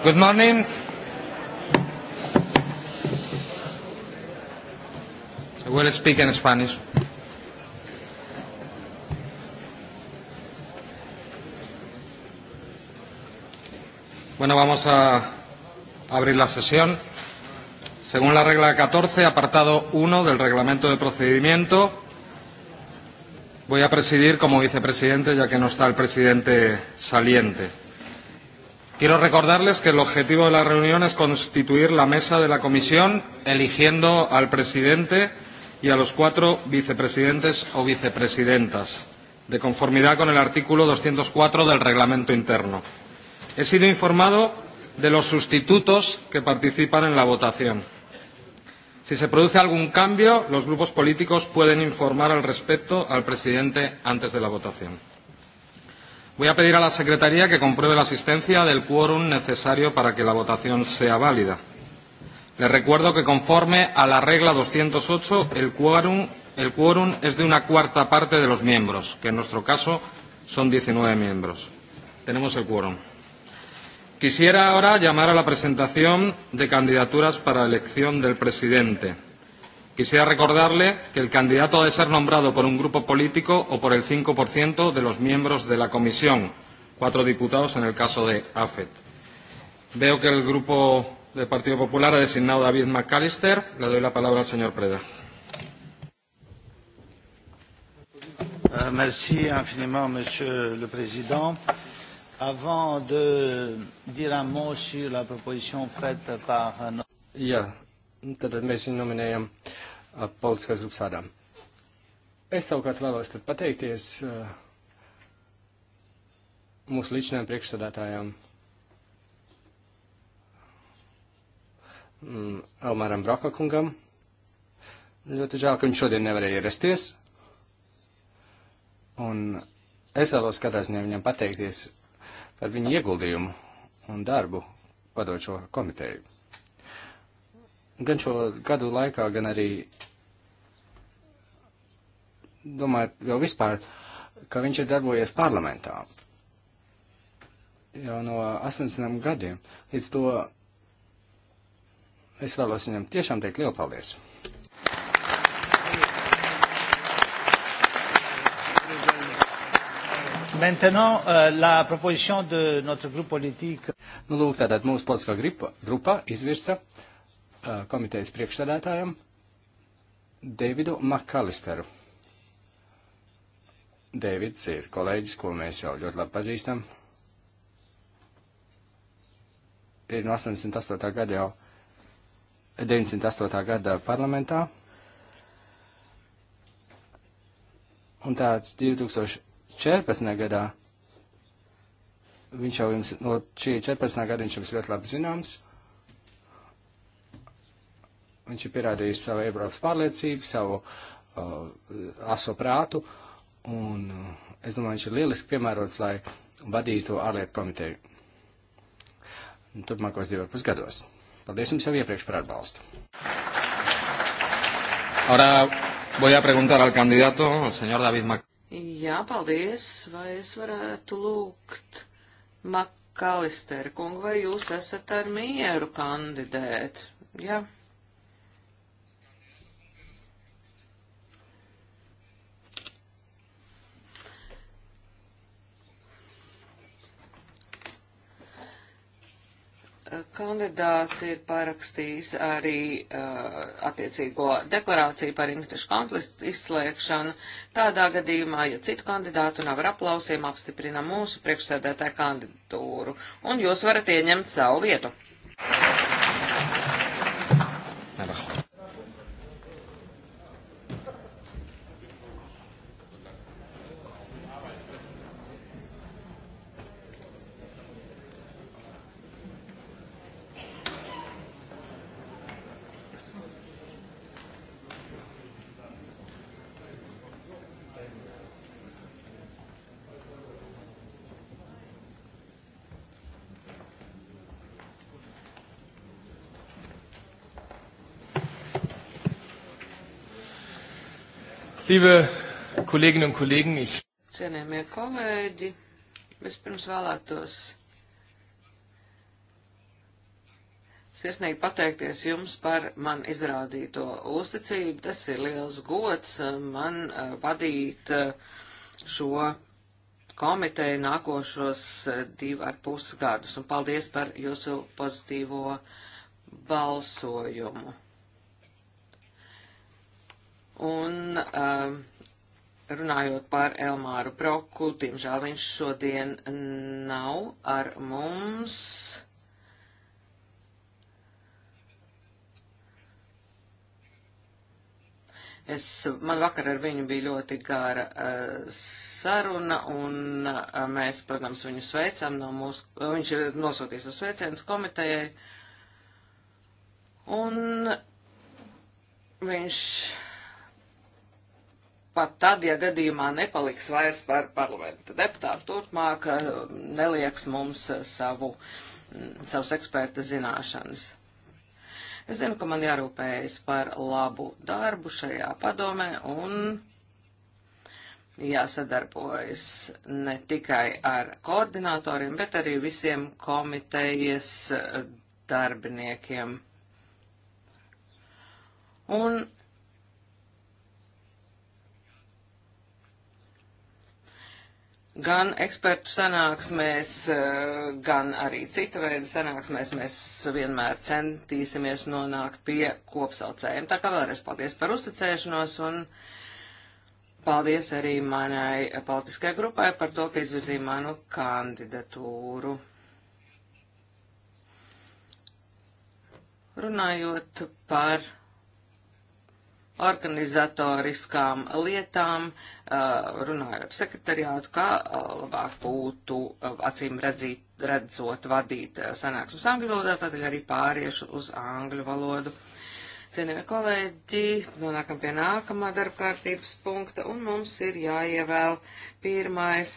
Good morning. I will speak in Spanish. Bueno, vamos a abrir la sesión. Según la regla 14, apartado 1 del reglamento de procedimiento, voy a presidir como vicepresidente, ya que no está el presidente saliente. Quiero recordarles que el objetivo de la reunión es constituir la mesa de la comisión eligiendo al presidente y a los cuatro vicepresidentes o vicepresidentas, de conformidad con el artículo 204 del reglamento interno. He sido informado de los sustitutos que participan en la votación. Si se produce algún cambio, los grupos políticos pueden informar al respecto al presidente antes de la votación. Voy a pedir a la Secretaría que compruebe la asistencia del quórum necesario para que la votación sea válida. Les recuerdo que conforme a la regla 208 el quórum, el quórum es de una cuarta parte de los miembros, que en nuestro caso son 19 miembros. Tenemos el quórum. Quisiera ahora llamar a la presentación de candidaturas para elección del presidente. Quisiera recordarle que el candidato ha de ser nombrado por un grupo político o por el 5% de los miembros de la comisión, cuatro diputados en el caso de AFET. Veo que el grupo del Partido Popular ha designado a David McAllister. Le doy la palabra al señor Preda. Euh, merci infiniment, Monsieur le Président. Avant de dire un mot sur la proposition faite par... Jā, tad mēs viņu nominējam politiskās grupas ādām. Es savukārt vēlos tad pateikties mūsu līdzinājiem priekšsādātājām Elmāram Brokakungam. Ļoti žēl, ka viņš šodien nevarēja ierasties. Un es vēlos katrā ziņā viņam pateikties par viņa ieguldījumu un darbu padot šo komiteju gan šo gadu laikā, gan arī, domāju, jau vispār, ka viņš ir darbojies parlamentā jau no 80 gadiem. Līdz to es vēlos viņam tiešām teikt lielu paldies. Maintenant, euh, la proposition de notre groupe politique. Nu, lūk, tātad mūsu politiskā grupa, grupa izvirsa uh, komitejas priekšsēdētājam Davidu Makalisteru. Davids ir kolēģis, ko mēs jau ļoti labi pazīstam. Ir no 88. gada jau 98. gada parlamentā. Un tāds 2014. gadā viņš jau jums, no šī 14. gada viņš jums ļoti labi zināms Viņš ir pierādījis savu Eiropas pārliecību, savu uh, aso prātu, un uh, es domāju, viņš ir lieliski piemērots, lai vadītu ārlietu komiteju. Turpmākos divos pusgados. Paldies jums jau iepriekš par atbalstu. Ahora voy a preguntar al candidato, al señor David Mac. Jā, paldies. Vai es varētu lūgt Makalisteru kungu, vai jūs esat ar mieru kandidēt? Jā. Ja. Kandidāts ir parakstījis arī uh, attiecīgo deklarāciju par interešu konfliktu izslēgšanu. Tādā gadījumā, ja citu kandidātu nav ar aplausiem, apstiprina mūsu priekšsēdētāju kandidatūru, un jūs varat ieņemt savu vietu. Aplausos. Liebe Kolleginnen un Kollegen, ich. Cienējamie kolēģi, vispirms vēlētos sirsnīgi pateikties jums par man izrādīto uzticību. Tas ir liels gods eh, man eh, vadīt eh, šo komiteju nākošos divu ar pusgadus, un paldies par jūsu pozitīvo balsojumu. Un um, runājot par Elmāru Broku, diemžēl viņš šodien nav ar mums. Es, man vakar ar viņu bija ļoti gara uh, saruna, un uh, mēs, protams, viņu sveicam no mūsu, uh, viņš ir nosūtījis uz sveicienas komitejai, un viņš pat tad, ja gadījumā nepaliks vairs par parlamenta deputātu, turpmāk eh, nelieks mums eh, savu, mm, savus eksperta zināšanas. Es zinu, ka man jārūpējas par labu darbu šajā padomē un jāsadarbojas ne tikai ar koordinatoriem, bet arī visiem komitejas eh, darbiniekiem. Un Gan ekspertu sanāksmēs, eh, gan arī cita veida sanāksmēs mēs vienmēr centīsimies nonākt pie kopsaucējiem. Tā kā vēlreiz paldies par uzticēšanos un paldies arī manai politiskajai grupai par to, ka izvirzīja manu kandidatūru. Runājot par organizatoriskām lietām, uh, runāju ar sekretariātu, kā uh, labāk būtu uh, acīm redzīt, redzot vadīt sanāksmes angļu valodā, tādēļ arī pāriešu uz angļu valodu. Cienījamie kolēģi, nonākam pie nākamā darba kārtības punkta, un mums ir jāievēl pirmais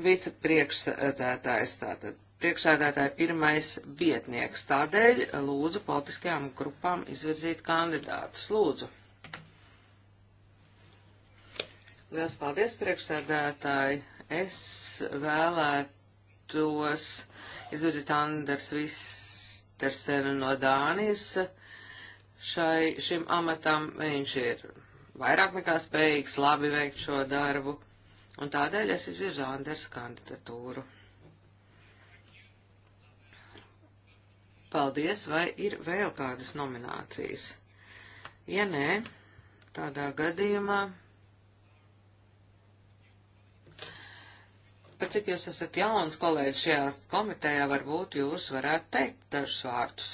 vicepriekšsēdētājs, tātad priekšsēdētāja pirmais vietnieks. Tādēļ lūdzu politiskajām grupām izvirzīt kandidātus. Lūdzu. Lielas paldies, priekšsēdētāji. Es vēlētos izvirzīt Anders Vistersenu no Dānijas. Šai, šim amatam viņš ir vairāk nekā spējīgs labi veikt šo darbu, un tādēļ es izvirzu Anders kandidatūru. Paldies, vai ir vēl kādas nominācijas? Ja nē, tādā gadījumā pat cik jūs esat jauns kolēģis šajā komitejā, varbūt jūs varētu teikt dažus vārdus.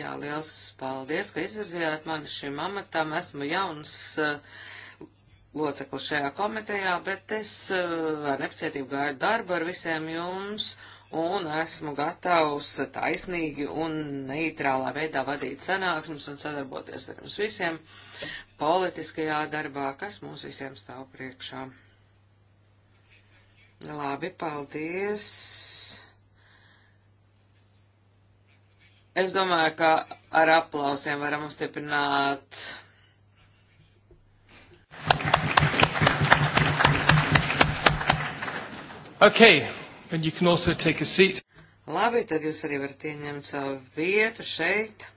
Jā, liels paldies, ka izvirzījāt mani šim amatam. Esmu jauns eh, loceklis šajā komitejā, bet es eh, ar nepacietību gaidu darbu ar visiem jums un esmu gatavs taisnīgi un neitrālā veidā vadīt sanāksmes un sadarboties ar jums visiem. Uh, politiskajā darbā, kas mums visiem stāv priekšā. Labi, paldies. Es domāju, ka ar aplausiem varam uzstiprināt. Okay, and you can also take a seat. Labi, tad jūs arī varat ieņemt savu vietu šeit.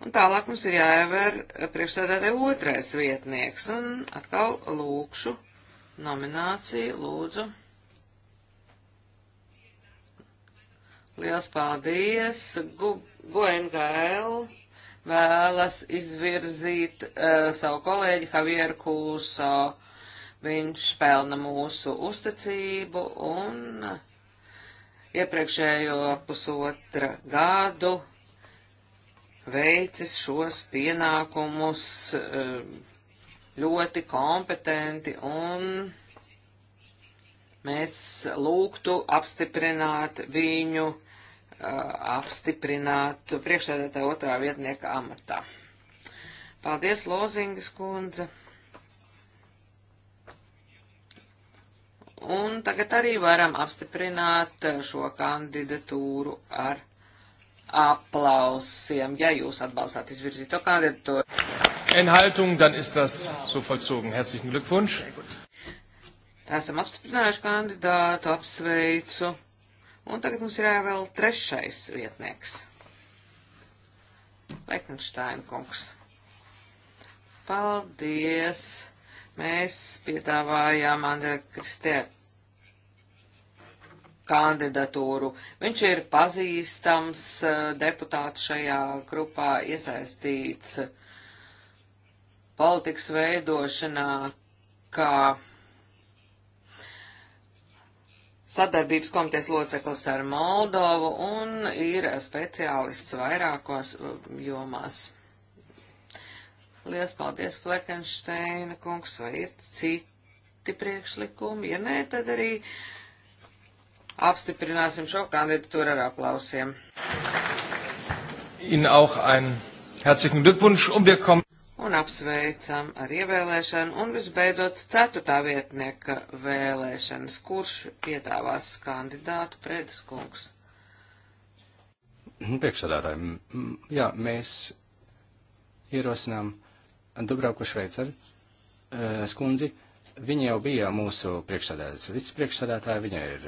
Un tālāk mums ir jāievēr priekšstādātē otrais vietnieks. Un atkal lūkšu nomināciju, lūdzu. Liels paldies! GoNGL vēlas izvirzīt uh, savu kolēģi Javieru Kūso. Viņš pelna mūsu uzticību un iepriekšējo pusotra gadu veicis šos pienākumus eh, ļoti kompetenti un mēs lūgtu apstiprināt viņu, eh, apstiprināt priekšsēdētāja otrā vietnieka amatā. Paldies, Lozingas kundze! Un tagad arī varam apstiprināt eh, šo kandidatūru ar aplausiem, ja jūs atbalstāt izvirzīto kandidatūru. Enthaltung, dann ist das so vollzogen. Herzlichen Glückwunsch. Esam apstiprinājuši kandidātu, apsveicu. Un tagad mums ir vēl trešais vietnieks. Leitenšteina kungs. Paldies! Mēs piedāvājām Andrē Kristē kandidatūru. Viņš ir pazīstams eh, deputāts šajā grupā, iesaistīts politikas veidošanā, kā sadarbības komitejas loceklis ar Moldovu un ir speciālists vairākos eh, jomās. Lielas paldies, Fleckensteina kungs, vai ir citi priekšlikumi? Ja nē, tad arī uh, Apstiprināsim šo kandidatūru ar aplausiem. Ihnen auch einen herzlichen Glückwunsch un wir kommen. Un apsveicam ar ievēlēšanu un visbeidzot ceturtā vietnieka vēlēšanas, kurš piedāvās kandidātu prediskungs. Mm, Priekšsādātāji, mm, mm, jā, mēs ierosinām Dubravku Šveicari eh, skundzi Viņa jau bija mūsu priekšsādātājs, vicepriekšsādātāja, viņai ir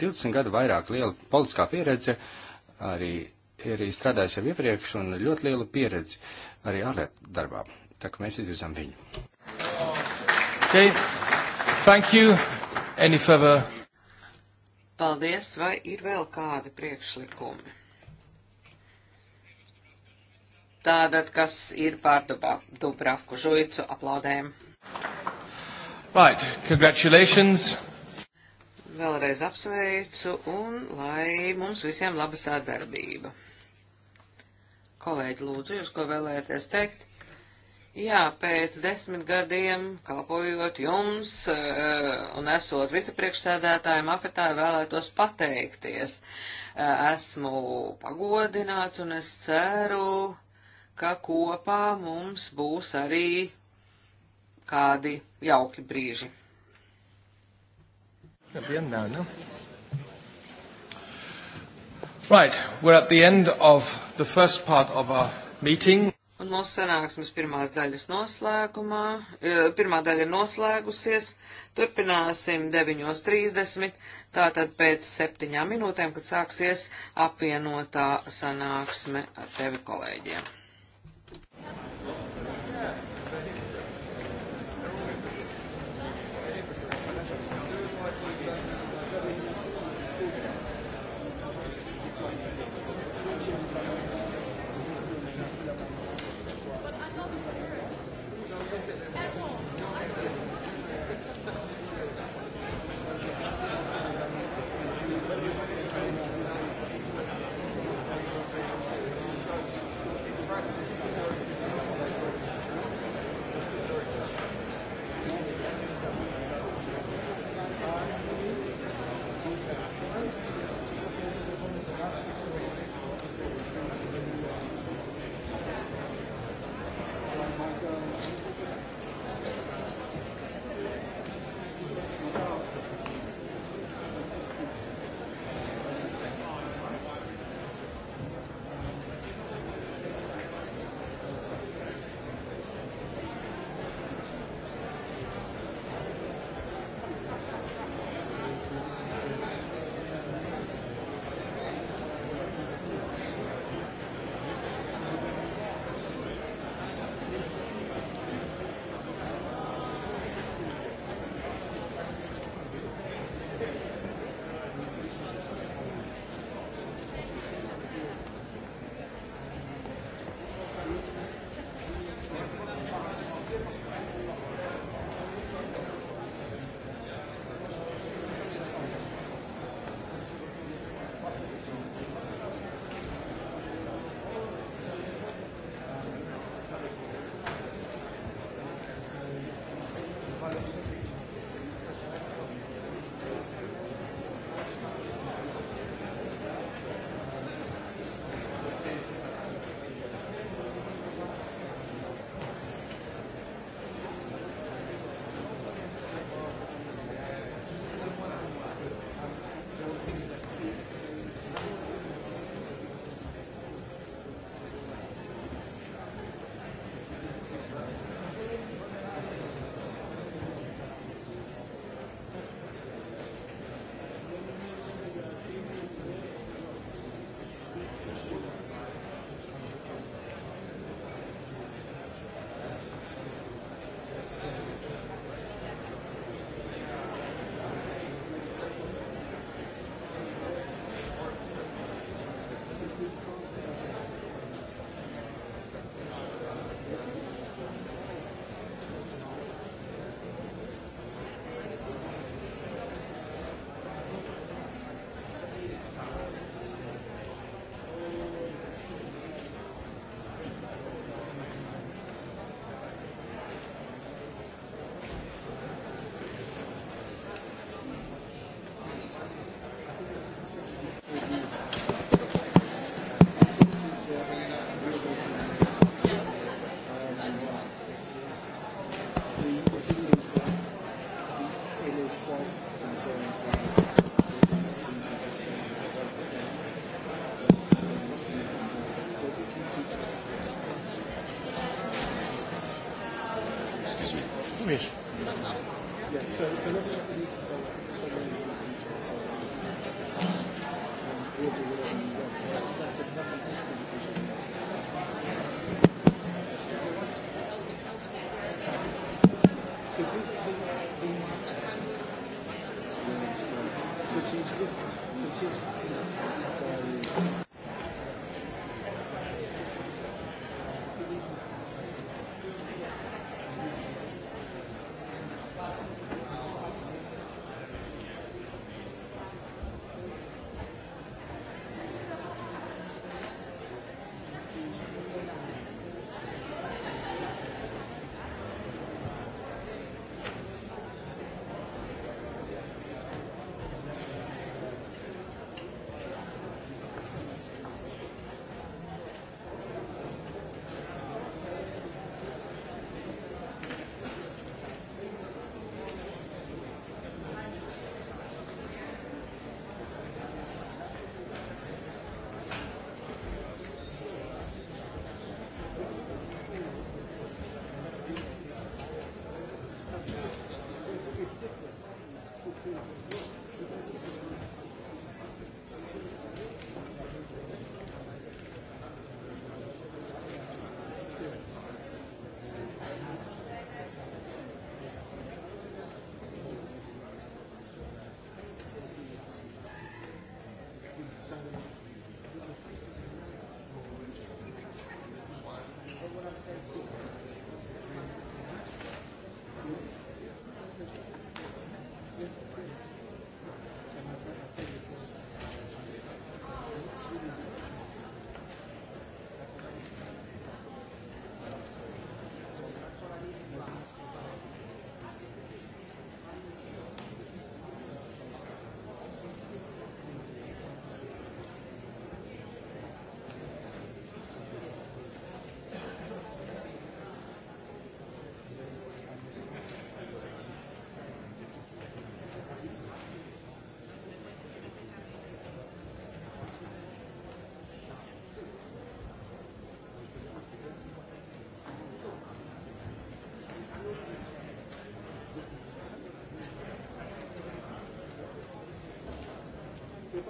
20 eh, gadu vairāk liela politiskā pieredze, arī ir strādājusi jau iepriekš un ļoti liela pieredze arī ārlietu darbā. Tā kā mēs izvirzām viņu. Okay. Thank you. Any further? Paldies, vai ir vēl kādi priekšlikumi? Tātad, kas ir pār Dubravku žuicu, aplaudēm. Right, congratulations. Vēlreiz apsveicu un lai mums visiem laba sadarbība. Kolēģi, lūdzu, jūs ko vēlēties teikt? Jā, pēc desmit gadiem kalpojot jums eh, un esot vicepriekšsēdētājiem afetā vēlētos pateikties. Eh, esmu pagodināts un es ceru, ka kopā mums būs arī kādi jauki brīži. Right, we're at the end of the first part of our meeting. Un mūsu sanāksmes pirmās daļas noslēgumā, e, pirmā daļa noslēgusies, turpināsim 9.30, tātad pēc septiņām minūtēm, kad sāksies apvienotā sanāksme ar tevi kolēģiem.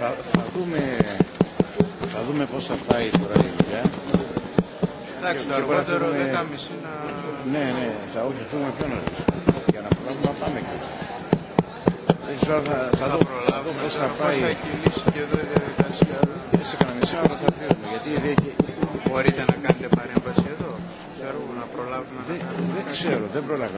Θα, θα δούμε, θα δούμε πώς θα πάει τώρα η δουλειά. Εντάξει, το αργότερο δούμε... 10.30 να... Ναι, ναι, θα όχι, θα δούμε πιο νωρίς. Για να προλάβουμε να πάμε και Δεν ξέρω, θα, θα, δω, θα δω πώς θα πάει. Πώς θα κυλήσει και εδώ η διαδικασία. Σε κανένα μισή ώρα θα φύγουμε, γιατί ήδη έχει... Μπορείτε να κάνετε παρέμβαση εδώ. Ξέρω να προλάβουμε δεν, να κάνουμε. Δεν ξέρω, δεν προλάβω.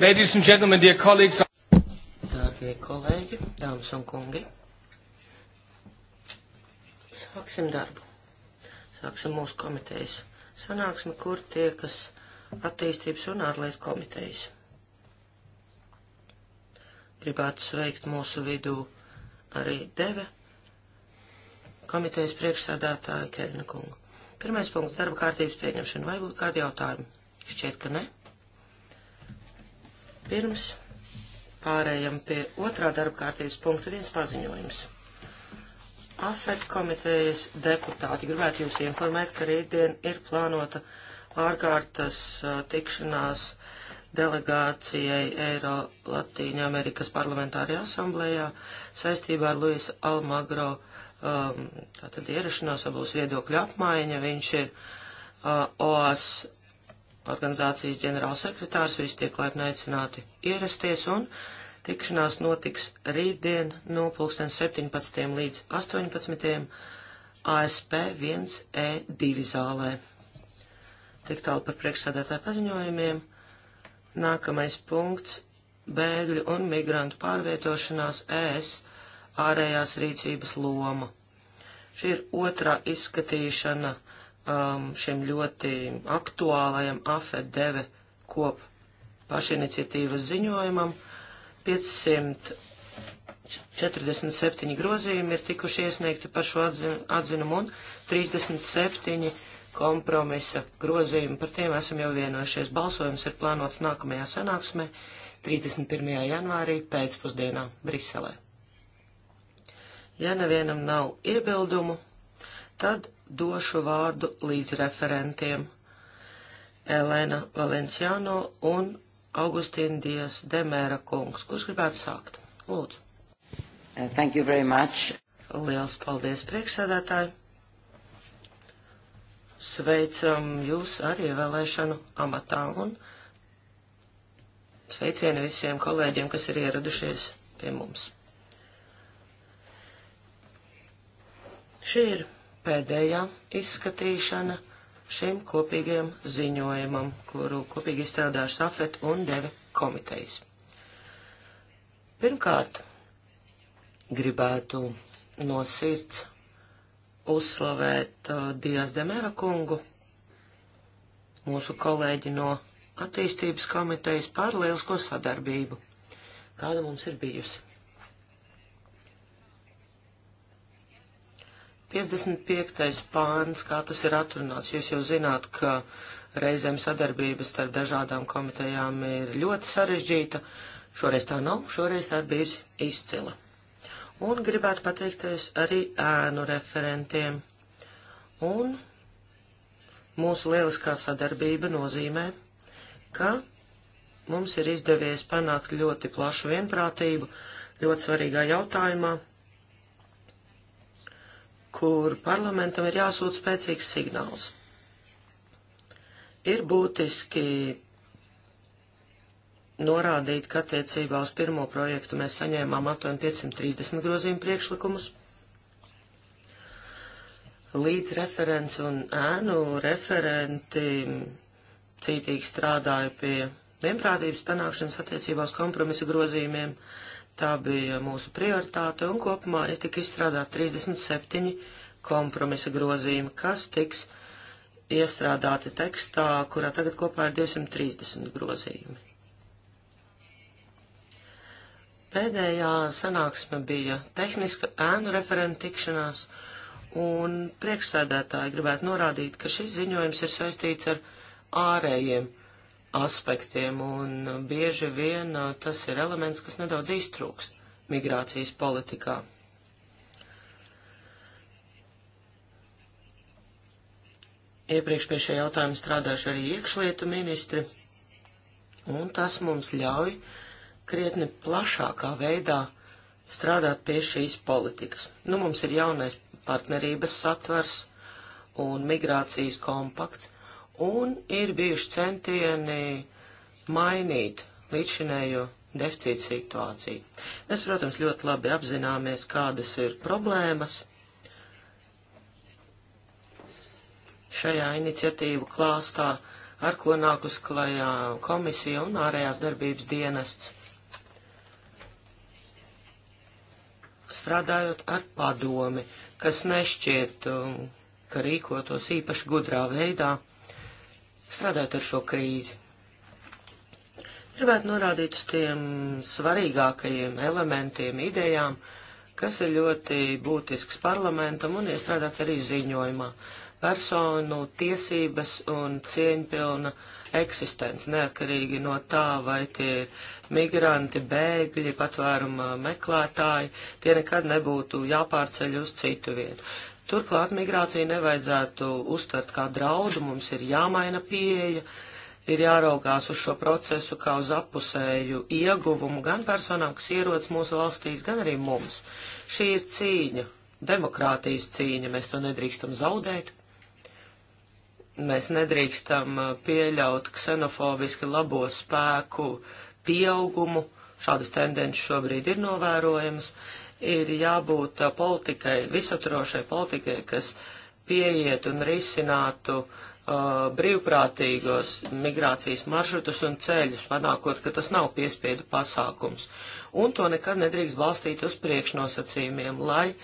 Ladies and gentlemen, dear colleagues. Dārgie kolēģi, dāmas un kungi. Sāksim darbu. Sāksim mūsu komitejas sanāksmi, kur tiekas attīstības un ārlietu komitejas. Gribētu sveikt mūsu vidū arī deve komitejas priekšsādātāju Kevina kungu. Pirmais punkts - darba kārtības pieņemšana. Vai būtu kādi jautājumi? Šķiet, ka ne. Pirms pārējam pie otrā darba kārtības punkta viens paziņojums. AFET komitejas deputāti gribētu jūs informēt, ka rītdien ir plānota ārkārtas uh, tikšanās delegācijai Eiro Latīņa Amerikas parlamentārajā asamblējā saistībā ar Luisa Almagro um, tātad ierašanos, būs viedokļu apmaiņa. Viņš ir uh, OAS organizācijas ģenerālsekretārs, visi tiek laipni aicināti ierasties un tikšanās notiks rītdien no 17. līdz 18. ASP 1E2 zālē. Tik tālu par priekšsēdētāju paziņojumiem. Nākamais punkts - bēgļu un migrantu pārvietošanās ES ārējās rīcības loma. Šī ir otrā izskatīšana um, šim ļoti aktuālajam AFEDEVE kop pašiniciatīvas ziņojumam. 547 grozījumi ir tikuši iesniegti par šo atzinu, atzinumu un 37 kompromisa grozījumi. Par tiem esam jau vienojušies. Balsojums ir plānots nākamajā sanāksmē 31. janvārī pēcpusdienā Briselē. Ja nevienam nav iebildumu, Tad došu vārdu līdz referentiem Elena Valenciano un Augustīna Dias Demēra kungs. Kurš gribētu sākt? Lūdzu. Uh, thank you very much. Liels paldies priekšsēdētāji. Sveicam jūs ar ievēlēšanu amatā un sveicieni visiem kolēģiem, kas ir ieradušies pie mums. Šī ir pēdējā izskatīšana šim kopīgajam ziņojumam, kuru kopīgi izstrādāja Safet un Deve komitejas. Pirmkārt, gribētu no sirds uzslavēt uh, Dijas Demera kungu, mūsu kolēģi no attīstības komitejas par lielisko sadarbību, kāda mums ir bijusi. 55. pāns, kā tas ir atrunāts, jūs jau zināt, ka reizēm sadarbības starp dažādām komitejām ir ļoti sarežģīta. Šoreiz tā nav, šoreiz tā ir bijusi izcila. Un gribētu pateikties arī ēnu referentiem. Un mūsu lieliskā sadarbība nozīmē, ka mums ir izdevies panākt ļoti plašu vienprātību ļoti svarīgā jautājumā, kur parlamentam ir jāsūt spēcīgs signāls. Ir būtiski norādīt, ka attiecībā uz pirmo projektu mēs saņēmām aptuveni 530 grozījumu priekšlikumus. Līdz referents un ēnu referenti cītīgi strādāja pie vienprātības panākšanas attiecībā uz kompromisa grozījumiem. Uh, Tā bija mūsu prioritāte un kopumā ir tik izstrādāt 37 kompromisa grozījumi, kas tiks iestrādāti tekstā, kurā tagad kopā ir 230 grozījumi. Pēdējā sanāksme bija tehniska ēnu referenta tikšanās, un priekšsēdētāji gribētu norādīt, ka šis ziņojums ir saistīts ar ārējiem aspektiem, un bieži vien uh, tas ir elements, kas nedaudz iztrūks migrācijas politikā. Iepriekš pie šī jautājuma strādājuši arī iekšlietu ministri, un tas mums ļauj krietni plašākā veidā strādāt pie šīs politikas. Nu, mums ir jaunais partnerības satvers un migrācijas kompakts, un ir bijuši centieni mainīt līdzinējo deficīta situāciju. Mēs, protams, ļoti labi apzināmies, kādas ir problēmas šajā iniciatīvu klāstā, ar ko nāk uz klajā komisija un ārējās darbības dienests. Strādājot ar padomi, kas nešķiet, um, ka rīkotos īpaši gudrā veidā strādāt ar šo krīzi. Gribētu norādīt uz tiem svarīgākajiem elementiem, idejām, kas ir ļoti būtisks parlamentam un iestrādāts arī ziņojumā. Personu tiesības un cieņpilna eksistence, neatkarīgi no tā, vai tie ir migranti, bēgļi, patvēruma meklētāji, tie nekad nebūtu jāpārceļ uz citu vietu. Turklāt migrāciju nevajadzētu uztvert kā draudu, mums ir jāmaina pieeja, ir jāraugās uz šo procesu kā uz apusēju ieguvumu gan personām, kas ierodas mūsu valstīs, gan arī mums. Šī ir cīņa, demokrātijas cīņa, mēs to nedrīkstam zaudēt. Mēs nedrīkstam uh, pieļaut ksenofobiski labo spēku pieaugumu. Šādas tendences šobrīd ir novērojamas. Uh, ir jābūt uh, politikai, visaturošai politikai, kas pieiet un risinātu uh, brīvprātīgos migrācijas maršrutus un ceļus, panākot, ka tas nav piespiedu pasākums. Un to nekad nedrīkst balstīt uz priekšnosacījumiem, lai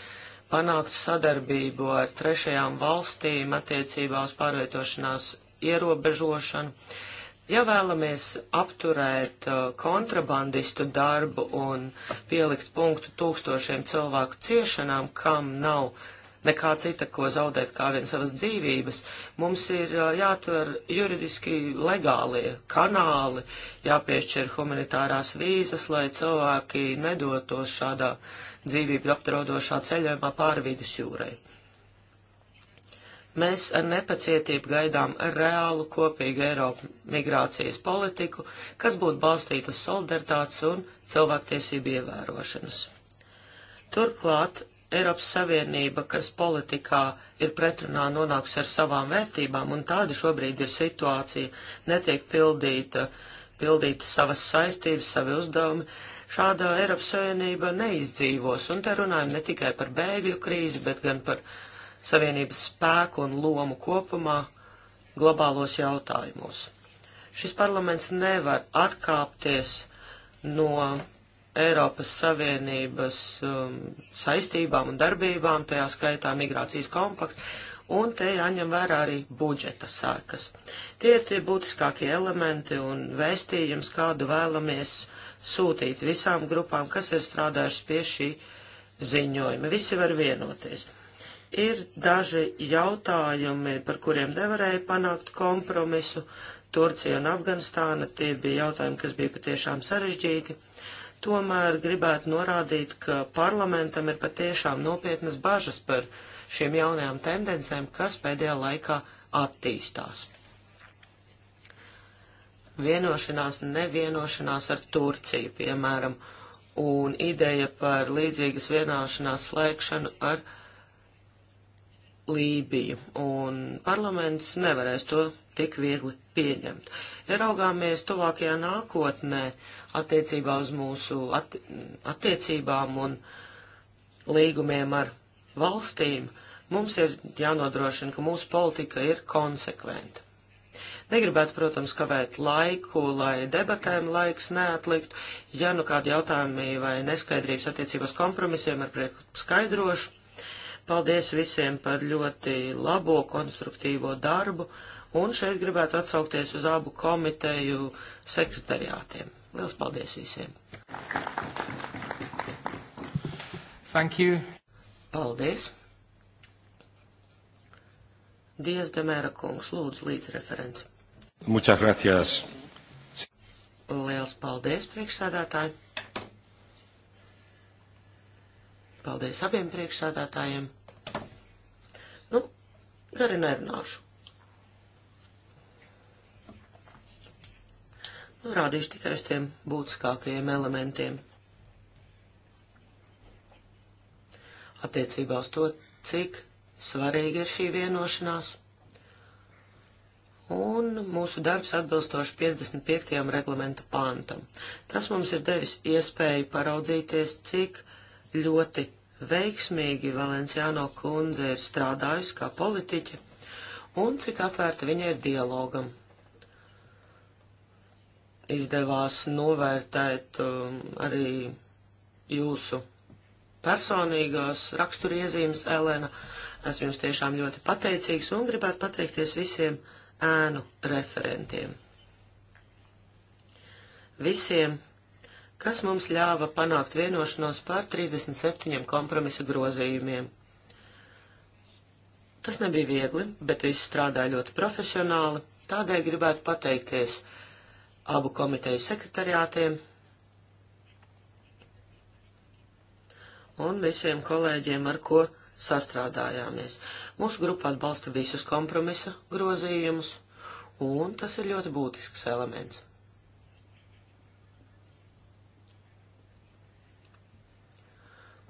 panāktu sadarbību ar trešajām valstīm attiecībā uz pārvietošanās ierobežošanu. Uh, Ja vēlamies apturēt uh, kontrabandistu darbu un pielikt punktu tūkstošiem cilvēku ciešanām, kam nav nekā cita, ko zaudēt kā vien savas dzīvības, mums ir uh, jāatver juridiski legālie kanāli, jāpiešķir humanitārās vīzas, lai cilvēki nedotos šādā dzīvības apdraudošā ceļojumā pāri vidusjūrai. Mēs ar nepacietību gaidām reālu kopīgu Eiropu migrācijas politiku, kas būtu balstīta uz solidaritātes un cilvēktiesību ievērošanas. Turklāt Eiropas Savienība, kas politikā ir pretrunā nonākusi ar savām vērtībām, un tāda šobrīd ir situācija, netiek pildīta, pildīta savas saistības, savi uzdevumi, šāda Eiropas Savienība neizdzīvos, un te runājam ne tikai par bēgļu krīzi, bet gan par Savienības spēku un lomu kopumā globālos jautājumos. Šis parlaments nevar atkāpties no Eiropas Savienības um, saistībām un darbībām, tajā skaitā migrācijas kompakts, un te jāņem vērā arī budžeta sākas. Tie ir tie būtiskākie elementi un vēstījums, kādu vēlamies sūtīt visām grupām, kas ir strādājušas pie šī ziņojuma. Visi var vienoties. Ir daži jautājumi, par kuriem nevarēja panākt kompromisu. Turcija un Afganistāna tie bija jautājumi, kas bija patiešām sarežģīti. Tomēr gribētu norādīt, ka parlamentam ir patiešām nopietnas bažas par šiem jaunajām tendencēm, kas pēdējā laikā attīstās. Vienošanās, nevienošanās ar Turciju, piemēram, un ideja par līdzīgas vienošanās slēgšanu ar Turciju Lībiju, un parlaments nevarēs to tik viegli pieņemt. Ja raugāmies tuvākajā nākotnē attiecībā uz mūsu atti attiecībām un līgumiem ar valstīm, mums ir jānodrošina, ka mūsu politika ir konsekventa. Negribētu, protams, kavēt laiku, lai debatēm laiks neatlikt. Ja nu kādi jautājumi vai neskaidrības attiecībās kompromisiem ar prieku skaidrošu, Paldies visiem par ļoti labo, konstruktīvo darbu, un šeit gribētu atsaukties uz abu komiteju sekretariātiem. Liels paldies visiem! Thank you. Paldies! Dievs Demēra kungs, lūdzu, līdzreferents. Muchas gracias. Liels paldies, priekšsādātāji! Paldies abiem priekšsādātājiem. Nu, gari nerunāšu. Nu, rādīšu tikai uz tiem būtiskākajiem elementiem. Attiecībā uz to, cik svarīga ir šī vienošanās. Un mūsu darbs atbilstoši 55. reglamenta pāntam. Tas mums ir devis iespēju paraudzīties, cik uh, ļoti veiksmīgi Valenciāno kundze ir strādājusi kā politiķe un cik atvērta viņa ir dialogam. Izdevās novērtēt um, arī jūsu personīgās raksturiezīmes, Elena. Esmu jums tiešām ļoti pateicīgs un gribētu pateikties visiem ēnu referentiem. Visiem kas mums ļāva panākt vienošanos par 37 kompromisa grozījumiem. Tas nebija viegli, bet viss strādāja ļoti profesionāli, tādēļ gribētu pateikties abu komiteju sekretariātiem un visiem kolēģiem, ar ko sastrādājāmies. Mūsu grupa atbalsta visus kompromisa grozījumus, un tas ir ļoti būtisks elements.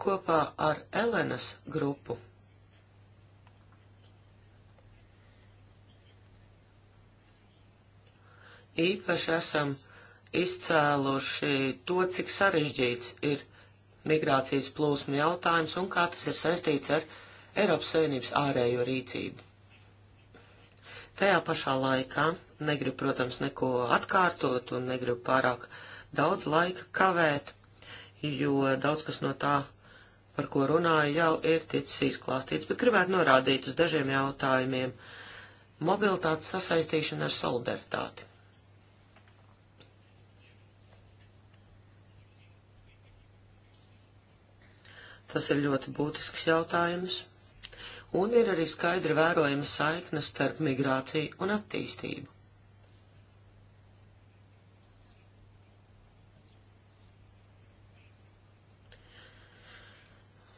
kopā ar Elenas grupu. Īpaši esam izcēluši to, cik sarežģīts ir migrācijas plūsmu jautājums un kā tas ir saistīts ar Eiropas Savienības ārējo rīcību. Tajā pašā laikā negribu, protams, neko atkārtot un negribu pārāk daudz laika kavēt, jo daudz kas no tā, par ko runāju, jau ir ticis izklāstīts, bet gribētu norādīt uz dažiem jautājumiem. Mobilitātes sasaistīšana ar solidaritāti. Tas ir ļoti būtisks jautājums, un ir arī skaidri vērojama saikne starp migrāciju un attīstību.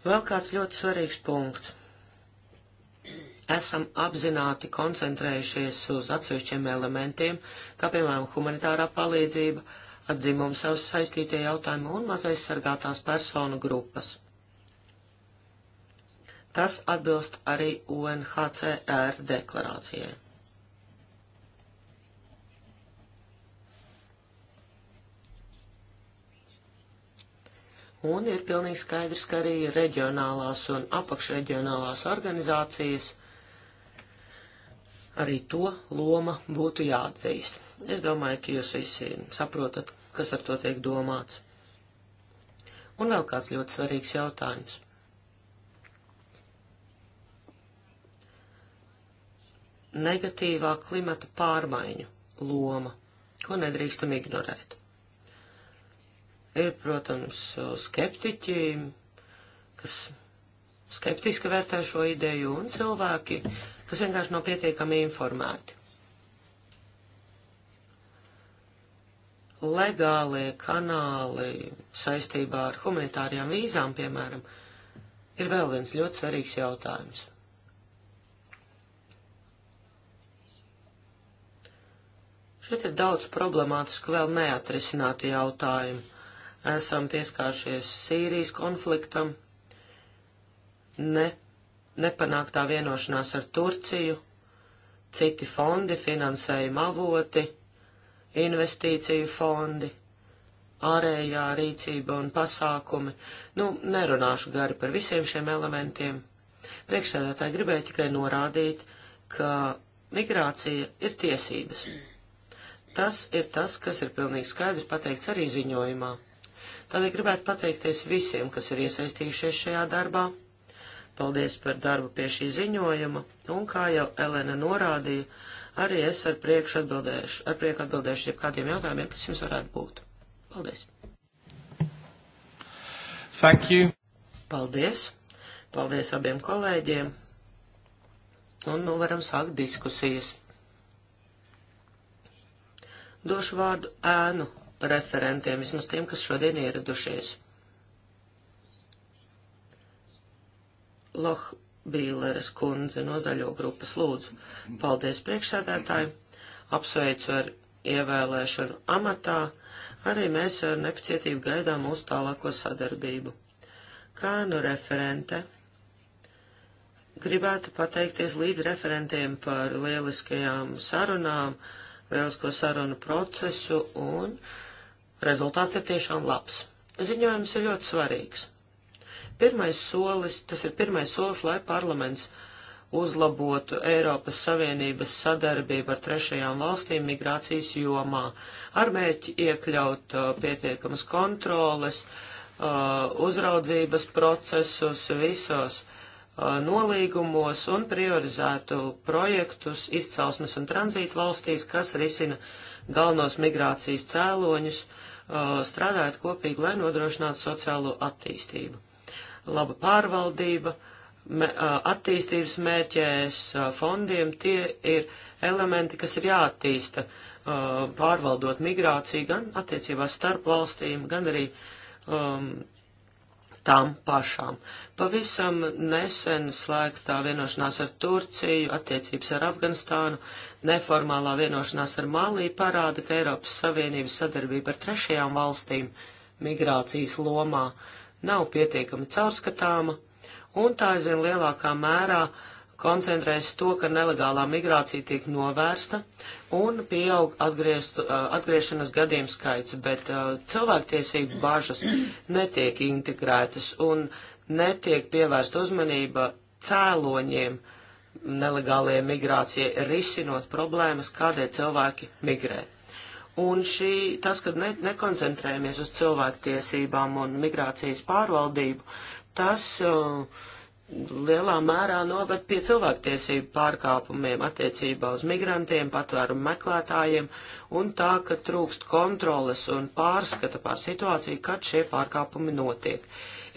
Vēl kāds ļoti svarīgs punkts. Esam apzināti koncentrējušies uz atsevišķiem elementiem, kā piemēram humanitārā palīdzība, atdzimums savs saistītie jautājumi un mazais sargātās personu grupas. Tas atbilst arī UNHCR deklarācijai. Un ir pilnīgi skaidrs, ka arī reģionālās un apakšreģionālās organizācijas arī to loma būtu jāatzīst. Es domāju, ka jūs visi saprotat, kas ar to tiek domāts. Un vēl kāds ļoti svarīgs jautājums. Negatīvā klimata pārmaiņu loma, ko nedrīkstam ignorēt. Ir, protams, skeptiķi, kas skeptiski vērtē šo ideju, un cilvēki, kas vienkārši nav pietiekami informēti. Legālie kanāli saistībā ar humanitārijām vīzām, piemēram, ir vēl viens ļoti svarīgs jautājums. Šeit ir daudz problemātisku vēl neatrisināti jautājumi esam pieskāršies Sīrijas konfliktam, ne, nepanāktā vienošanās ar Turciju, citi fondi, finansējuma avoti, investīciju fondi, ārējā rīcība un pasākumi. Nu, nerunāšu gari par visiem šiem elementiem. Priekšsēdētāji gribēja tikai norādīt, ka migrācija ir tiesības. Tas ir tas, kas ir pilnīgi skaidrs pateikts arī ziņojumā. Tādēļ gribētu pateikties visiem, kas ir iesaistījušies šajā darbā. Paldies par darbu pie šī ziņojuma, un kā jau Elena norādīja, arī es ar prieku atbildēšu, ar prieku atbildēšu jeb kādiem jautājumiem, kas jums varētu būt. Paldies! Thank you! Paldies! Paldies abiem kolēģiem! Un nu varam sākt diskusijas. Došu vārdu ēnu referentiem, vismaz tiem, kas šodien ieradušies. Loh Bīleres kundze no zaļo grupas lūdzu. Paldies priekšsēdētāji, apsveicu ar ievēlēšanu amatā, arī mēs ar nepacietību gaidām uz tālāko sadarbību. Kā nu referente? Gribētu pateikties līdz referentiem par lieliskajām sarunām, lielisko sarunu procesu un uh, rezultāts ir tiešām labs. Ziņojums ir ļoti svarīgs. Pirmais solis, tas ir pirmais solis, lai parlaments uzlabotu Eiropas Savienības sadarbību ar trešajām valstīm migrācijas jomā, ar mērķi iekļaut uh, pietiekamas kontroles, uh, uzraudzības procesus visos uh, nolīgumos un priorizētu projektus izcelsmes un tranzīta valstīs, kas risina galvenos migrācijas cēloņus strādājat kopīgi, lai nodrošinātu sociālo attīstību. Laba pārvaldība, attīstības mērķēs fondiem, tie ir elementi, kas ir jāattīsta pārvaldot migrāciju gan attiecībās starp valstīm, gan arī um, tām pašām. Pavisam nesen slēgtā vienošanās ar Turciju, attiecības ar Afganistānu, neformālā vienošanās ar Malī parāda, ka Eiropas Savienības sadarbība ar trešajām valstīm migrācijas lomā nav pietiekami caurskatāma, un tā aizvien lielākā mērā uh, koncentrējas to, ka nelegālā migrācija tiek novērsta un pieaug atgriezt, atgriešanas gadījumu skaits, bet uh, cilvēktiesību bažas netiek integrētas un netiek pievērst uzmanība cēloņiem nelegālajai migrācijai, risinot problēmas, kādēļ cilvēki migrē. Un šī, tas, kad ne, nekoncentrējamies uz cilvēktiesībām un migrācijas pārvaldību, tas uh, lielā mērā noved pie cilvēktiesību pārkāpumiem attiecībā uz migrantiem, patvērumu meklētājiem un tā, ka trūkst kontroles un pārskata pār situāciju, kad šie pārkāpumi notiek.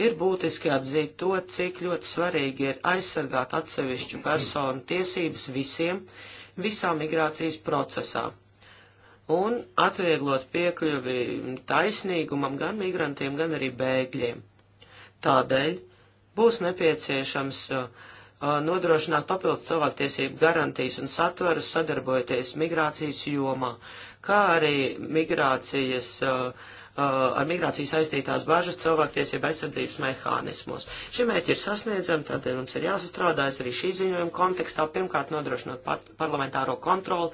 Ir būtiski atzīt to, cik ļoti svarīgi ir aizsargāt atsevišķu personu tiesības visiem, visā migrācijas procesā un atvieglot piekļuvi taisnīgumam gan migrantiem, gan arī bēgļiem. Tādēļ būs nepieciešams uh, uh, nodrošināt papildus cilvēktiesību garantijas un satvarus sadarbojoties migrācijas jomā, kā arī migrācijas uh, uh ar migrāciju saistītās bažas cilvēktiesību aizsardzības mehānismos. Šie mērķi ir sasniedzami, tādēļ mums ir jāsastrādājas arī šī ziņojuma kontekstā, pirmkārt nodrošinot par parlamentāro kontroli,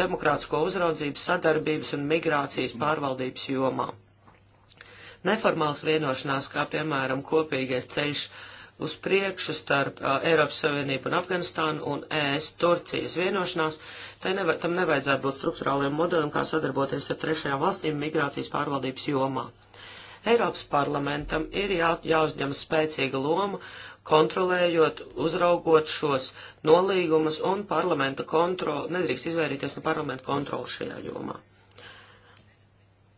demokrātisko uzraudzības, sadarbības un migrācijas pārvaldības jomā. Neformāls vienošanās, kā piemēram kopīgais ceļš uz priekšu starp uh, Eiropas Savienību un Afganistānu un ES Turcijas vienošanās, neva, tam nevajadzētu būt struktūrāliem modelim, kā sadarboties ar trešajām valstīm migrācijas pārvaldības jomā. Eiropas parlamentam ir jā, jāuzņem spēcīga loma, kontrolējot, uzraugot šos nolīgumus un parlamenta kontroli, nedrīkst izvairīties no parlamenta kontroli šajā jomā.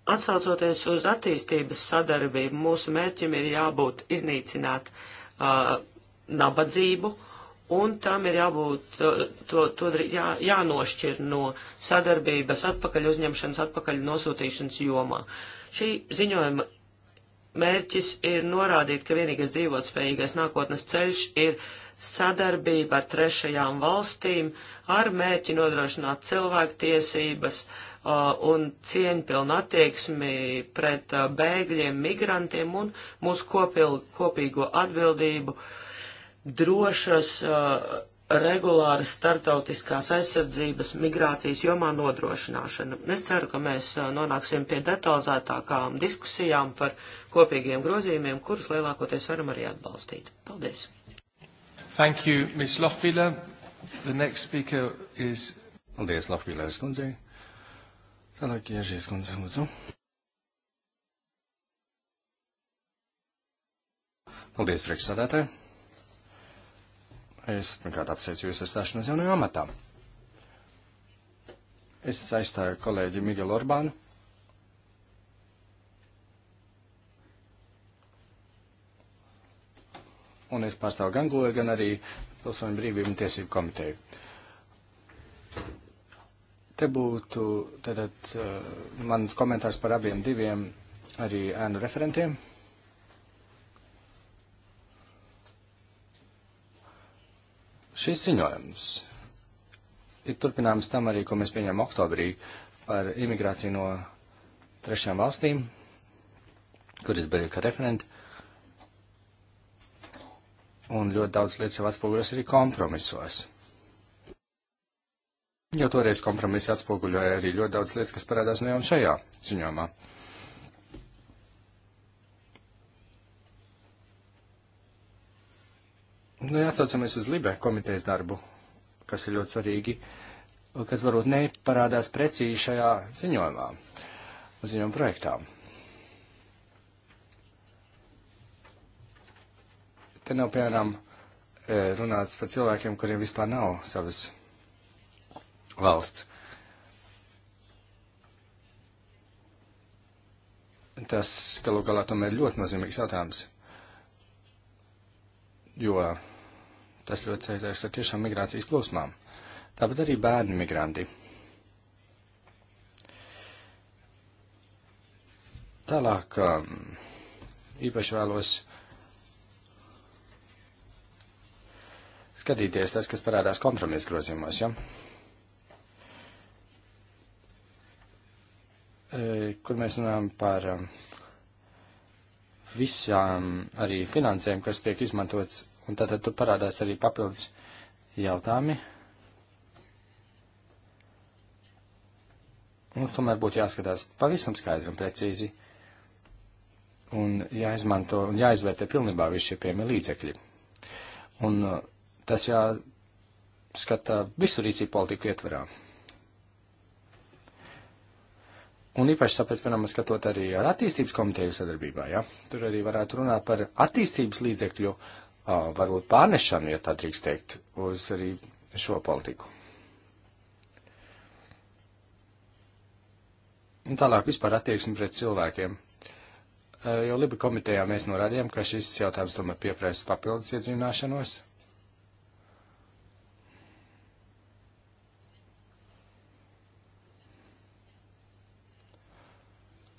Atsaucoties uz attīstības sadarbību, mūsu mērķim ir jābūt iznīcināt uh, nabadzību, un tam ir jābūt, uh, to, to jā, jānošķir no sadarbības atpakaļ uzņemšanas, atpakaļ nosūtīšanas jomā. Šī ziņojuma mērķis ir norādīt, ka vienīgais dzīvotspējīgais nākotnes ceļš ir sadarbība ar trešajām valstīm ar mērķi nodrošināt cilvēktiesības, uh, Uh, un cieņpilnu attieksmi pret uh, bēgļiem, migrantiem un mūsu kopil, kopīgo atbildību drošas uh, regulāras startautiskās aizsardzības migrācijas jomā nodrošināšana. Es ceru, ka mēs nonāksim pie detalizētākām diskusijām par kopīgiem grozījumiem, kurus lielākoties varam arī atbalstīt. Paldies! Thank you, Ms. Lohvila. The next speaker is... Paldies, Lohvila, skundzei. Tālāk iežies, kundze, lūdzu. Paldies, priekšsādātāji. Es, pirmkārt, apsveicu jūs ar stāšanos jaunajā amatā. Es aizstāju kolēģi Miguelu Orbānu. Un es pārstāvu gan goju, gan arī Pilsoņu brīvību un tiesību komiteju. Te būtu tātad eh, mans komentārs par abiem diviem arī ēnu referentiem. Šis ziņojums ir turpinājums tam arī, ko mēs pieņēmām oktobrī par imigrāciju no trešajām valstīm, kur es biju kā referenti. Un ļoti daudz lietas jau atspoguļos arī kompromisos jo toreiz kompromiss atspoguļoja arī ļoti daudz lietas, kas parādās ne jau šajā ziņojumā. Nu, ja atsaucamies uz Libe komitejas darbu, kas ir ļoti svarīgi, kas varbūt neparādās precīzi šajā ziņojumā, ziņojuma projektā. Te nav, piemēram, eh, runāts par cilvēkiem, kuriem vispār nav savas valsts. Tas galu galā tomēr ļoti nozīmīgs jautājums, jo tas ļoti saistās ar tiešām migrācijas plūsmām. Tāpat arī bērni migranti. Tālāk um, īpaši vēlos skatīties tas, kas parādās kompromisa grozījumos. Ja? E, kur mēs runājam par um, visām arī finansēm, kas tiek izmantots, un tātad tur parādās arī papildus jautājumi. Mums tomēr būtu jāskatās pavisam skaidri un precīzi, un jāizmanto un jāizvērtē pilnībā visi šie piemēri līdzekļi. Un uh, tas jāskata visu rīcību politiku ietverā. Un īpaši tāpēc, piemēram, skatot arī ar attīstības komiteju sadarbībā, ja? tur arī varētu runāt par attīstības līdzekļu, uh, varbūt pārnešanu, ja tā drīkst teikt, uz arī šo politiku. Un tālāk vispār attieksmi pret cilvēkiem. Uh, jau Liba komitejā mēs norādījām, ka šis jautājums tomēr pieprasa papildus iedzināšanos.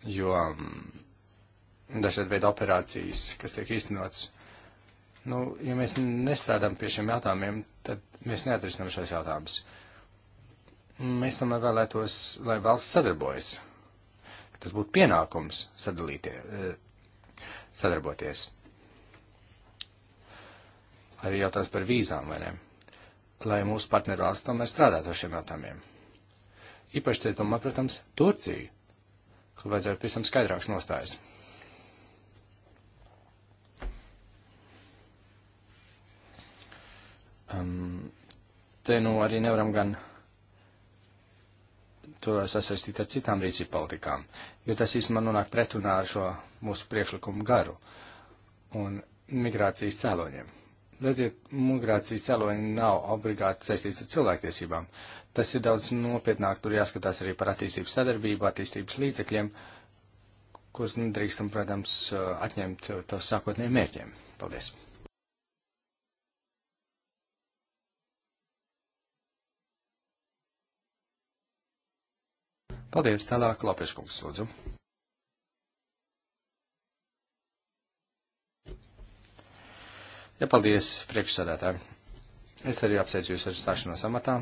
jo mm, dažādi veidi operācijas, kas tiek īstenotas, nu, ja mēs nestrādām pie šiem jautājumiem, tad mēs neatrisinām šos jautājumus. Mēs tomēr vēlētos, lai valsts sadarbojas. Tas būtu pienākums eh, sadarboties. Arī jautājums par vīzām, vai ne? Lai mūsu partneri valsts tomēr strādātu ar šiem jautājumiem. Īpaši, es domāju, protams, Turciju ka vajadzētu pēc tam skaidrāks nostājas. Um, te nu arī nevaram gan to sasaistīt ar citām rīcību politikām, jo tas īstenībā nonāk pretrunā ar šo mūsu priekšlikumu garu un migrācijas cēloņiem. Redziet, migrācijas cēloņi nav obligāti saistīts ar cilvēktiesībām. Uh, tas ir daudz nopietnāk. Tur jāskatās arī par attīstības sadarbību, attīstības līdzekļiem, kurus nedrīkstam, protams, uh, atņemt uh, tos sākotnējiem mērķiem. Paldies! Paldies, tālāk Lapieškungs, lūdzu. Ja paldies, priekšsādātāji. Es arī apsveicu jūs ar stāšanos amatā.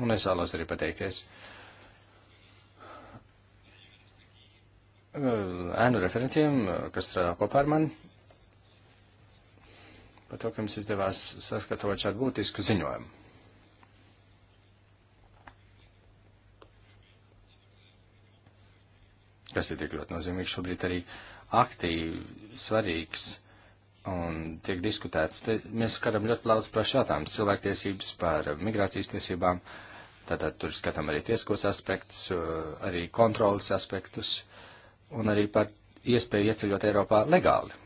Un es vēlos arī pateikties uh, ēnu referentiem, uh, kas strādā kopā ar mani, par to, ka jums izdevās saskatavot šādu būtisku ziņojumu. kas ir tik ļoti nozīmīgs šobrīd arī aktīvi svarīgs un tiek diskutēts. Te mēs skaram ļoti daudz plašs jautājums - cilvēktiesības par migrācijas tiesībām, uh, Tātad tur skatām arī tieskos aspektus, eh, arī kontrolas aspektus un arī par iespēju ieceļot Eiropā legāli.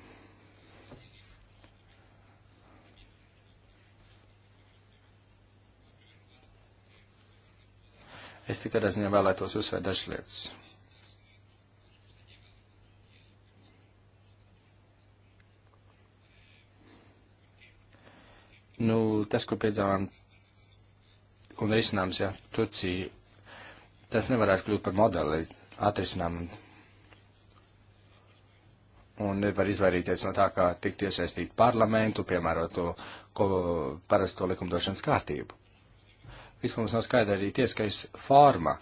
Es tikai reizē vēlētos uzsvērt dažas lietas. Nu, tas, ko piedzīvām un risinājums, ja Turcija tas nevarētu kļūt par modeli atrisinājumu. Un nevar izvairīties no tā, kā tiktu iesaistīt parlamentu, piemērot to ko, parasto likumdošanas kārtību. Vispār mums nav skaidra arī tieskais forma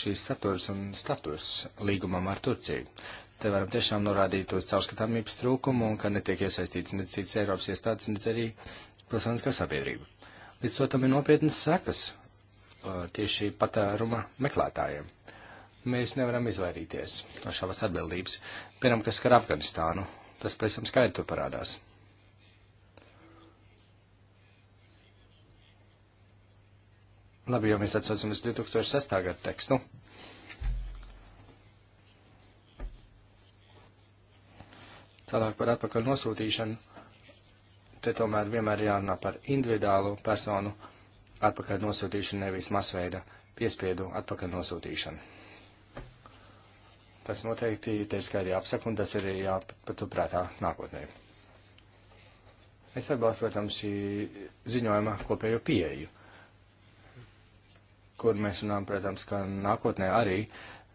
šīs saturs un status līgumam ar Turciju. Te varam tiešām norādīt uz caurskatāmības trūkumu un ka netiek iesaistīts ne cits Eiropas iestādes, ne arī pilsoniskā sabiedrība. Līdz to tam ir nopietnas sekas uh, tieši patēruma meklētājiem. Mēs nevaram izvairīties no šādas atbildības. Piemēram, kas skar Afganistānu, tas pēc tam skaidri tur parādās. Labi, jau mēs atsaucam uz 2006. gadu tekstu. Tālāk par atpakaļ nosūtīšanu te tomēr vienmēr jārunā par individuālu personu atpakaļ nosūtīšanu, nevis masveida piespiedu atpakaļ nosūtīšanu. Tas noteikti te skaidri jāapsaka, un tas ir jāpaturprātā nākotnē. Es atbalstu, protams, šī ziņojuma kopējo pieeju, kur mēs runājam, protams, ka nākotnē arī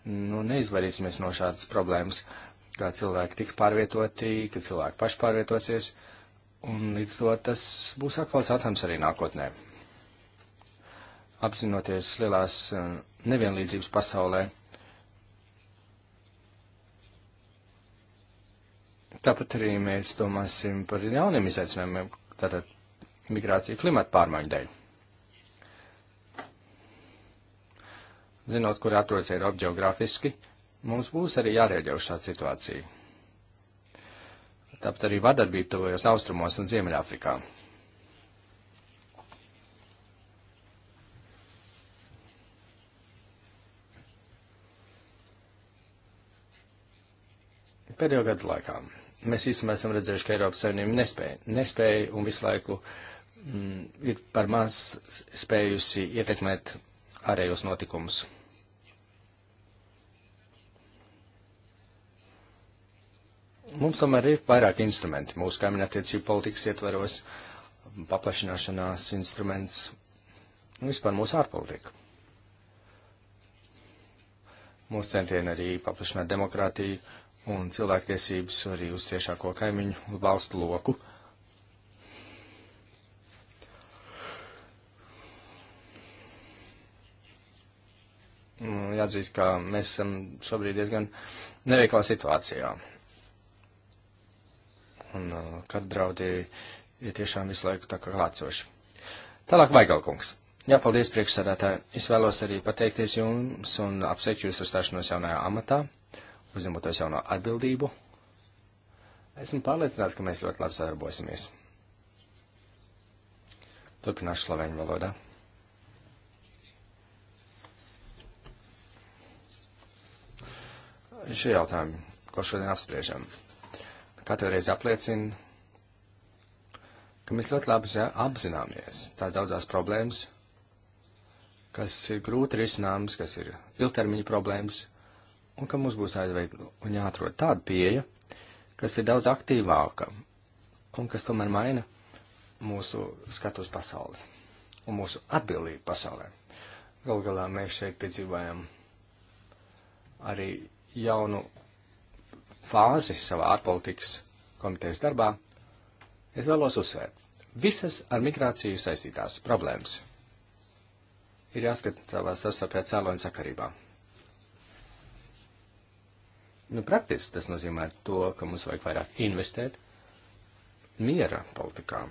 nu, neizvairīsimies no šādas problēmas, kā cilvēki tiks pārvietoti, ka cilvēki paši pārvietosies Un līdz to tas būs aktuāls jautājums arī nākotnē. Apzinoties lielās um, nevienlīdzības pasaulē, tāpat arī mēs domāsim par jauniem izaicinājumiem, tātad migrācija klimata pārmaiņu dēļ. Zinot, kur atrodas Eiropa geogrāfiski, mums būs arī jārēģē uz šādu situāciju tāpat arī vadarbība tuvajos austrumos un Ziemeļāfrikā. Pēdējo gadu laikā mēs īstenībā esam redzējuši, ka Eiropas Savienība nespēja, nespēja un visu laiku mm, ir par maz spējusi ietekmēt ārējos notikumus. Mums tomēr ir vairāk instrumenti mūsu kaimiņattiecību politikas ietveros, paplašināšanās instruments un vispār mūsu ārpolitika. Mūsu centieni arī paplašināt demokrātiju un cilvēktiesības arī uz tiešāko kaimiņu valstu loku. Nu, jāatzīst, ka mēs esam šobrīd diezgan neveiklā situācijā un uh, kad draudi ir tiešām visu laiku tā kā klātsoši. Tālāk Vaigalkungs. Jā, paldies priekšsādātāji. Es vēlos arī pateikties jums un apsveikt jūs ar stāšanos jaunajā amatā, uzņemoties jauno atbildību. Esmu pārliecināts, ka mēs ļoti labi sadarbosimies. Turpināšu sloveņu valodā. Šie jautājumi, ko šodien apspriežam, katru reizi apliecina, ka mēs ļoti labi apzināmies tā daudzās problēmas, kas ir grūti risināmas, kas ir ilgtermiņa problēmas, un ka mums būs aizveik un jāatrod tāda pieeja, kas ir daudz aktīvāka un kas tomēr maina mūsu skatus pasauli un mūsu atbildību pasaulē. Galu galā mēs šeit piedzīvojam arī jaunu fāzi savā ārpolitikas komitejas darbā, es vēlos uzsvērt visas ar migrāciju saistītās problēmas. Ir jāskata savā sastāvā cēloņa sakarībā. Nu, praktiski tas nozīmē to, ka mums vajag vairāk investēt miera politikā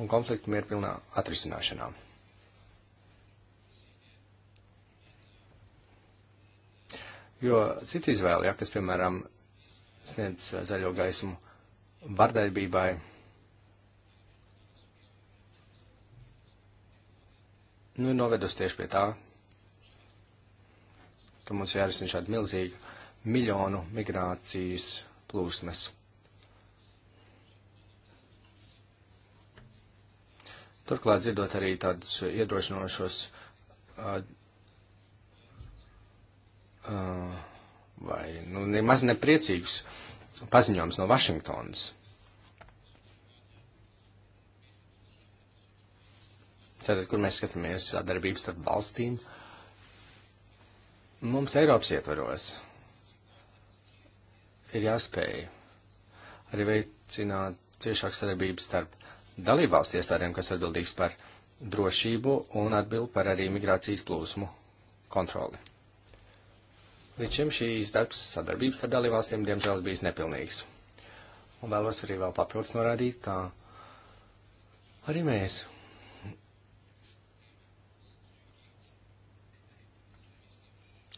un konfliktu mierpilnā atrisināšanā. Jo cita izvēle, ja, kas, piemēram, sniedz eh, zaļo gaismu vardarbībai, nu, novedusi tieši pie tā, ka mums jārisina šāda milzīga miljonu migrācijas plūsmas. Turklāt dzirdot arī tādus iedrošinošos uh, Uh, vai nu, nemaz nepriecīgs paziņojums no Vašingtonas. Tātad, kur mēs skatāmies sadarbības starp valstīm, mums Eiropas ietvaros ir jāspēj arī veicināt ciešāku sadarbību starp dalībvalstu iestādēm, kas atbildīgs par drošību un atbild par arī migrācijas plūsmu kontroli. Līdz šim šīs darbs sadarbības starp dalībvalstīm, diemžēl, bijis nepilnīgs. Un vēlos arī vēl papildus norādīt, ka arī mēs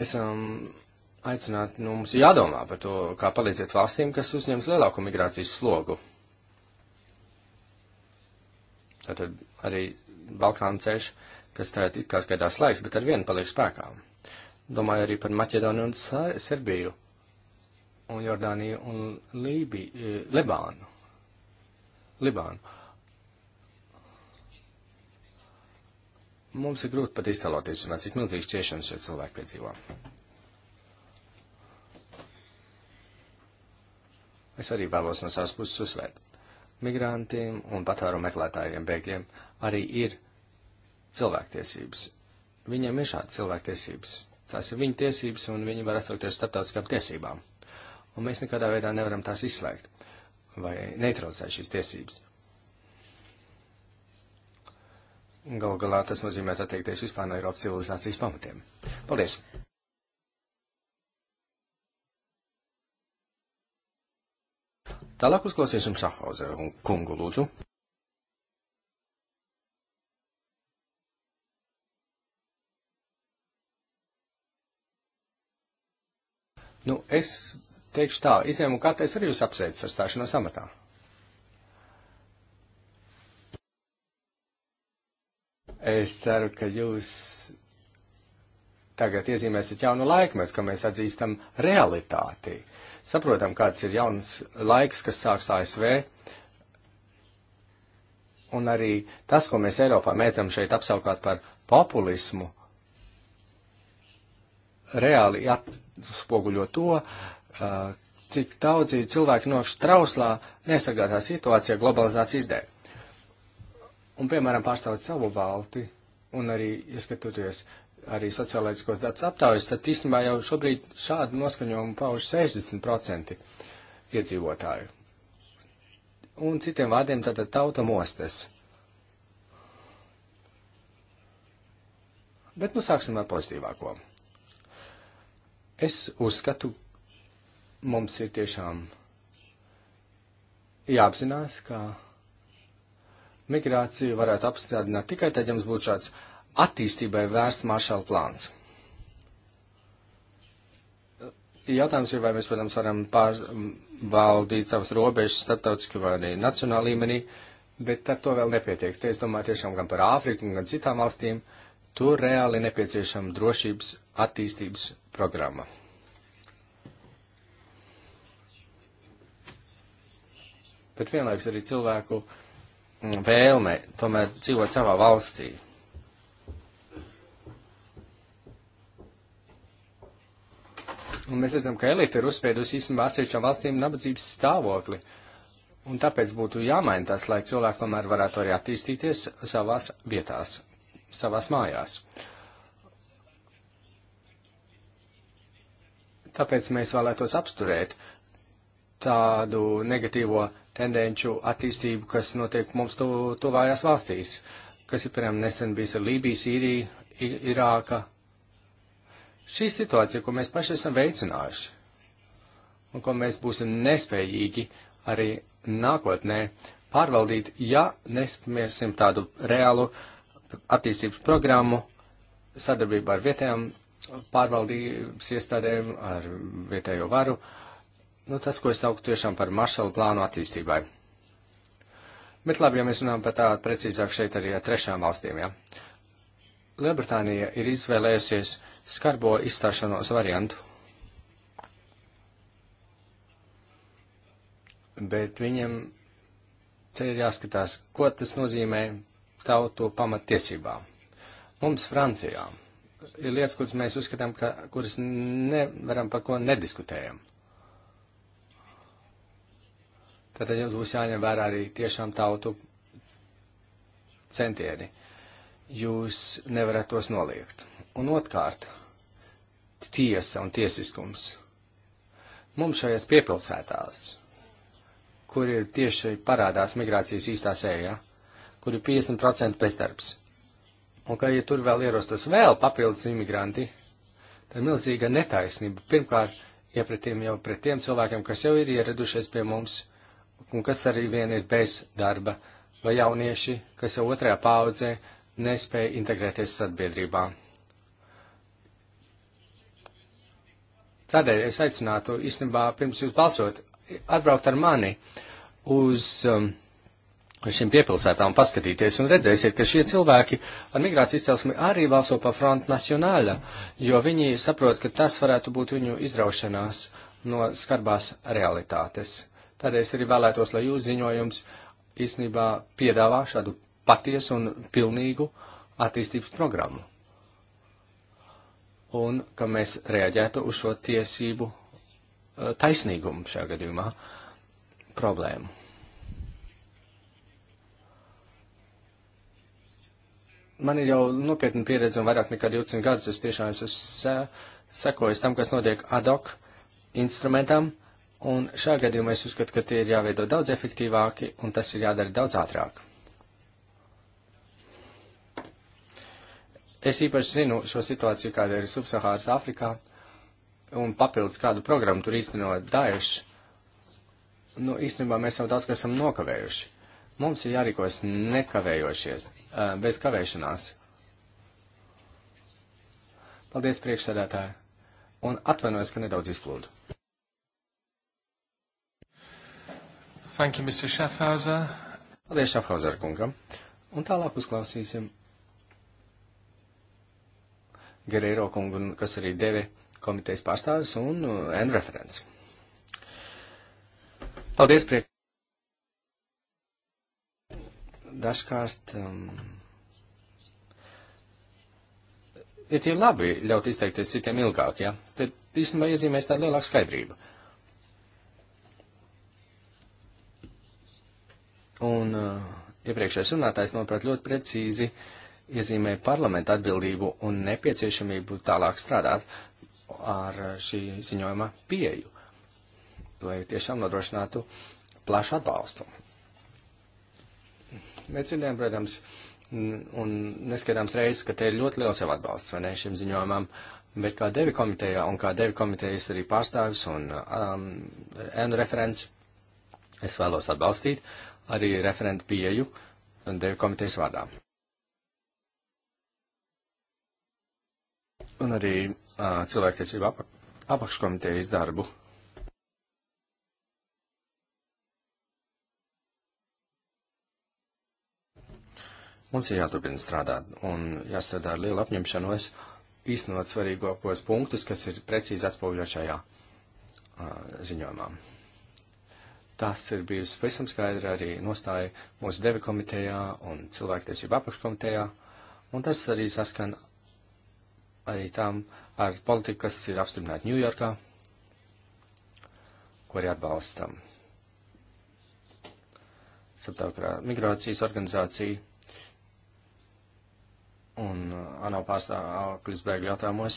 esam aicināti, nu, mums jādomā par to, kā palīdzēt valstīm, kas uzņems lielāku migrācijas slogu. Tātad arī Balkānu ceļš, kas tā ir it kā gaidās laiks, bet ar vienu paliek spēkām domāju arī par Maķedoniju un Serbiju, un Jordāniju un Lībiju, e, Libānu. Libānu. Mums ir grūti pat iztēloties, cik milzīgas ciešanas šie cilvēki piedzīvo. Es arī vēlos no savas puses uzsvērt. Migrantiem un patvēru meklētājiem bēgļiem arī ir cilvēktiesības. Viņiem ir šādi cilvēktiesības. Tās ir viņu tiesības, un viņi var atsaukties starptautiskām tiesībām. Un mēs nekādā veidā nevaram tās izslēgt vai neutralizēt šīs tiesības. Galu galā tas nozīmē atteikties vispār no Eiropas civilizācijas pamatiem. Paldies! Tālāk uzklausīsim Šafhauseru kungu lūdzu. Nu, es teikšu tā, izņēmumu kārtēs arī jūs apsveicu ar stāšanos amatā. Es ceru, ka jūs tagad iezīmēsiet jaunu laikmetu, ka mēs atzīstam realitāti. Saprotam, kāds ir jauns laiks, kas sāks ASV. Un arī tas, ko mēs Eiropā mēdzam šeit apsaukāt par populismu, reāli atspoguļo to, uh, cik daudzi cilvēki nokš trauslā nesagātā situācijā globalizācijas dēļ. Un, piemēram, pārstāvot savu valti un arī ieskatoties arī sociālaiskos datus aptaujas, tad īstenībā jau šobrīd šādu noskaņojumu pauž 60% iedzīvotāju. Un citiem vārdiem tātad tauta mostas. Bet nu sāksim ar pozitīvāko. Es uzskatu, mums ir tiešām jāapzinās, ka migrāciju varētu apstādināt tikai tad, ja mums būtu šāds attīstībai vērsts maršāla plāns. Jautājums ir, vai mēs, protams, varam pārvaldīt savas robežas starptautiski vai arī nacionālā līmenī, bet ar to vēl nepietiek. Te es domāju tiešām gan par Āfriku, gan citām valstīm. Uh, Tur reāli nepieciešama drošības attīstības programma. Bet vienlaiks arī cilvēku mm, vēlme tomēr dzīvot savā valstī. Un mēs redzam, ka elite ir uzspiedusi īstenībā atsevišķām valstīm nabadzības stāvokli. Un tāpēc būtu jāmaina tas, lai cilvēki tomēr varētu arī attīstīties savās vietās savās mājās. Tāpēc mēs vēlētos apsturēt tādu negatīvo tendenču attīstību, kas notiek mums tu, tuvājās valstīs, kas ir, piemēram, nesen bijis ar Lībiju, Sīriju, Irāka. Šī situācija, ko mēs paši esam veicinājuši, un ko mēs būsim nespējīgi arī nākotnē pārvaldīt, ja nespēsim tādu reālu uh, attīstības programmu sadarbībā ar vietējām pārvaldības iestādēm, ar vietējo varu. Nu, tas, ko es sauktu tiešām par maršalu plānu attīstībai. Bet labi, ja mēs runājam par tādu precīzāk šeit arī ar trešām valstīm, jā. Ja? Lielbritānija ir izvēlējusies skarbo izstāšanos variantu, bet viņam te ir jāskatās, ko tas nozīmē tautu pamatiesībām. Mums Francijā ir lietas, kuras mēs uzskatām, ka, kuras nevaram par ko nediskutējam. Tātad jums būs jāņem vērā arī tiešām tautu centieni. Jūs nevarat tos noliegt. Un otrkārt, tiesa un tiesiskums. Mums šajās piepilsētās, kur ir tieši parādās migrācijas īstā sējā, ja? kur ir 50% bezdarbs. Un ka, ja tur vēl ierastos vēl papildus imigranti, tad milzīga netaisnība. Pirmkārt, iepratiem jau pret tiem cilvēkiem, kas jau ir ieradušies pie mums, un kas arī vien ir bez darba, vai jaunieši, kas jau otrajā paudzē nespēja integrēties sabiedrībā. Tādēļ es aicinātu, īstenībā, pirms jūs balsot, atbraukt ar mani uz um, šīm piepilsētām paskatīties un redzēsiet, ka šie cilvēki ar migrācijas izcelsmi arī balso par Front Nacionāla, jo viņi saprot, ka tas varētu būt viņu izraušanās no skarbās realitātes. Tādēļ es arī vēlētos, lai jūs ziņojums īstenībā piedāvā šādu patiesu un pilnīgu attīstības programmu. Un ka mēs reaģētu uz šo tiesību eh, taisnīgumu šajā gadījumā problēmu. man ir jau nopietna pieredze un vairāk nekā 20 gadus es tiešām esmu sekojis tam, kas notiek ad hoc instrumentam, un šā gadījumā es uzskatu, ka tie ir jāveido daudz efektīvāki, un tas ir jādara daudz ātrāk. Es īpaši zinu šo situāciju, kāda ir Subsahāras Afrikā, un papildus kādu programmu tur īstenot Daesh. Nu, īstenībā mēs jau daudz, kas esam nokavējuši. Mums ir jārīkojas nekavējošies, Uh, bez kavēšanās. Paldies, priekšsēdētāji, un atvainojos, ka nedaudz izplūdu. Thank you, Mr. Schaffhauser. Paldies, Schaffhauser kungam. Un tālāk uzklausīsim Gerēro kungu, kas arī devi komitejas pārstāvis un uh, referents. Paldies, priekšsēdētāji dažkārt um, ir tie labi ļaut izteikties citiem ilgāk, ja? Tad īstenībā iezīmēs tādu lielāku skaidrību. Un uh, iepriekšējais runātājs, manuprāt, ļoti precīzi iezīmē parlamentu atbildību un nepieciešamību tālāk strādāt ar šī ziņojuma pieju, lai tiešām nodrošinātu plašu atbalstu. Mēs dzirdējām, protams, un neskatāms reizes, ka te ir ļoti liels jau atbalsts, vai ne, šim ziņojumam, bet kā devi komiteja un kā devi komitejas arī pārstāvis un um, ēnu referents, es vēlos atbalstīt arī referentu pieju devi komitejas vārdā. Un arī uh, cilvēktiesību apakškomitejas darbu Mums ir jāturpina strādāt un jāstrādā ar lielu apņemšanos īstenot svarīgākos punktus, kas ir precīzi atspoguļot šajā uh, ziņojumā. Tas ir bijusi pavisam skaidra arī nostāja mūsu devi komitejā un cilvēktiesību apakškomitejā, un tas arī saskan arī tām ar politiku, kas ir apstiprināta Ņujorkā, ko arī atbalstam. Starptautiskā migrācijas organizācija un uh, ANO pārstāvaklis bēgļu jautājumos.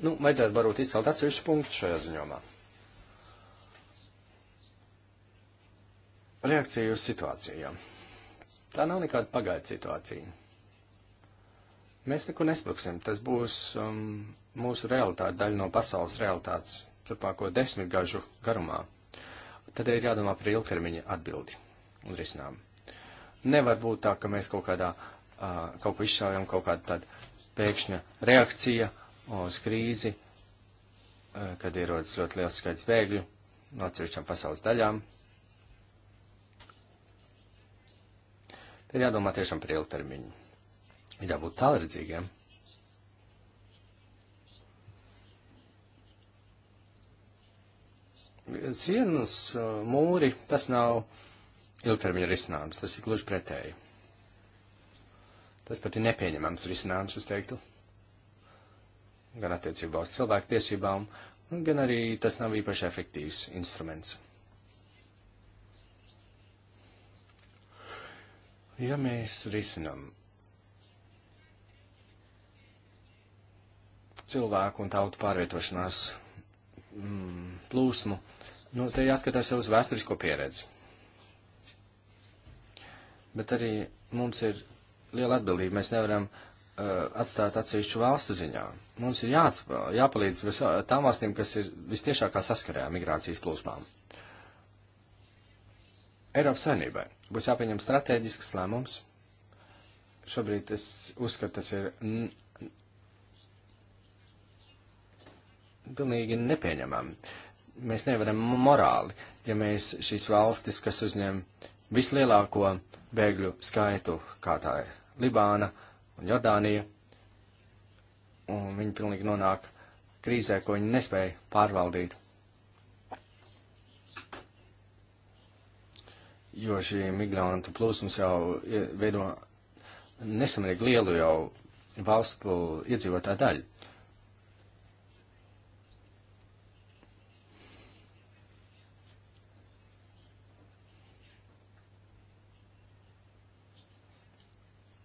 Nu, vajadzētu varbūt izcelt atsevišķu punktu šajā ziņomā. Reakcija uz situācijām. Tā nav nekāda pagaidu situācija. Mēs neko nespruksim. Tas būs um, mūsu realitāte, daļa no pasaules realitātes turpāko desmitgažu garumā tad ir jādomā par ilgtermiņa atbildi un risinājumu. Nevar būt tā, ka mēs kaut kādā, uh, kaut ko izšaujam, kaut kāda tāda pēkšņa reakcija uz krīzi, uh, kad ierodas ļoti liels skaits bēgļu no atsevišķām pasaules daļām. Te ir jādomā tiešām par ilgtermiņu. Ir jābūt tālredzīgiem. Ja? cienus, mūri, tas nav ilgtermiņa risinājums, tas ir gluži pretēji. Tas pat ir nepieņemams risinājums, es teiktu, gan attiecībā uz cilvēku tiesībām, gan arī tas nav īpaši efektīvs instruments. Ja mēs risinam cilvēku un tautu pārvietošanās mm, plūsmu, Nu, te jāskatās jau uz vēsturisko pieredzi. Bet arī mums ir liela atbildība. Mēs nevaram uh, atstāt atsevišķu valstu ziņā. Mums ir jāatspā, jāpalīdz visā, tām valstīm, kas ir vistiešākā saskarē migrācijas plūsmām. Eiropas saimnībai būs jāpieņem strateģisks lēmums. Šobrīd es uzskatu, tas ir pilnīgi nepieņemami mēs nevaram morāli, ja mēs šīs valstis, kas uzņem vislielāko bēgļu skaitu, kā tā ir Libāna un Jordānija, un viņi pilnīgi nonāk krīzē, ko viņi nespēja pārvaldīt. Jo šī migrantu plūsmas jau veido nesamērīgi lielu jau valstu iedzīvotāju daļu.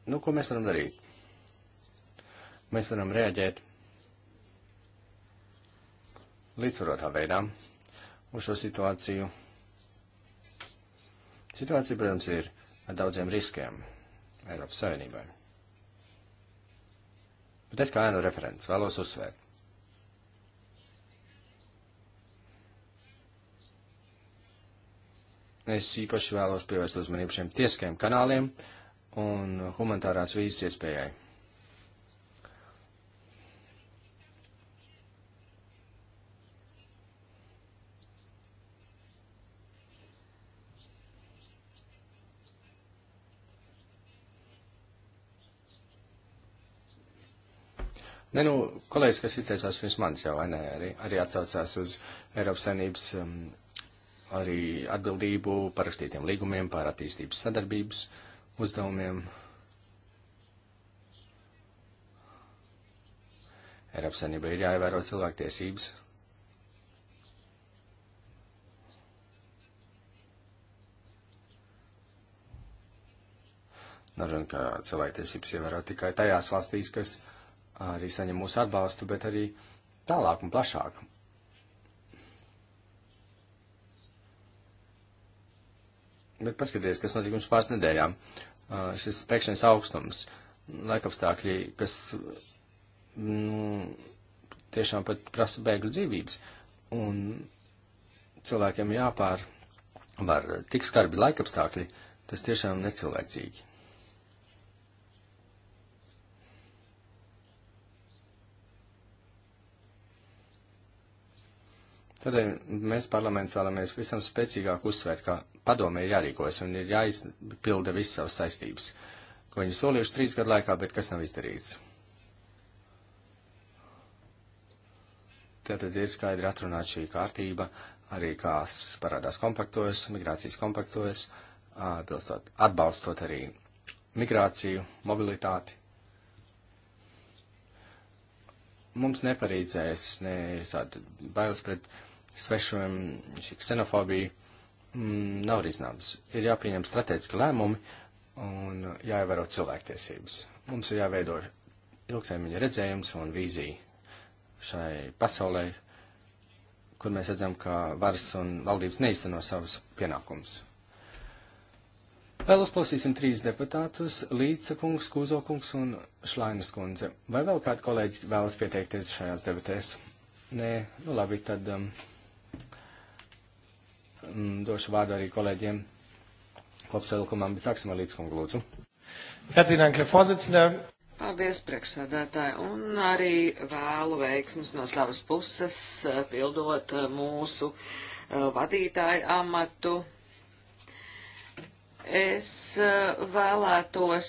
Nu, ko mēs varam darīt? Mēs varam reaģēt līdzsvarotā veidā uz šo situāciju. Situācija, protams, ir ar daudziem riskiem Eiropas Savienībai. Bet es kā ēnu referents vēlos uzsvērt. Es īpaši vēlos pievērst uzmanību šiem tieskajiem kanāliem, uh, un humanitārās vīzes iespējai. Ne, nu, kolēģis, kas izteicās pirms manis jau, ne, arī, arī atsaucās uz Eiropas Savienības um, arī atbildību parakstītiem līgumiem par attīstības sadarbības uh, uzdevumiem. Eiropas Savienībai ir jāievēro cilvēktiesības. Nerunājot, ka cilvēktiesības ievēro tikai tajās valstīs, kas arī saņem mūsu atbalstu, bet arī tālāk un plašāk. Bet paskatieties, kas notika pirms pāris nedēļām. Uh, šis pēkšņais augstums, laikapstākļi, kas nu, tiešām pat prasa bēgļu dzīvības. Un cilvēkiem jāpārvar tik skarbi laikapstākļi, tas tiešām necilvēcīgi. Tādēļ mēs parlaments vēlamies visam spēcīgāk uzsvērt, ka padomē ir jārīkojas un ir jāizpilda visas savas saistības, ko viņi solījuši trīs gadu laikā, bet kas nav izdarīts. Tātad ir skaidri atrunāta šī kārtība, arī kās parādās kompaktos, migrācijas kompaktos, atbilstot, atbalstot arī migrāciju, mobilitāti. Mums neparīdzēs ne tāda bailes pret svešiem, šī ksenofobija mm, nav risinājums. Ir jāpieņem strateģiski lēmumi un jāievēro cilvēktiesības. Mums ir jāveido ilgtermiņa redzējums un vīzija šai pasaulē, kur mēs redzam, ka varas un valdības neizteno savus pienākumus. Vēl uzklausīsim trīs deputātus - Līdze kungs, Kūzo kungs un Šlainas kundze. Vai vēl kādi kolēģi vēlas pieteikties šajās debatēs? Nē, nu labi, tad. Um, m, došu vārdu arī kolēģiem kopsavilkumam, bet sāksim ar līdzkungu lūdzu. Paldies, priekšsēdētāji, un arī vēlu veiksmus no savas puses, eh, pildot eh, mūsu eh, vadītāju amatu. Es vēlētos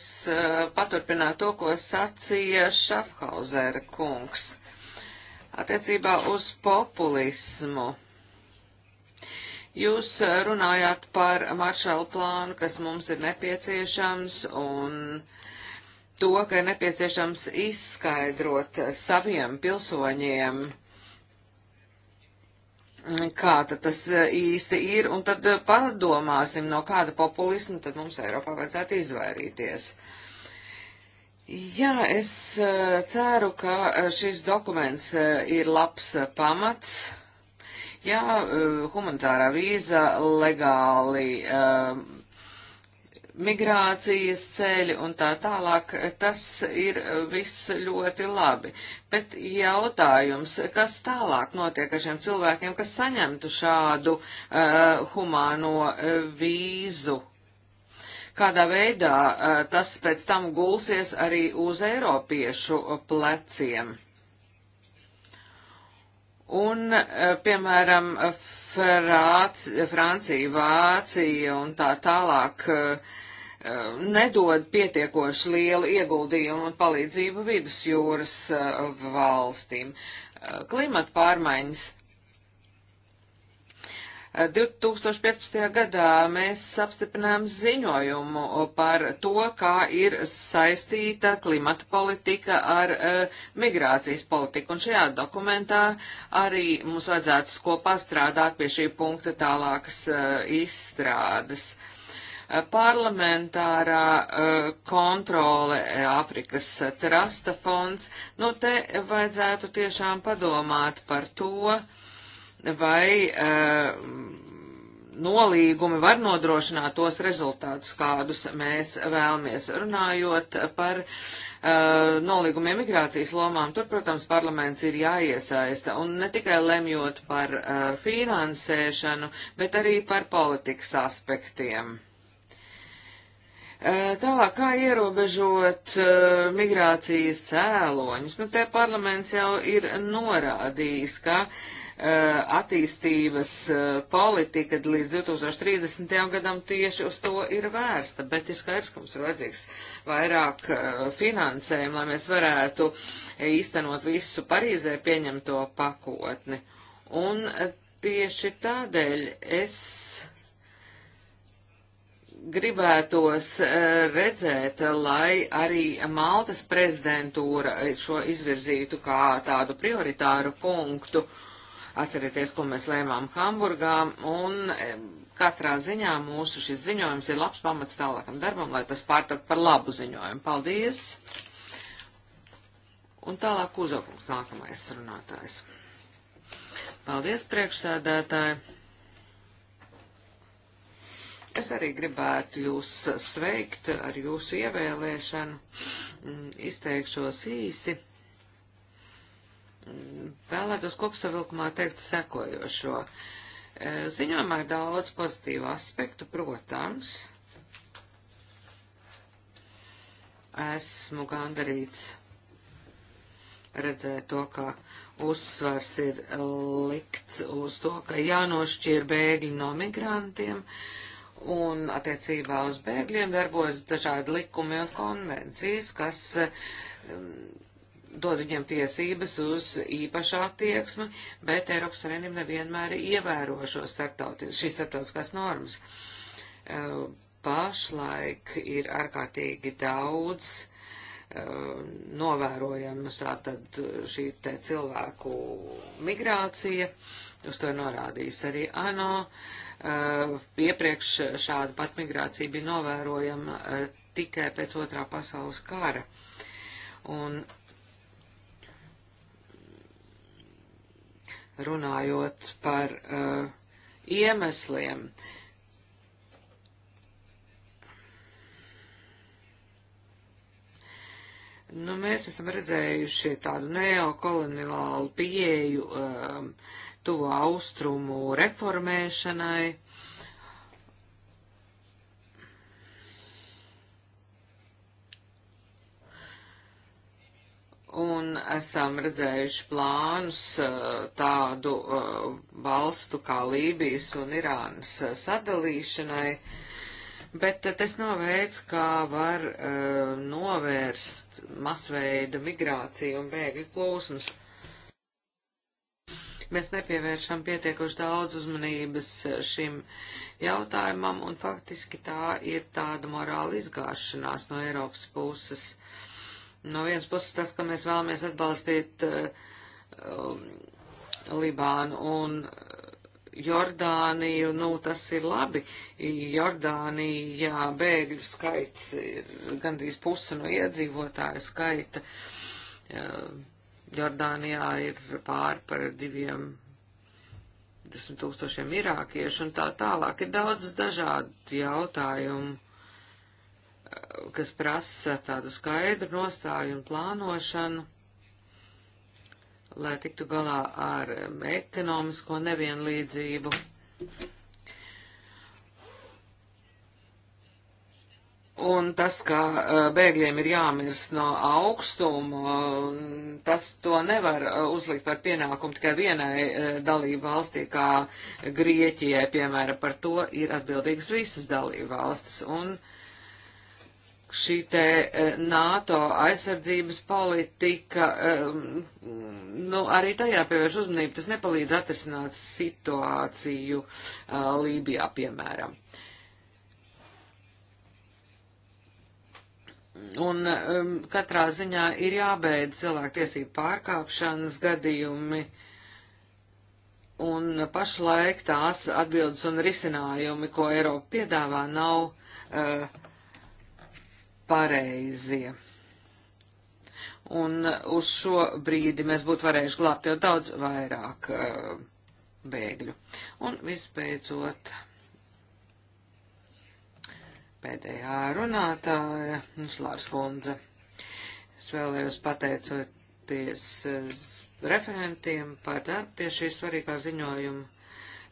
paturpināt to, ko sacīja Šafhauzera kungs attiecībā uz populismu Jūs eh, runājāt par maršalu plānu, kas mums ir nepieciešams, un to, ka ir nepieciešams izskaidrot saviem pilsoņiem, kā tad tas eh, īsti ir, un tad eh, padomāsim, no kāda populisma tad mums Eiropā vajadzētu izvairīties. Jā, es ceru, ka šis dokuments ir labs pamats Jā, e, humanitārā vīza, legāli um, migrācijas ceļi un tā tālāk, tas ir viss ļoti labi. Bet jautājums, kas tālāk notiek ar šiem cilvēkiem, kas saņemtu šādu uh, humāno vīzu? Kādā veidā uh, tas pēc tam gulsies arī uz eiropiešu pleciem? Un, eh, piemēram, Frāc, Francija, Vācija un tā tālāk eh, nedod pietiekoši lielu ieguldījumu un palīdzību vidusjūras eh, valstīm. Klimata pārmaiņas 2015. gadā mēs apstiprinājām ziņojumu par to, kā ir saistīta klimata politika ar uh, migrācijas politiku. Un šajā dokumentā arī mums vajadzētu kopā strādāt pie šī punkta tālākas uh, izstrādes. Uh, parlamentārā kontrole Āfrikas trasta fonds, nu te vajadzētu tiešām padomāt par to, uh, vai uh, nolīgumi var nodrošināt tos rezultātus, kādus mēs vēlamies. Runājot par uh, eh, nolīgumiem migrācijas lomām, tur, protams, parlaments ir jāiesaista, un ne tikai lemjot par uh, finansēšanu, bet arī par politikas aspektiem. Tālāk, kā ierobežot uh, migrācijas cēloņus, nu te parlaments jau ir norādījis, ka uh, Eh, attīstības eh, politika līdz 2030. gadam tieši uz to ir vērsta, bet ir skaidrs, ka mums ir vajadzīgs vairāk eh, finansējuma, lai mēs varētu īstenot visu Parīzē pieņemto pakotni. Un tieši tādēļ es gribētos redzēt, lai arī Maltas prezidentūra šo izvirzītu kā tādu prioritāru punktu Atcerieties, ko mēs lēmām Hamburgā, un katrā ziņā mūsu šis ziņojums ir labs pamats tālākam darbam, lai tas pārtap par labu ziņojumu. Paldies! Un tālāk uzaugs nākamais runātājs. Paldies, priekšsēdētāji! Es arī gribētu jūs sveikt ar jūsu ievēlēšanu. Mm, izteikšos īsi vēlētos kopsavilkumā teikt sekojošo. E, ziņojumā ir daudz pozitīvu aspektu, protams. Esmu gandarīts redzēt to, ka uzsvars ir likts uz to, ka jānošķir bēgļi no migrantiem, un attiecībā uz bēgļiem darbojas dažādi likumi un konvencijas, kas um, dod viņiem tiesības uz īpašu attieksmi, bet Eiropas Savienība nevienmēr ievēro šo starptautis, šīs starptautiskās normas. Pašlaik ir ārkārtīgi daudz novērojams tātad šī te cilvēku migrācija, uz to norādījis arī ANO. Iepriekš šāda pat migrācija bija novērojama tikai pēc otrā pasaules kara. Un runājot par uh, iemesliem. Nu, mēs esam redzējuši tādu neokoloniālu pieeju um, uh, tuvo austrumu reformēšanai. un esam redzējuši plānus eh, tādu eh, valstu kā Lībijas un Irānas eh, sadalīšanai, bet tas nav veids, kā var novērst masveida migrāciju un bēgļu plūsmas mēs nepievēršam pietiekuši daudz uzmanības šim jautājumam, un faktiski tā ir tāda morāla izgāšanās no Eiropas puses no vienas puses tas, ka mēs vēlamies atbalstīt uh, Libānu un Jordāniju, nu tas ir labi. Jordānijā bēgļu skaits ir gandrīz puse no iedzīvotāju skaita. Uh, Jordānijā ir pāri par diviem desmit tūkstošiem irākiešu un tā tālāk ir daudz dažādu jautājumu kas prasa tādu skaidru nostāju un plānošanu, lai tiktu galā ar ekonomisko nevienlīdzību. Un tas, ka e, bēgļiem ir jāmirst no augstuma, tas to nevar e, uzlikt par pienākumu tikai vienai e, dalību valstī, kā Grieķijai, piemēram, par to ir atbildīgas visas dalību valstis. Un uh, šī te e, NATO aizsardzības politika, e, nu, arī tajā pievērš uzmanību, tas nepalīdz atrisināt situāciju e, Lībijā, piemēram. Un um, katrā ziņā ir jābeidz cilvēktiesību pārkāpšanas gadījumi, un pašlaik tās atbildes un risinājumi, ko Eiropa piedāvā, nav uh, pareizie. Un uh, uz šo brīdi mēs būtu varējuši glābt jau daudz vairāk uh, bēgļu. Un visbeidzot, pēdējā runātāja, Šlārs Kundze. Es vēlējos pateicoties uh, referentiem par darbu pie šī svarīgā ziņojuma.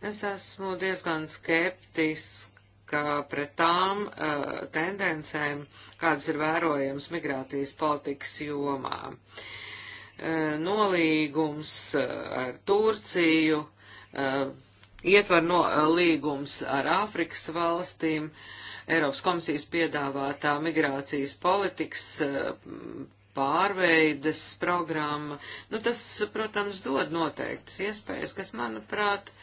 Es esmu diezgan skeptiski ka pret tām uh, tendencēm, kādas ir vērojams migrācijas politikas jomā, uh, nolīgums e, ar Turciju, uh, ietver no, līgums ar Āfrikas valstīm, Eiropas komisijas piedāvātā migrācijas politikas pārveides programma. Nu, tas, protams, dod noteiktas iespējas, kas, manuprāt, uh,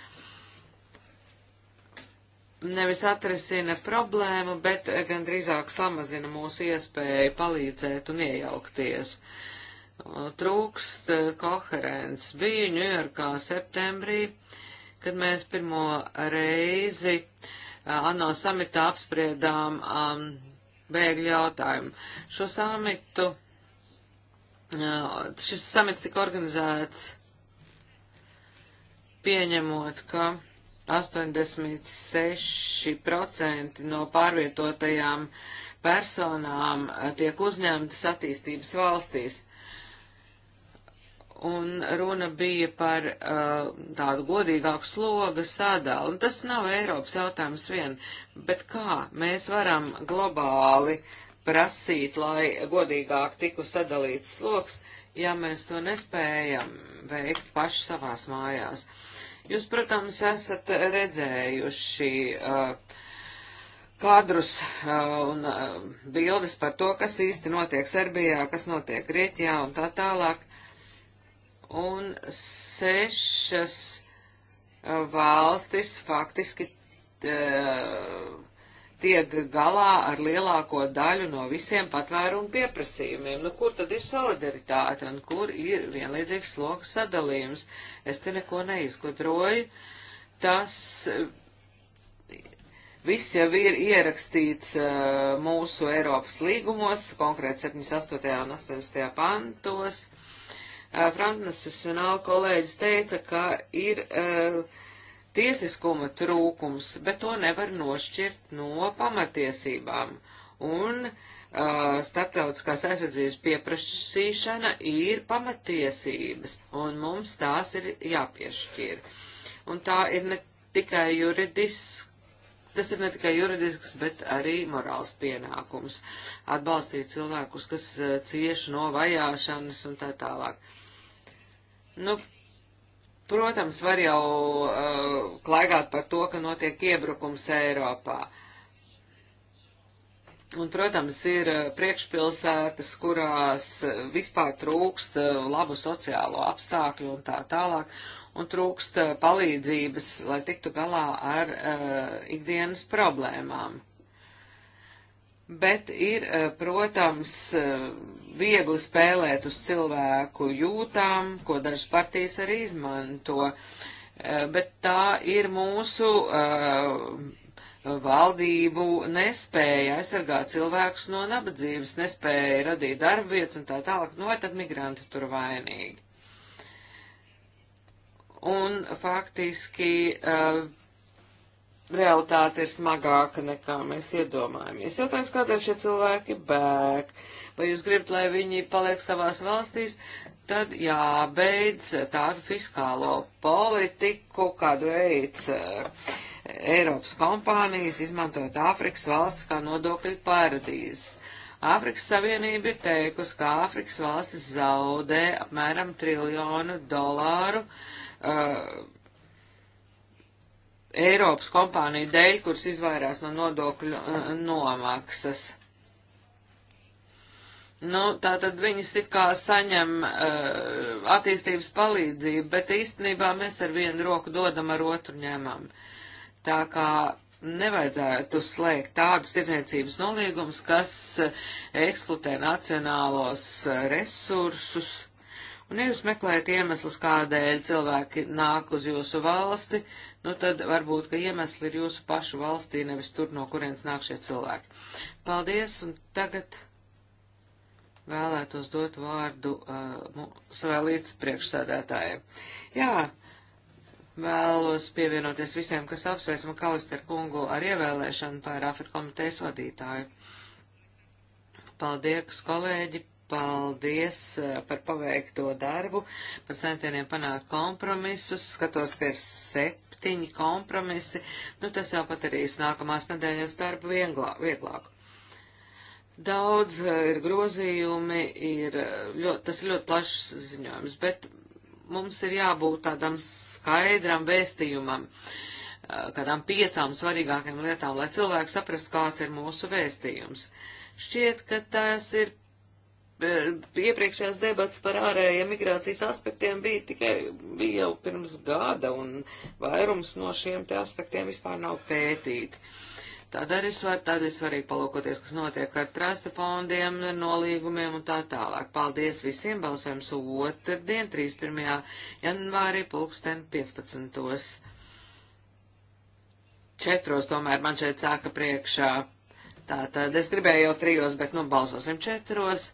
nevis atrisina problēmu, bet gan drīzāk samazina mūsu iespēju palīdzēt un iejaukties. Trūkst eh, koherents. Biju Ņujorkā septembrī, kad mēs pirmo reizi eh, ANO samitā apspriedām um, bēgļu jautājumu. Šo samitu, eh, šis samits tika organizēts pieņemot, ka 86% no pārvietotajām personām eh, tiek uzņemtas attīstības valstīs. Un runa bija par uh, tādu godīgāku sloga sadalu. Un tas nav Eiropas jautājums vien, bet kā mēs varam globāli prasīt, lai godīgāk tiku sadalīts sloks, ja mēs to nespējam veikt paši savās mājās. Uh, Jūs, protams, esat redzējuši uh, kadrus uh, un uh, bildes par to, kas īsti notiek Serbijā, kas notiek Grieķijā un tā tālāk. Un sešas uh, valstis faktiski. Uh, tiek galā ar lielāko daļu no visiem patvērumu pieprasījumiem. Nu, kur tad ir solidaritāte un kur ir vienlīdzīgs sloks sadalījums? Es te neko neizgudroju. Tas viss jau ir ierakstīts uh, mūsu Eiropas līgumos, konkrēti 78. un 80. pantos. Uh, Frantneses un Alkolēģis teica, ka ir uh, tiesiskuma trūkums, bet to nevar nošķirt no pamatiesībām. Un uh, starptautiskās aizsardzības pieprasīšana ir pamatiesības, un mums tās ir jāpiešķir. Un tā ir ne tikai juridiski. Tas ir ne tikai juridisks, bet arī morāls pienākums - atbalstīt cilvēkus, kas uh, cieši no vajāšanas un tā tālāk. Nu, Protams, var jau uh, klaigāt par to, ka notiek iebrukums Eiropā. Un, protams, ir uh, priekšpilsētas, kurās uh, vispār trūkst uh, labu sociālo apstākļu un tā tālāk, un trūkst palīdzības, lai tiktu galā ar uh, ikdienas problēmām bet ir, eh, protams, eh, viegli spēlēt uz cilvēku jūtām, ko dažas partijas arī izmanto, eh, bet tā ir mūsu valdību nespēja aizsargāt cilvēkus no nabadzības, nespēja radīt darbvietas un tā tālāk, no nu, tad migranti tur vainīgi. Un faktiski realitāte ir smagāka nekā mēs iedomājamies. Jautājums, kādēļ šie cilvēki bēg? Vai jūs gribat, lai viņi paliek savās valstīs? Tad jābeidz tādu fiskālo politiku, kādu veids eh, Eiropas kompānijas, izmantojot Āfrikas valsts kā nodokļu paradīzes. Āfrikas Savienība ir teikusi, ka Āfrikas valstis zaudē apmēram triljonu dolāru uh, Eiropas kompāniju dēļ, kuras izvairās no nodokļu uh, nomaksas. Nu, tā tad viņas it kā saņem uh, attīstības palīdzību, bet īstenībā mēs ar vienu roku dodam, ar otru ņemam. Tā kā nevajadzētu slēgt tādus tirdzniecības noliegumus, kas eh, eksploatē nacionālos resursus Un, ja jūs meklējat iemeslus, kādēļ cilvēki nāk uz jūsu valsti, nu tad varbūt, ka iemesli ir jūsu pašu valstī, nevis tur, no kurienes nāk šie cilvēki. Paldies, un tagad vēlētos dot vārdu uh, savai līdz priekšsēdētājiem. Jā, vēlos pievienoties visiem, kas apsveicam Kalister kungu ar ievēlēšanu par Afrika komitejas vadītāju. Paldies, kolēģi, Paldies eh, par paveikto darbu, par centieniem panākt kompromisus. Skatos, ka ir septiņi kompromisi. Nu, tas jau patarīs nākamās nedēļas darbu vienglāk, vieglāk. Daudz eh, ir grozījumi, ir eh, ļoti, tas ir ļoti plašs ziņojums, bet mums ir jābūt tādam skaidram vēstījumam, kādām piecām svarīgākajām lietām, lai cilvēki saprastu, kāds ir mūsu vēstījums. Šķiet, ka tas ir Eh, iepriekšējās debats par ārējiem migrācijas aspektiem bija tikai, bija jau pirms gada, un vairums no šiem te aspektiem vispār nav pētīti. Tādēļ ir, svar, tādēļ ir svarīgi palūkoties, kas notiek ar trasta fondiem, nolīgumiem un tā tālāk. Paldies visiem, balsojums otrdien, 31. janvārī, pulksten 15. Četros tomēr man šeit sāka priekšā. Tātad es gribēju jau trijos, bet nu balsosim četros.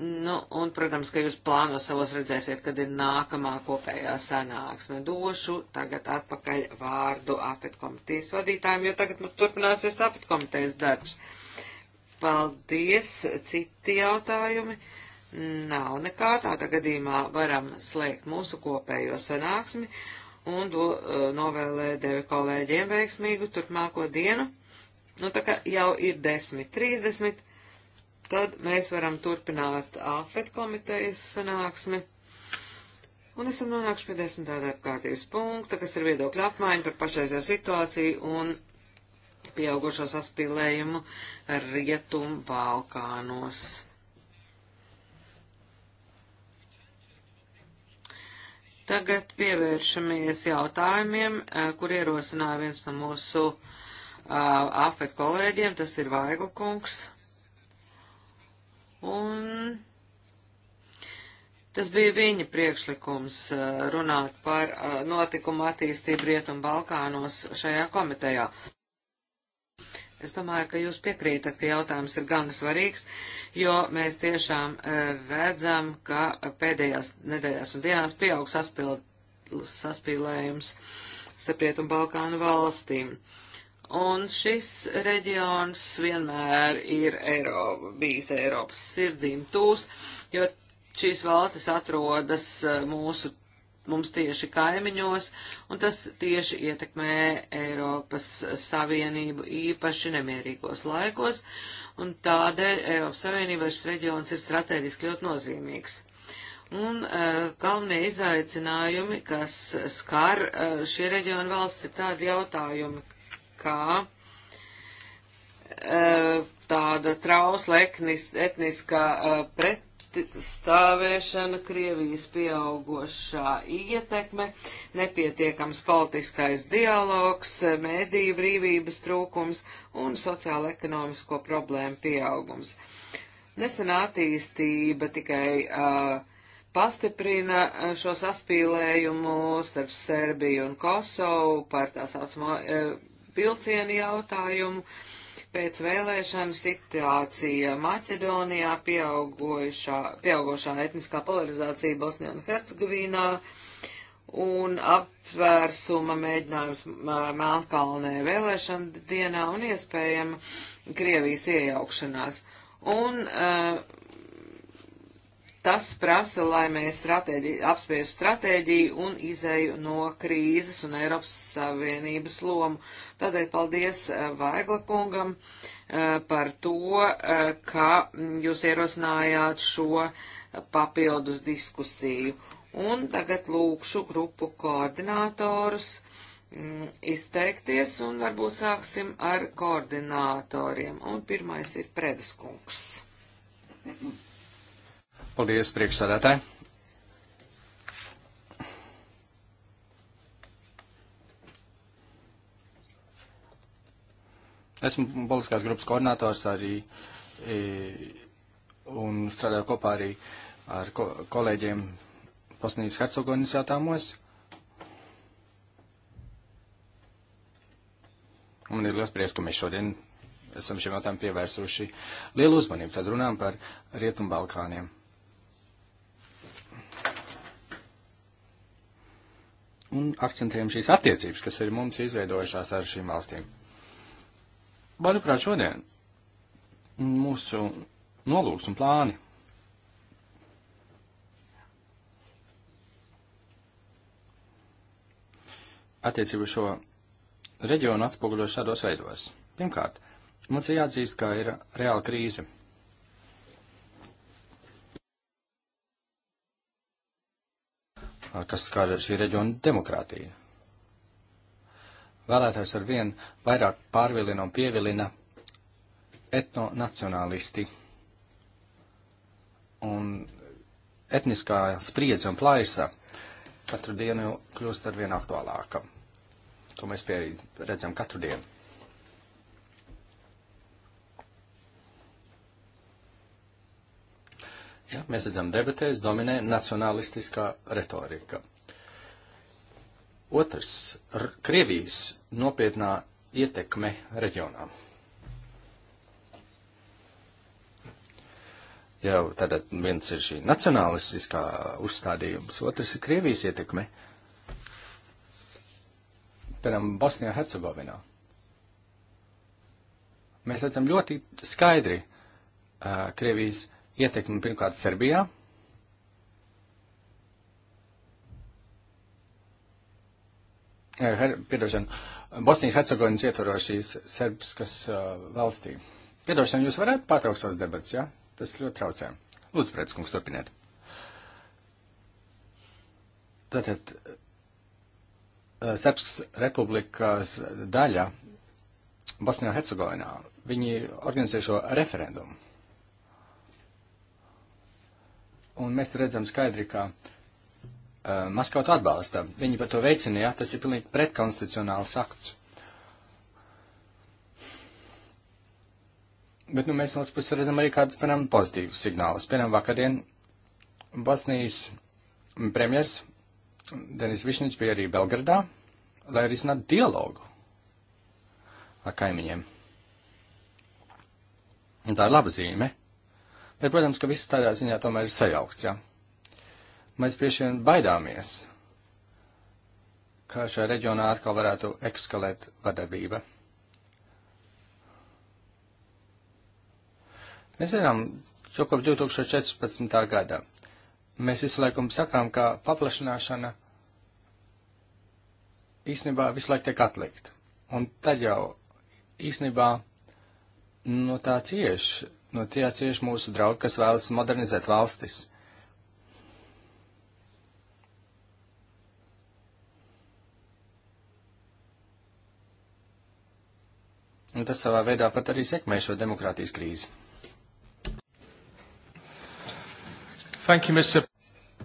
Nu, un, protams, ka jūs plānos savos redzēsiet, kad ir nākamā kopējā sanāksme. Došu tagad atpakaļ vārdu apetkomitejas vadītājiem, jo tagad mums nu, turpināsies apetkomitejas darbs. Paldies, citi jautājumi. Nav nekā tādā gadījumā varam slēgt mūsu kopējo sanāksmi un do, e, novēlē devi kolēģiem veiksmīgu turpmāko dienu. Nu, tā kā jau ir 10.30 tad mēs varam turpināt AFET komitejas sanāksmi. Un esam nonākuši pie desmitā darbkārtības punkta, kas ir viedokļa apmaiņa par pašreizējo situāciju un pieaugušo saspīlējumu Rietumu Balkānos. Tagad pievēršamies jautājumiem, eh, kur ierosināja viens no mūsu uh, afet kolēģiem, tas ir Vaigla kungs. Un tas bija viņa priekšlikums uh, runāt par uh, notikumu attīstību Rietumu Balkānos šajā komitejā. Es domāju, ka jūs piekrītat, ka jautājums ir gan svarīgs, jo mēs tiešām uh, redzam, ka pēdējās nedēļās un dienās pieaug saspīlējums starp Rietumu Balkānu valstīm. Uh, Un šis reģions vienmēr ir Eiropa, bijis Eiropas sirdīm tūs, jo šīs valstis atrodas e, mūsu, mums tieši kaimiņos, un tas tieši ietekmē Eiropas Savienību īpaši nemierīgos laikos, un tādēļ Eiropas Savienībai šis reģions ir strateģiski ļoti nozīmīgs. Un uh, galvenie izaicinājumi, kas skar uh, šie reģiona valsts, ir tādi jautājumi, kā uh, tāda trausla etniskā uh, e, pretstāvēšana, Krievijas pieaugošā ietekme, nepietiekams politiskais dialogs, e, mēdīju brīvības trūkums un sociāla-ekonomisko problēmu pieaugums. Nesenā attīstība tikai uh, pastiprina šo saspīlējumu starp Serbiju un Kosovu par tā saucamo uh, vilcienu jautājumu. Pēc vēlēšanu situācija Maķedonijā pieaugošā etniskā polarizācija Bosnijā un Hercegovīnā un apvērsuma mēģinājums Melnkalnē vēlēšana dienā un iespējama Krievijas iejaukšanās. Un uh, Tas prasa, lai mēs stratēģi, apspriestu stratēģiju un izēju no krīzes un Eiropas Savienības lomu. Tādēļ paldies eh, Vaigla kungam eh, par to, eh, ka jūs ierosinājāt šo papildus diskusiju. Un tagad lūkšu grupu koordinātorus mm, izteikties, un varbūt sāksim ar koordinātoriem. Un pirmais ir Predeskungs. Mm-hmm. Paldies, priekšsādātāji. Esmu politiskās grupas koordinators arī e, un strādāju kopā arī ar ko, kolēģiem Bosnijas Hercegovinas jautājumos. Un man ir liels prieks, ka mēs šodien esam šiem jautājumiem pievērsuši lielu uzmanību. Tad runājam par Rietumbalkāniem. Balkāniem. un akcentējam šīs attiecības, kas ir mums izveidojušās ar šīm valstīm. Manuprāt, šodien mūsu nolūks un plāni attiecību šo reģionu atspoguļo šādos veidos. Pirmkārt, mums ir jāatzīst, ka ir reāla krīze kas skar šī reģiona demokrātiju. Vēlētājs ar vien vairāk pārvilina un pievilina etnonacionālisti. Un etniskā spriedze un plaisa katru dienu kļūst ar vien aktuālāka. To mēs pieredzam katru dienu. Ja, mēs redzam, debatēs dominē nacionalistiskā retorika. Otrs - Krievijas nopietnā ietekme reģionā. Jau tātad viens ir šī nacionalistiskā uzstādījums, otrs ir Krievijas ietekme. Piemēram, Bosnijā Hercegovinā. Mēs redzam ļoti skaidri uh, Krievijas ietekmi pirmkārt Serbijā. Eh, piedošana, Bosnijas Hercegovinas ietvarošīs serbskas uh, valstī. Piedošana, jūs varētu pārtraukt savas debats, jā? Ja? Tas ļoti traucē. Lūdzu, prets, kungs, turpiniet. Tātad, uh, Serbskas republikas daļa Bosnijā Hercegovinā, viņi organizē šo referendumu. Un mēs redzam skaidri, ka uh, Maskava to atbalsta. Viņi par to veicina, ja tas ir pilnīgi pretkonstitucionāls akts. Bet, nu, mēs no otras puses redzam arī kādus, piemēram, pozitīvus signālus. Piemēram, vakardien Bosnijas premjers Denis Višņiņš bija arī Belgradā, lai arī zinātu dialogu ar kaimiņiem. Un tā ir laba zīme. Bet, protams, ka viss tādā ziņā tomēr ir sajaukts, jā. Ja? Mēs bieži vien baidāmies, ka šajā reģionā atkal varētu ekskalēt vadarbība. Mēs zinām, jau kopš 2014. gada mēs visu laiku sakām, ka paplašināšana īstenībā visu laiku tiek atlikt. Un tad jau īstenībā no nu, tā cieš no tie cieši mūsu draugi, kas vēlas modernizēt valstis. Un tas savā veidā pat arī sekmē šo demokrātijas krīzi. Thank you, Mr.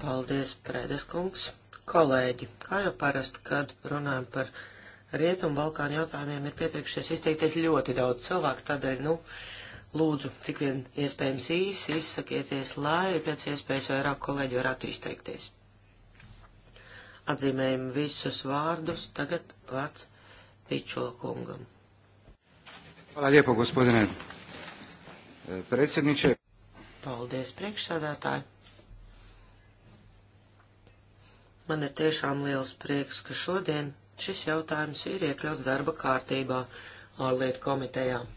Paldies, Prēdes kungs. Kolēģi, kā jau parasti, kad runājam par Rietumu Balkānu jautājumiem, ir pieteikušies izteikties ļoti daudz cilvēku, tādēļ, nu, uh, Lūdzu, cik vien iespējams īsi izsakieties, lai pēc iespējas vairāk kolēģi varētu izteikties. Atzīmējam visus vārdus. Tagad vārds Pičula kungam. Hvala lijepo, gospodine e, predsjedniče. Paldies, priekšsādātāji. Man ir tiešām liels prieks, ka šodien šis jautājums ir iekļauts darba kārtībā ārlietu komitejām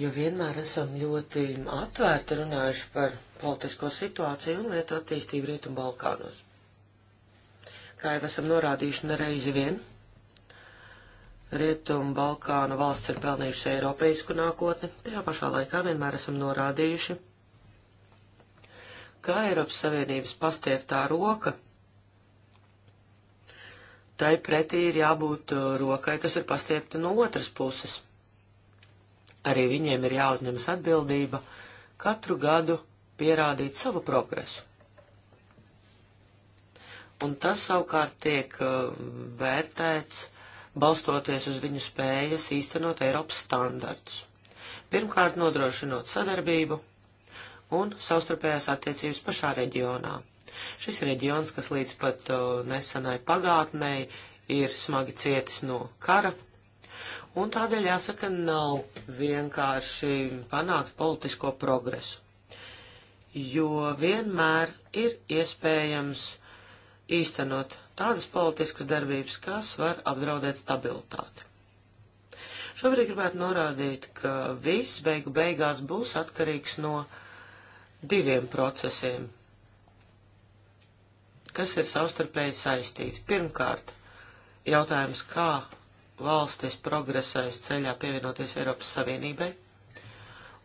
jo vienmēr esam ļoti atvērti runājuši par politisko situāciju un lietu attīstību Rietumu Balkānos. Kā jau esam norādījuši nereizi vien, Rietumu Balkānu valsts ir pelnījušas Eiropeisku nākotni, tajā pašā laikā vienmēr esam norādījuši, ka Eiropas Savienības pastieptā roka, tai pretī ir jābūt rokai, kas ir pastiepta no otras puses – Arī viņiem ir jāuzņemas atbildība katru gadu pierādīt savu progresu. Un tas savukārt tiek uh, vērtēts balstoties uz viņu spējas īstenot Eiropas standartus. Pirmkārt, nodrošinot sadarbību un savstarpējās attiecības pašā reģionā. Šis reģions, kas līdz pat uh, nesenai pagātnei ir smagi cietis no kara Un tādēļ jāsaka, nav vienkārši panākt politisko progresu, jo vienmēr ir iespējams īstenot tādas politiskas darbības, kas var apdraudēt stabilitāti. Šobrīd gribētu norādīt, ka viss beigu beigās būs atkarīgs no diviem procesiem, kas ir savstarpēji saistīti. Pirmkārt, jautājums, kā valstis progresēs ceļā pievienoties Eiropas Savienībai,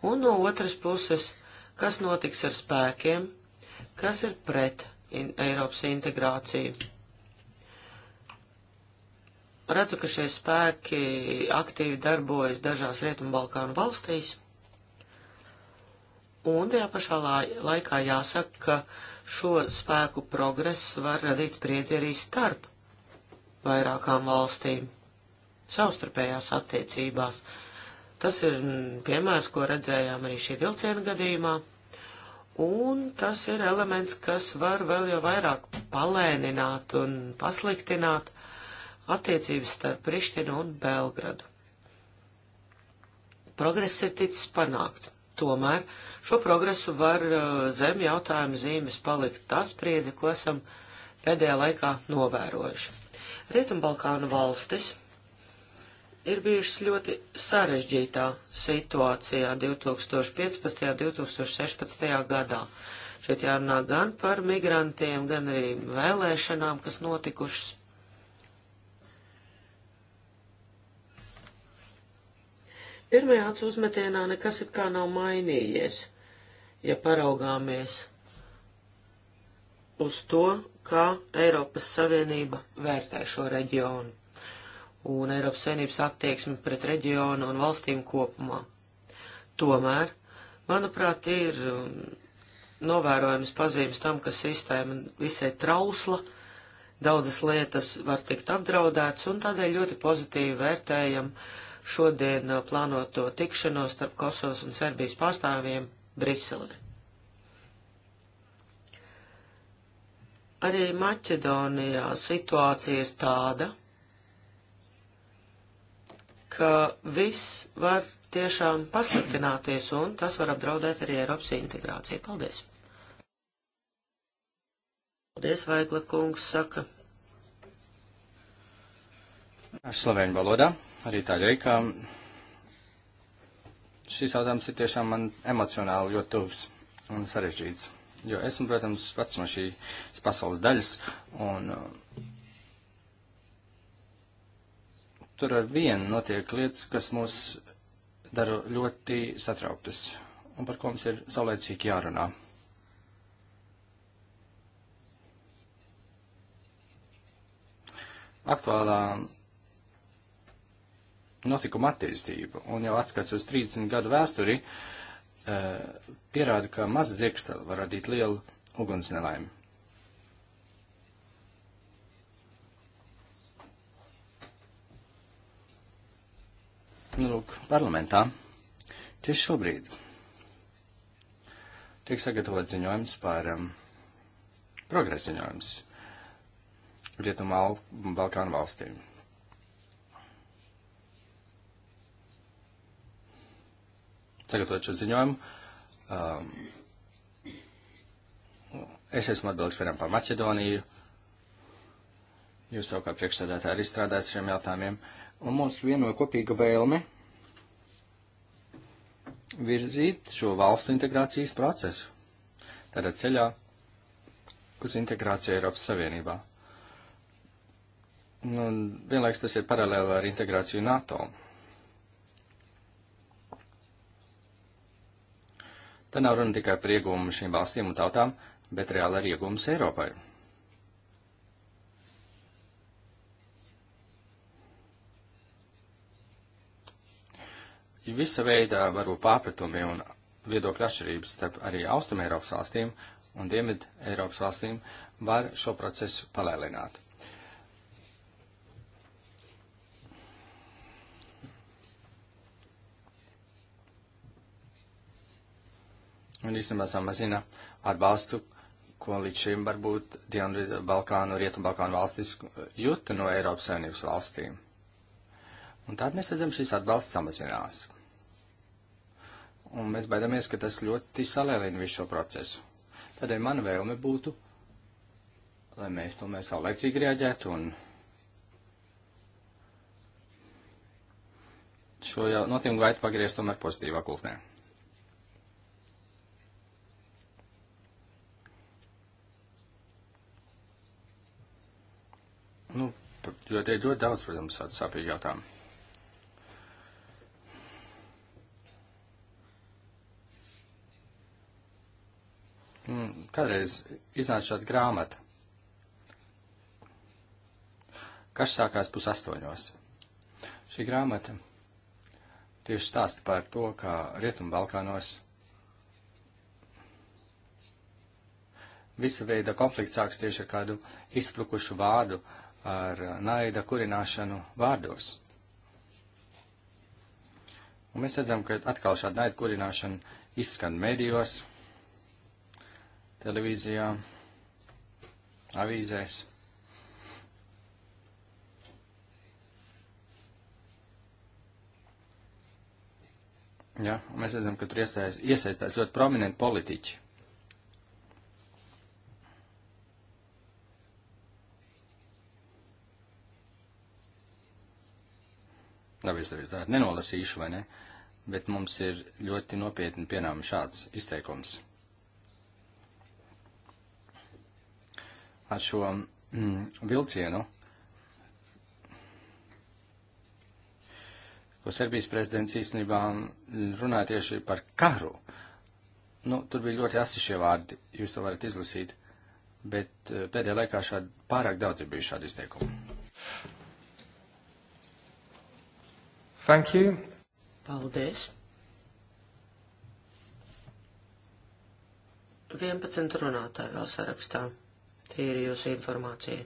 un no otras puses, kas notiks ar spēkiem, kas ir pret in Eiropas integrāciju. Redzu, ka šie spēki aktīvi darbojas dažās Rietumbalkānu valstīs, un tajā pašā laikā jāsaka, ka šo spēku progress var radīt spriedzi arī starp vairākām valstīm savstarpējās attiecībās. Tas ir mm, piemērs, ko redzējām arī šī vilciena gadījumā, un tas ir elements, kas var vēl jau vairāk palēnināt un pasliktināt attiecības starp Prištinu un Belgradu. Progress ir ticis panākts. Tomēr šo progresu var uh, zem jautājumu zīmes palikt tā spriedze, ko esam pēdējā laikā novērojuši. Rietumbalkānu valstis ir bijušas ļoti sarežģītā situācijā 2015. un 2016. gadā. Šeit jārunā gan par migrantiem, gan arī vēlēšanām, kas notikušas. Pirmajā uzmetienā nekas it kā nav mainījies, ja paraugāmies uz to, kā Eiropas Savienība vērtē šo reģionu un Eiropas Savienības attieksmi pret reģionu un valstīm kopumā. Tomēr, manuprāt, ir um, novērojams pazīmes tam, ka sistēma visai trausla, daudzas lietas var tikt apdraudētas, un tādēļ ļoti pozitīvi vērtējam šodien uh, plānoto tikšanos starp Kosovas un Serbijas pārstāvjiem Briselē. Arī Maķedonijā situācija ir tāda, ka viss var tiešām pasliktināties, un tas var apdraudēt arī Eiropas integrāciju. Paldies! Paldies, Vaigla kungs saka. Ar slovēņu valodā, arī tādēļ, ka šis jautājums ir tiešām man emocionāli ļoti tuvs un sarežģīts. Jo esmu, protams, pats no šīs pasaules daļas, un uh, tur ar vienu notiek lietas, kas mūs dara ļoti satrauktas un par ko mums ir saulēcīgi jārunā. Aktuālā notikuma attīstība un jau atskats uz 30 gadu vēsturi e, pierāda, ka maza dzirkstele var radīt lielu uguns nelaimi. Nu, lūk, parlamentā tieši šobrīd tiek sagatavots ziņojums par um, progresa ziņojums Rietumā Balkānu valstīm. Sagatavot šo ziņojumu, um, es esmu atbildīgs, piemēram, par Maķedoniju. Jūs savukārt priekšstādātāji ir izstrādājis šiem jautājumiem. Uh, un mums vienoja kopīga vēlme virzīt šo valstu integrācijas procesu. Tādā ceļā uz integrāciju Eiropas Savienībā. Nu, vienlaiks tas ir paralēli ar integrāciju NATO. Te nav runa tikai par iegūmu šīm valstīm un tautām, bet reāli ar iegūmus Eiropai. ja visa veida varbūt pārpratumi un viedokļu atšķirības starp arī Austrum Eiropas valstīm un Dienvidu Eiropas valstīm var šo procesu palēlināt. Un īstenībā samazina atbalstu, ko līdz šim varbūt Dienvidu Balkānu, Rietu Balkānu valstis juta no Eiropas Savienības valstīm. Un tad mēs redzam, šis atbalsts samazinās un mēs baidamies, ka tas ļoti salēlina visu šo procesu. Tādēļ mana vēlme būtu, lai mēs tomēr saulēcīgi reaģētu un šo jau notikumu gaitu pagriezt tomēr pozitīvā kultnē. Nu, jo te ir ļoti daudz, protams, tādu sāpīgu jautājumu. kādreiz iznāca šāda grāmata, kas sākās pusastoņos. Šī grāmata tieši stāsta par to, kā Rietumbalkānos visa veida konflikts sāks tieši ar kādu izsprukušu vārdu, ar naida kurināšanu vārdos. Un mēs redzam, ka atkal šāda naida kurināšana izskan medijos televīzijā, avīzēs. Ja, mēs redzam, ka tur iesaistās, iesaistās ļoti prominenti politiķi. Labi, es tevi tā nenolasīšu, vai ne? Bet mums ir ļoti nopietni pienāmi šāds izteikums. ar šo mm, vilcienu, ko Serbijas prezidents īstenībā runāja tieši par karu. Nu, tur bija ļoti asi šie vārdi, jūs to varat izlasīt, bet eh, pēdējā laikā šādi pārāk daudz ir bijuši šādi izteikumi. Thank you. Paldies. 11 runātāji vēl sarakstā. Tie ir jūsu informācija.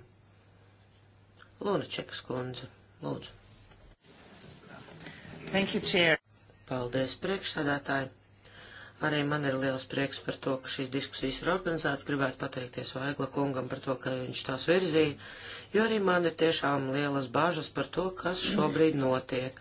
Lūna Čekas kundze, lūdzu. Thank you, Chair. Paldies, priekšsādātāji. Arī man ir liels prieks par to, ka šīs diskusijas ir organizētas. Gribētu pateikties Vaigla kungam par to, ka viņš tās virzīja, jo arī man ir tiešām lielas bāžas par to, kas šobrīd notiek.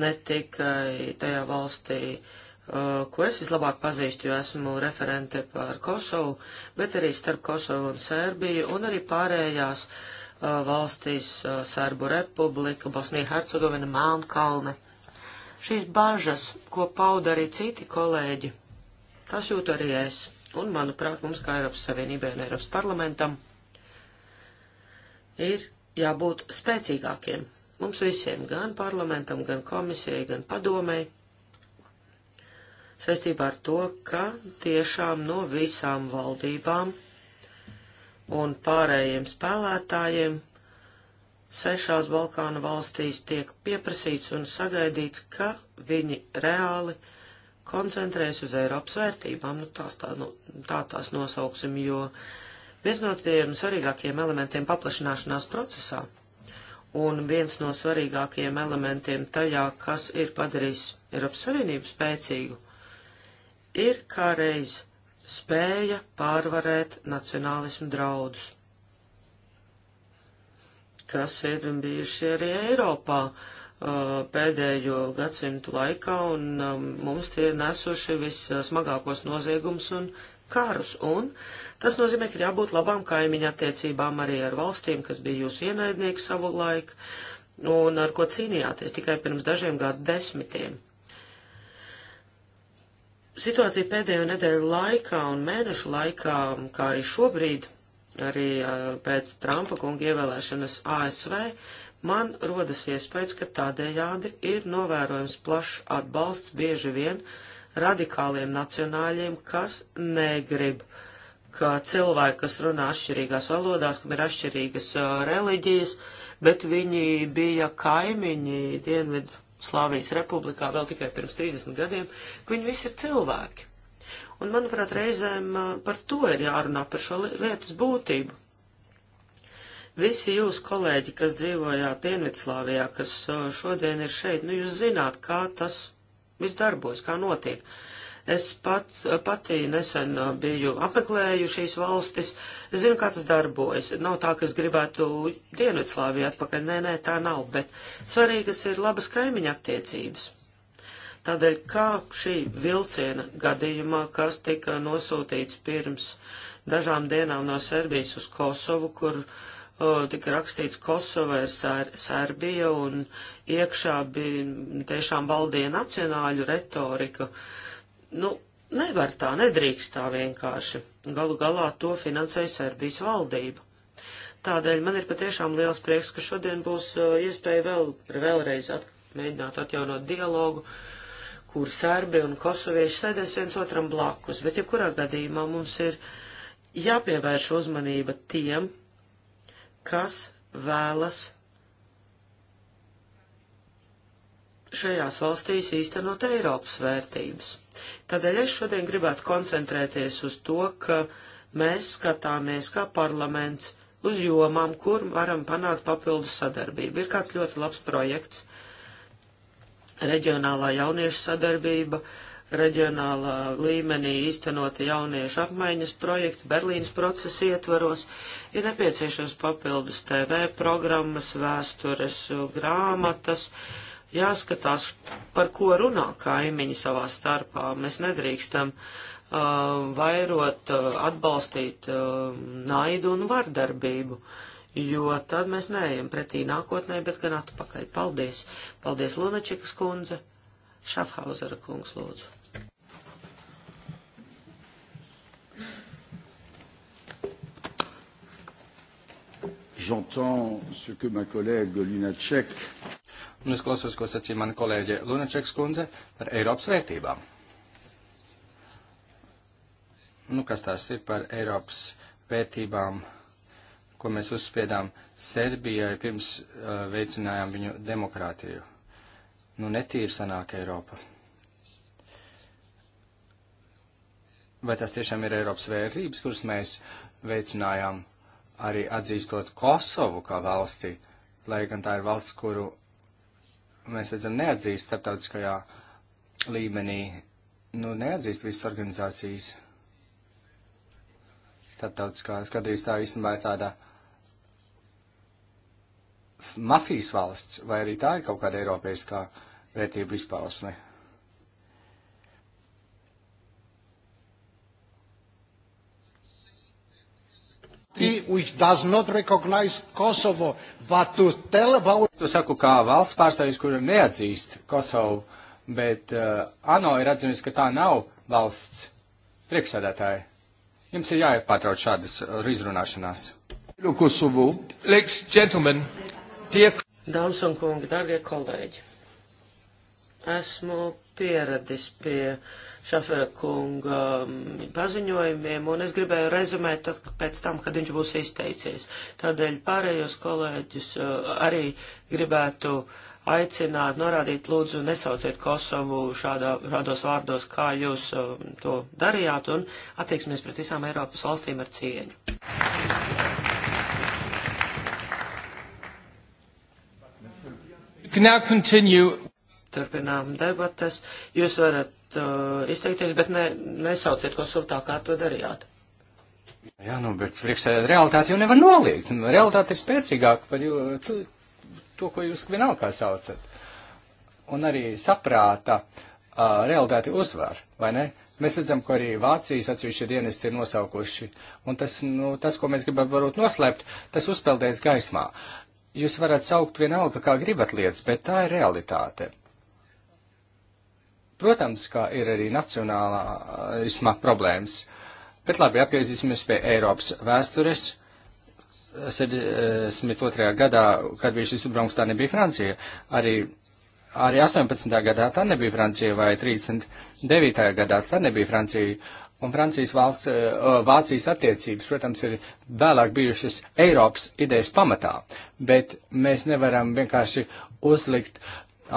Ne tikai tajā valstī, uh, Eh, ko es vislabāk pazīstu, jo esmu referente par Kosovu, bet arī starp Kosovu un Sērbiju, un arī pārējās eh, valstīs eh, Sērbu republika, Bosnija, Hercegovina, Melnkalne. Šīs bažas, ko pauda arī citi kolēģi, tas jūt arī es, un, manuprāt, mums kā Eiropas Savienībai un Eiropas parlamentam ir jābūt spēcīgākiem. Mums visiem, gan parlamentam, gan komisijai, gan padomēji, saistībā ar to, ka tiešām no visām valdībām un pārējiem spēlētājiem sešās Balkānu valstīs tiek pieprasīts un sagaidīts, ka viņi reāli koncentrēs uz Eiropas vērtībām, nu tās tā, nu, tā tās nosauksim, jo viens no tiem svarīgākiem elementiem paplašanāšanās procesā un viens no svarīgākajiem elementiem tajā, kas ir padarījis Eiropas Savienību spēcīgu, ir kā reiz spēja pārvarēt nacionālismu draudus, kas ir bijuši arī Eiropā uh, pēdējo gadsimtu laikā, un um, mums tie ir nesuši vissmagākos noziegumus un karus, un tas nozīmē, ka ir jābūt labām kaimiņa attiecībām arī ar valstīm, kas bija jūsu ienaidnieki savu laiku, un ar ko cīnījāties tikai pirms dažiem gadu desmitiem. Situācija pēdējo nedēļu laikā un mēnešu laikā, kā arī šobrīd, arī pēc Trumpa kunga ievēlēšanas ASV, man rodas iespējas, ka tādējādi ir novērojams plašs atbalsts bieži vien radikāliem nacionāļiem, kas negrib, ka cilvēki, kas runā atšķirīgās valodās, kam ir atšķirīgas reliģijas, bet viņi bija kaimiņi Dienvidu Slāvijas republikā vēl tikai pirms 30 gadiem, ka viņi visi ir cilvēki. Un, manuprāt, reizēm par to ir jārunā, par šo lietas būtību. Visi jūs, kolēģi, kas dzīvojāt Dienvidslāvijā, kas šodien ir šeit, nu jūs zināt, kā tas viss darbojas, kā notiek. Uh, Es pats, patī nesen biju apmeklēju šīs valstis. Es zinu, kā tas darbojas. Nav tā, ka es gribētu Dienvidslāviju atpakaļ. Nē, nē, tā nav. Bet svarīgas ir labas kaimiņa attiecības. Tādēļ, kā šī vilciena gadījumā, kas tika nosūtīts pirms dažām dienām no Serbijas uz Kosovu, kur o, tika rakstīts Kosova ir Ser Serbija un iekšā bija tiešām valdīja nacionāļu retorika. Uh, Nu, nevar tā, nedrīkst tā vienkārši. Galu galā to finansēja Serbijas valdība. Tādēļ man ir patiešām liels prieks, ka šodien būs uh, iespēja vēl, vēlreiz at, mēģināt atjaunot dialogu, kur serbi un kosovieši sēdēs viens otram blakus, bet jebkurā ja gadījumā mums ir jāpievērš uzmanība tiem, kas vēlas šajās valstīs īstenot Eiropas vērtības. Tādēļ es šodien gribētu koncentrēties uz to, ka mēs skatāmies kā parlaments uz jomām, kur varam panākt papildus sadarbību. Ir kāds ļoti labs projekts - reģionālā jauniešu sadarbība, reģionālā līmenī īstenota jauniešu apmaiņas projekta Berlīnas procesa ietvaros, ir nepieciešams papildus TV programmas, vēstures grāmatas. Uh, jāskatās, par ko runā kaimiņi savā starpā. Mēs nedrīkstam uh, vairot, uh, atbalstīt uh, naidu un vardarbību, jo tad mēs neejam pretī nākotnē, bet gan atpakaļ. Paldies! Paldies, Lunačikas kundze! Šafhauzera kungs, lūdzu! J'entends ce que ma collègue Luna Tchèque Un es klausos, ko sacīja mana kolēģe Lunačeks kundze par Eiropas vērtībām. Nu, kas tās ir par Eiropas vērtībām, ko mēs uzspiedām Serbijai pirms uh, veicinājām viņu demokrātiju? Nu, netīri sanāk Eiropa. Vai tas tiešām ir Eiropas vērtības, kuras mēs veicinājām arī atzīstot Kosovu kā valsti, lai gan tā ir valsts, kuru mēs redzam, neatzīst starptautiskajā līmenī, nu, neatzīst visas organizācijas starptautiskās, gadījumā tā īstenībā ir tāda mafijas valsts, vai arī tā ir kaut kāda eiropeiskā vērtība izpausme. which does not recognize Kosovo, but to tell about... Tu saku, kā valsts pārstāvis, kura neatzīst Kosovu, bet uh, ANO ir atzīmis, ka tā nav valsts priekšsēdētāja. Jums ir jāpārtrauc šādas uh, izrunāšanās. Kosovo, ladies and gentlemen, tiek... Dāmas un kungi, dārgie kolēģi, esmu pieradis pie Šafera kunga mm, paziņojumiem, un es gribēju rezumēt tad, pēc tam, kad viņš būs izteicies. Tādēļ pārējos kolēģus eh, arī gribētu aicināt, norādīt, lūdzu, nesauciet Kosovu šādā, šādos vārdos, kā jūs eh, to darījāt, un attieksimies pret visām Eiropas valstīm ar cieņu. Can now continue turpinām debates. Jūs varat uh, izteikties, bet ne, nesauciet, ko sultā, kā to darījāt. Jā, nu, bet priekšsēdēt realitāti jau nevar noliegt. Nu, realitāte ir spēcīgāka par jū, tu, to, ko jūs vienalga saucat. Un arī saprāta uh, realitāti uzvar, vai ne? Mēs redzam, ko arī Vācijas atsevišķi dienesti ir nosaukuši. Un tas, nu, tas, ko mēs gribam varbūt noslēpt, tas uzpeldēs gaismā. Jūs varat saukt vienalga, kā gribat lietas, bet tā ir realitāte. Protams, ka ir arī nacionālā problēmas, bet labi, atgriezīsimies pie Eiropas vēstures. 72. gadā, kad bija šis uzbrukums, tā nebija Francija. Arī, arī 18. gadā tā nebija Francija, vai 39. gadā tā nebija Francija. Un Francijas valsts, eh, Vācijas attiecības, protams, ir vēlāk bijušas Eiropas idejas pamatā, bet mēs nevaram vienkārši uzlikt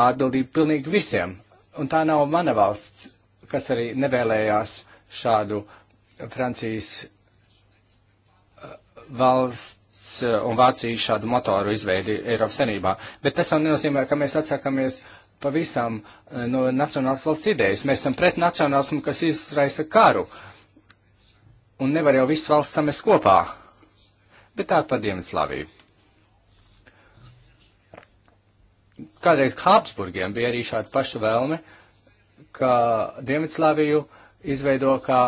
atbildību pilnīgi visiem Un tā nav mana valsts, kas arī nevēlējās šādu Francijas uh, valsts uh, un Vācijas šādu motoru izveidi Eiropas senībā. Bet tas jau nenozīmē, ka mēs atsakamies pavisam uh, no nacionālas valsts idejas. Mēs esam pret nacionālismu, kas izraisa karu. Un nevar jau visu valsts samest kopā. Bet tā par Dienvidslāviju. kādreiz Habsburgiem bija arī šāda paša vēlme, ka Dienvidslāviju izveido kā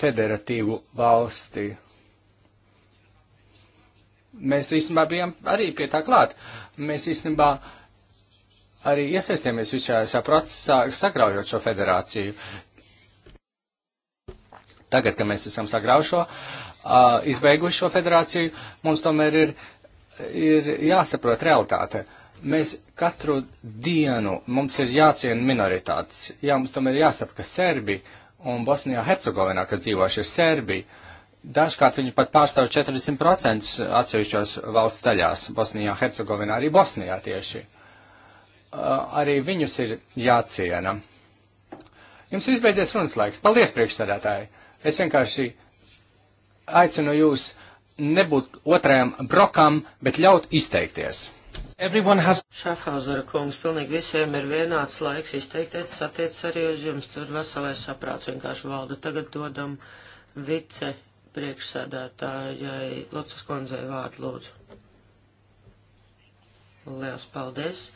federatīvu valsti. Mēs īstenībā bijām arī pie tā klāt. Mēs īstenībā arī iesaistījāmies visā šajā procesā, sagraujot šo federāciju. Tagad, kad mēs esam sagraušo, izbeiguši šo federāciju, mums tomēr ir, ir jāsaprot realitāte. Uh, Mēs katru dienu mums ir jāciena minoritātes. Jā, mums tomēr jāsap, ka Serbi un Bosnijā Hercegovinā, kas dzīvo šie Serbi, dažkārt viņi pat pārstāv 40% atsevišķos valsts daļās, Bosnijā, Hercegovinā, arī Bosnijā tieši. Uh, arī viņus ir jāciena. Jums ir izbeidzies runas laiks. Paldies, priekšsēdētāji. Es vienkārši aicinu jūs nebūt otrajam brokam, bet ļaut izteikties. Has... Šafhauzera kungs, pilnīgi visiem ir vienāds laiks izteikties, tas attiec arī uz jums, tur veselais saprāts vienkārši valda. Tagad dodam vice priekšsēdētājai Locas kundzei vārdu lūdzu. Liels paldies.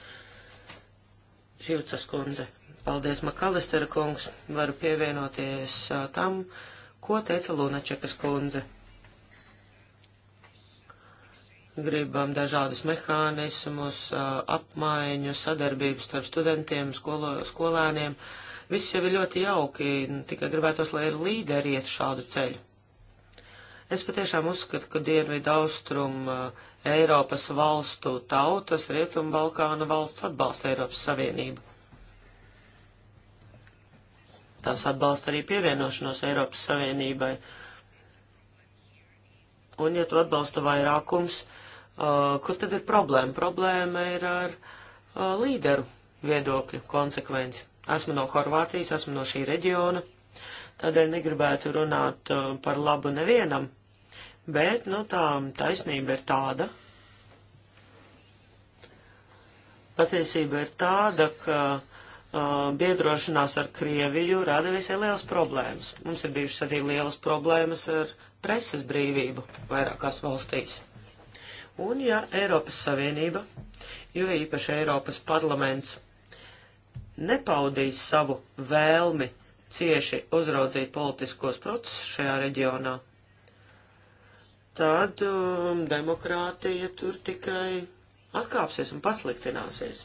Živcas kundze. Paldies, Makalistera kungs. Varu pievienoties tam, ko teica Lunačekas kundze gribam dažādus mehānismus, apmaiņu, sadarbību starp studentiem, skolo, skolēniem. Viss jau ir ļoti jauki, nu, tikai gribētos, lai ir līderi iet šādu ceļu. Es patiešām uzskatu, ka Dienvidu Austrum Eiropas valstu tautas Rietumu Balkānu valsts atbalsta Eiropas Savienību. Tās atbalsta arī pievienošanos Eiropas Savienībai. Un, ja to atbalsta vairākums, uh, Uh, kur tad ir problēma? Problēma ir ar uh, līderu viedokļu konsekvenci. Esmu no Horvātijas, esmu no šī reģiona, tādēļ negribētu runāt uh, par labu nevienam, bet, nu, tā taisnība ir tāda. Patiesība ir tāda, ka biedrošanās ar Krieviju rada visai liels problēmas. Mums ir bijušas arī lielas problēmas ar preses brīvību vairākās valstīs. Un ja Eiropas Savienība, jo īpaši Eiropas parlaments, nepaudīs savu vēlmi cieši uzraudzīt politiskos procesus šajā reģionā, tad um, demokrātija tur tikai atkāpsies un pasliktināsies.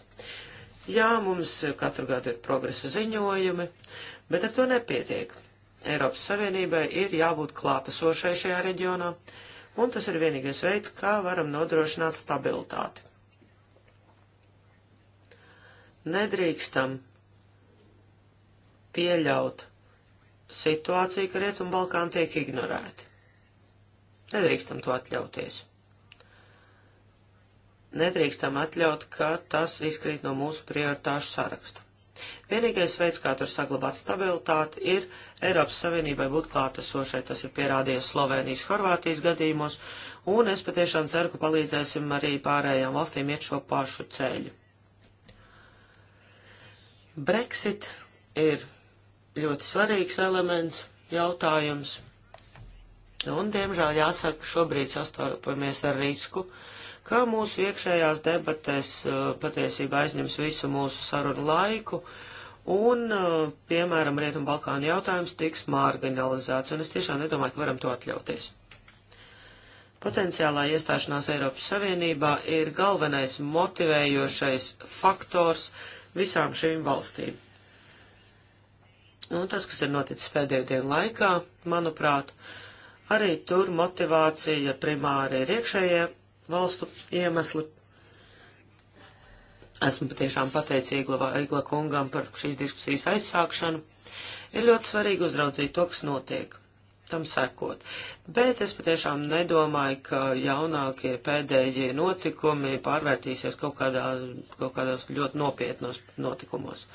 Jā, mums katru gadu ir progresa ziņojumi, bet ar to nepietiek. Eiropas Savienībai ir jābūt klātesošai šajā reģionā, un tas ir vienīgais veids, kā varam nodrošināt stabilitāti. Nedrīkstam pieļaut situāciju, ka Rietumbalkāni tiek ignorēti. Nedrīkstam to atļauties. Nedrīkstam atļaut, ka tas izkrīt no mūsu prioritāšu saraksta. Vienīgais veids, kā tur saglabāt stabilitāti, ir Eiropas Savienībai būt klātesošai. Tas ir pierādījies Slovenijas, Horvātijas gadījumos, un es patiešām ceru, ka palīdzēsim arī pārējām valstīm iet šo pašu ceļu. Brexit ir ļoti svarīgs elements, jautājums, un, diemžēl, jāsaka, šobrīd sastopamies ar risku, uh, ka mūsu iekšējās debatēs uh, patiesībā aizņems visu mūsu sarunu laiku, un, uh, piemēram, Rietumbalkānu jautājums tiks marginalizēts, un es tiešām nedomāju, ka varam to atļauties. Potenciālā iestāšanās Eiropas Savienībā ir galvenais motivējošais faktors visām šīm valstīm. Un tas, kas ir noticis pēdējo dienu laikā, manuprāt, arī tur motivācija primāri ir iekšējie valstu iemesli. Esmu patiešām pateicīga Igla kungam par šīs diskusijas aizsākšanu. Ir ļoti svarīgi uzraudzīt to, kas notiek tam sekot. Bet es patiešām nedomāju, ka jaunākie pēdējie notikumi pārvērtīsies kaut, kādā, kaut kādos ļoti nopietnos notikumos.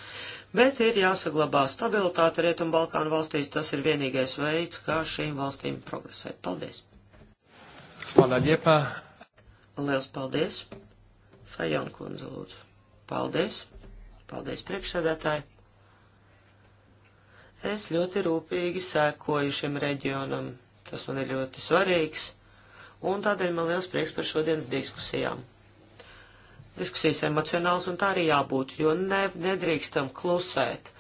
Bet ir jāsaglabā stabilitāte Rietumu Balkānu valstīs. Tas ir vienīgais veids, kā šīm valstīm progresēt. Paldies! Hvala lijepa. Liels paldies! Fajona kundze, lūdzu. Paldies! Paldies, priekšsēdētāji! Es ļoti rūpīgi sēkoju šim reģionam. Tas man ir ļoti svarīgs, un tādēļ man liels prieks par šodienas diskusijām. Diskusijas emocionāls, un tā arī jābūt, jo ne, nedrīkstam klusēt,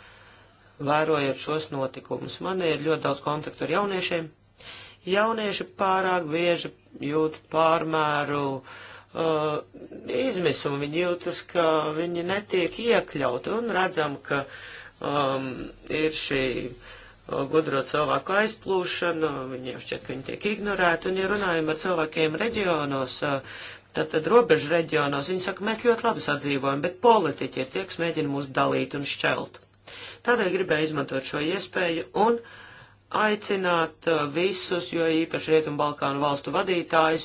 vērojot šos notikumus. Man ir ļoti daudz kontaktu ar jauniešiem. Jaunieši pārāk bieži jūt pārmēru uh, izmisumu, viņi jūtas, ka viņi netiek iekļauti un redzam, ka um, ir šī uh, gudro cilvēku aizplūšana, viņiem šķiet, ka viņi tiek ignorēti, un ja runājam ar cilvēkiem reģionos, uh, Tātad robežu reģionos viņi saka, mēs ļoti labi sadzīvojam, bet politiķi ir tie, kas mēģina mūs dalīt un šķelt. Tādēļ gribēju izmantot šo iespēju un uh, aicināt uh, visus, jo īpaši Rietumu Balkānu valstu vadītājus,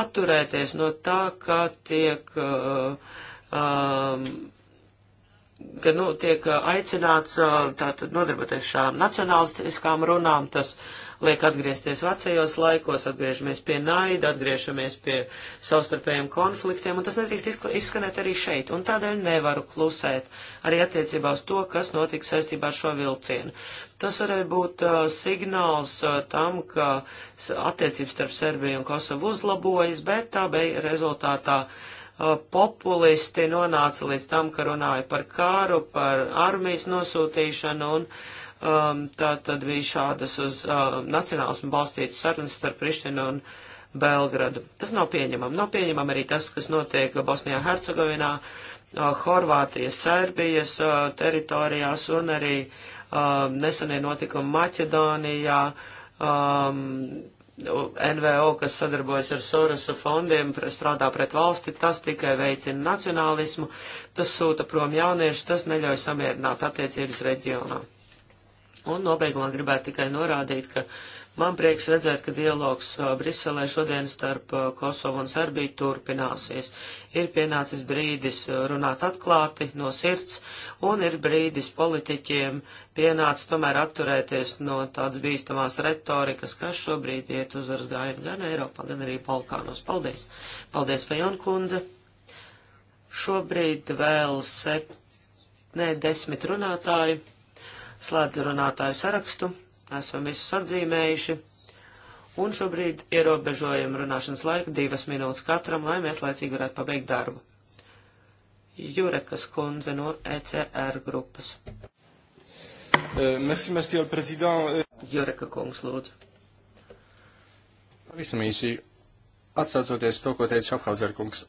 atturēties no tā, ka tiek, uh, um, ka, nu, tiek uh, aicināts tātad nodarboties šām nacionālistiskām runām, tas uh, liek atgriezties vecajos laikos, atgriežamies pie naida, atgriežamies pie savstarpējiem konfliktiem, un tas nedrīkst izskanēt arī šeit, un tādēļ nevaru klusēt arī attiecībā uz to, kas notiks saistībā ar šo vilcienu. Tas varēja būt uh, signāls uh, tam, ka attiecības starp Serbiju un Kosovu uzlabojas, bet tā beig rezultātā uh, populisti nonāca līdz tam, ka runāja par kāru, par armijas nosūtīšanu un uh, um, tā tad bija šādas uz uh, nacionālismu balstītas sarunas starp Prištinu un Belgradu. Tas nav pieņemam. Nav pieņemam arī tas, kas notiek Bosnijā, Hercegovinā, uh, Horvātijas, Serbijas uh, teritorijās un arī uh, nesenie notikumi Maķedonijā. Um, NVO, kas sadarbojas ar Sorosa fondiem, strādā pret valsti, tas tikai veicina nacionālismu, tas sūta prom jauniešus, tas neļauj samierināt attiecības reģionā. Un nobeigumā gribētu tikai norādīt, ka man prieks redzēt, ka dialogs uh, Briselē šodien starp uh, Kosovu un Serbiju turpināsies. Ir pienācis brīdis uh, runāt atklāti no sirds, un ir brīdis politiķiem pienācis tomēr atturēties no tādas bīstamās retorikas, kas šobrīd iet uz arzgājumu gan Eiropā, gan arī Balkānos. Paldies! Paldies, Fajon kundze! Šobrīd vēl sep... Nē, desmit runātāji. Slēdzu runātāju sarakstu, esam visus atzīmējuši, un šobrīd ierobežojam runāšanas laiku divas minūtes katram, lai mēs laicīgi varētu pabeigt darbu. Jurekas kundze no ECR grupas. Eh, merci, merci, al prezident. Eh, Jureka kungs, lūdzu. Pavisam īsi, atsaucoties to, ko teica Šafhauser kungs,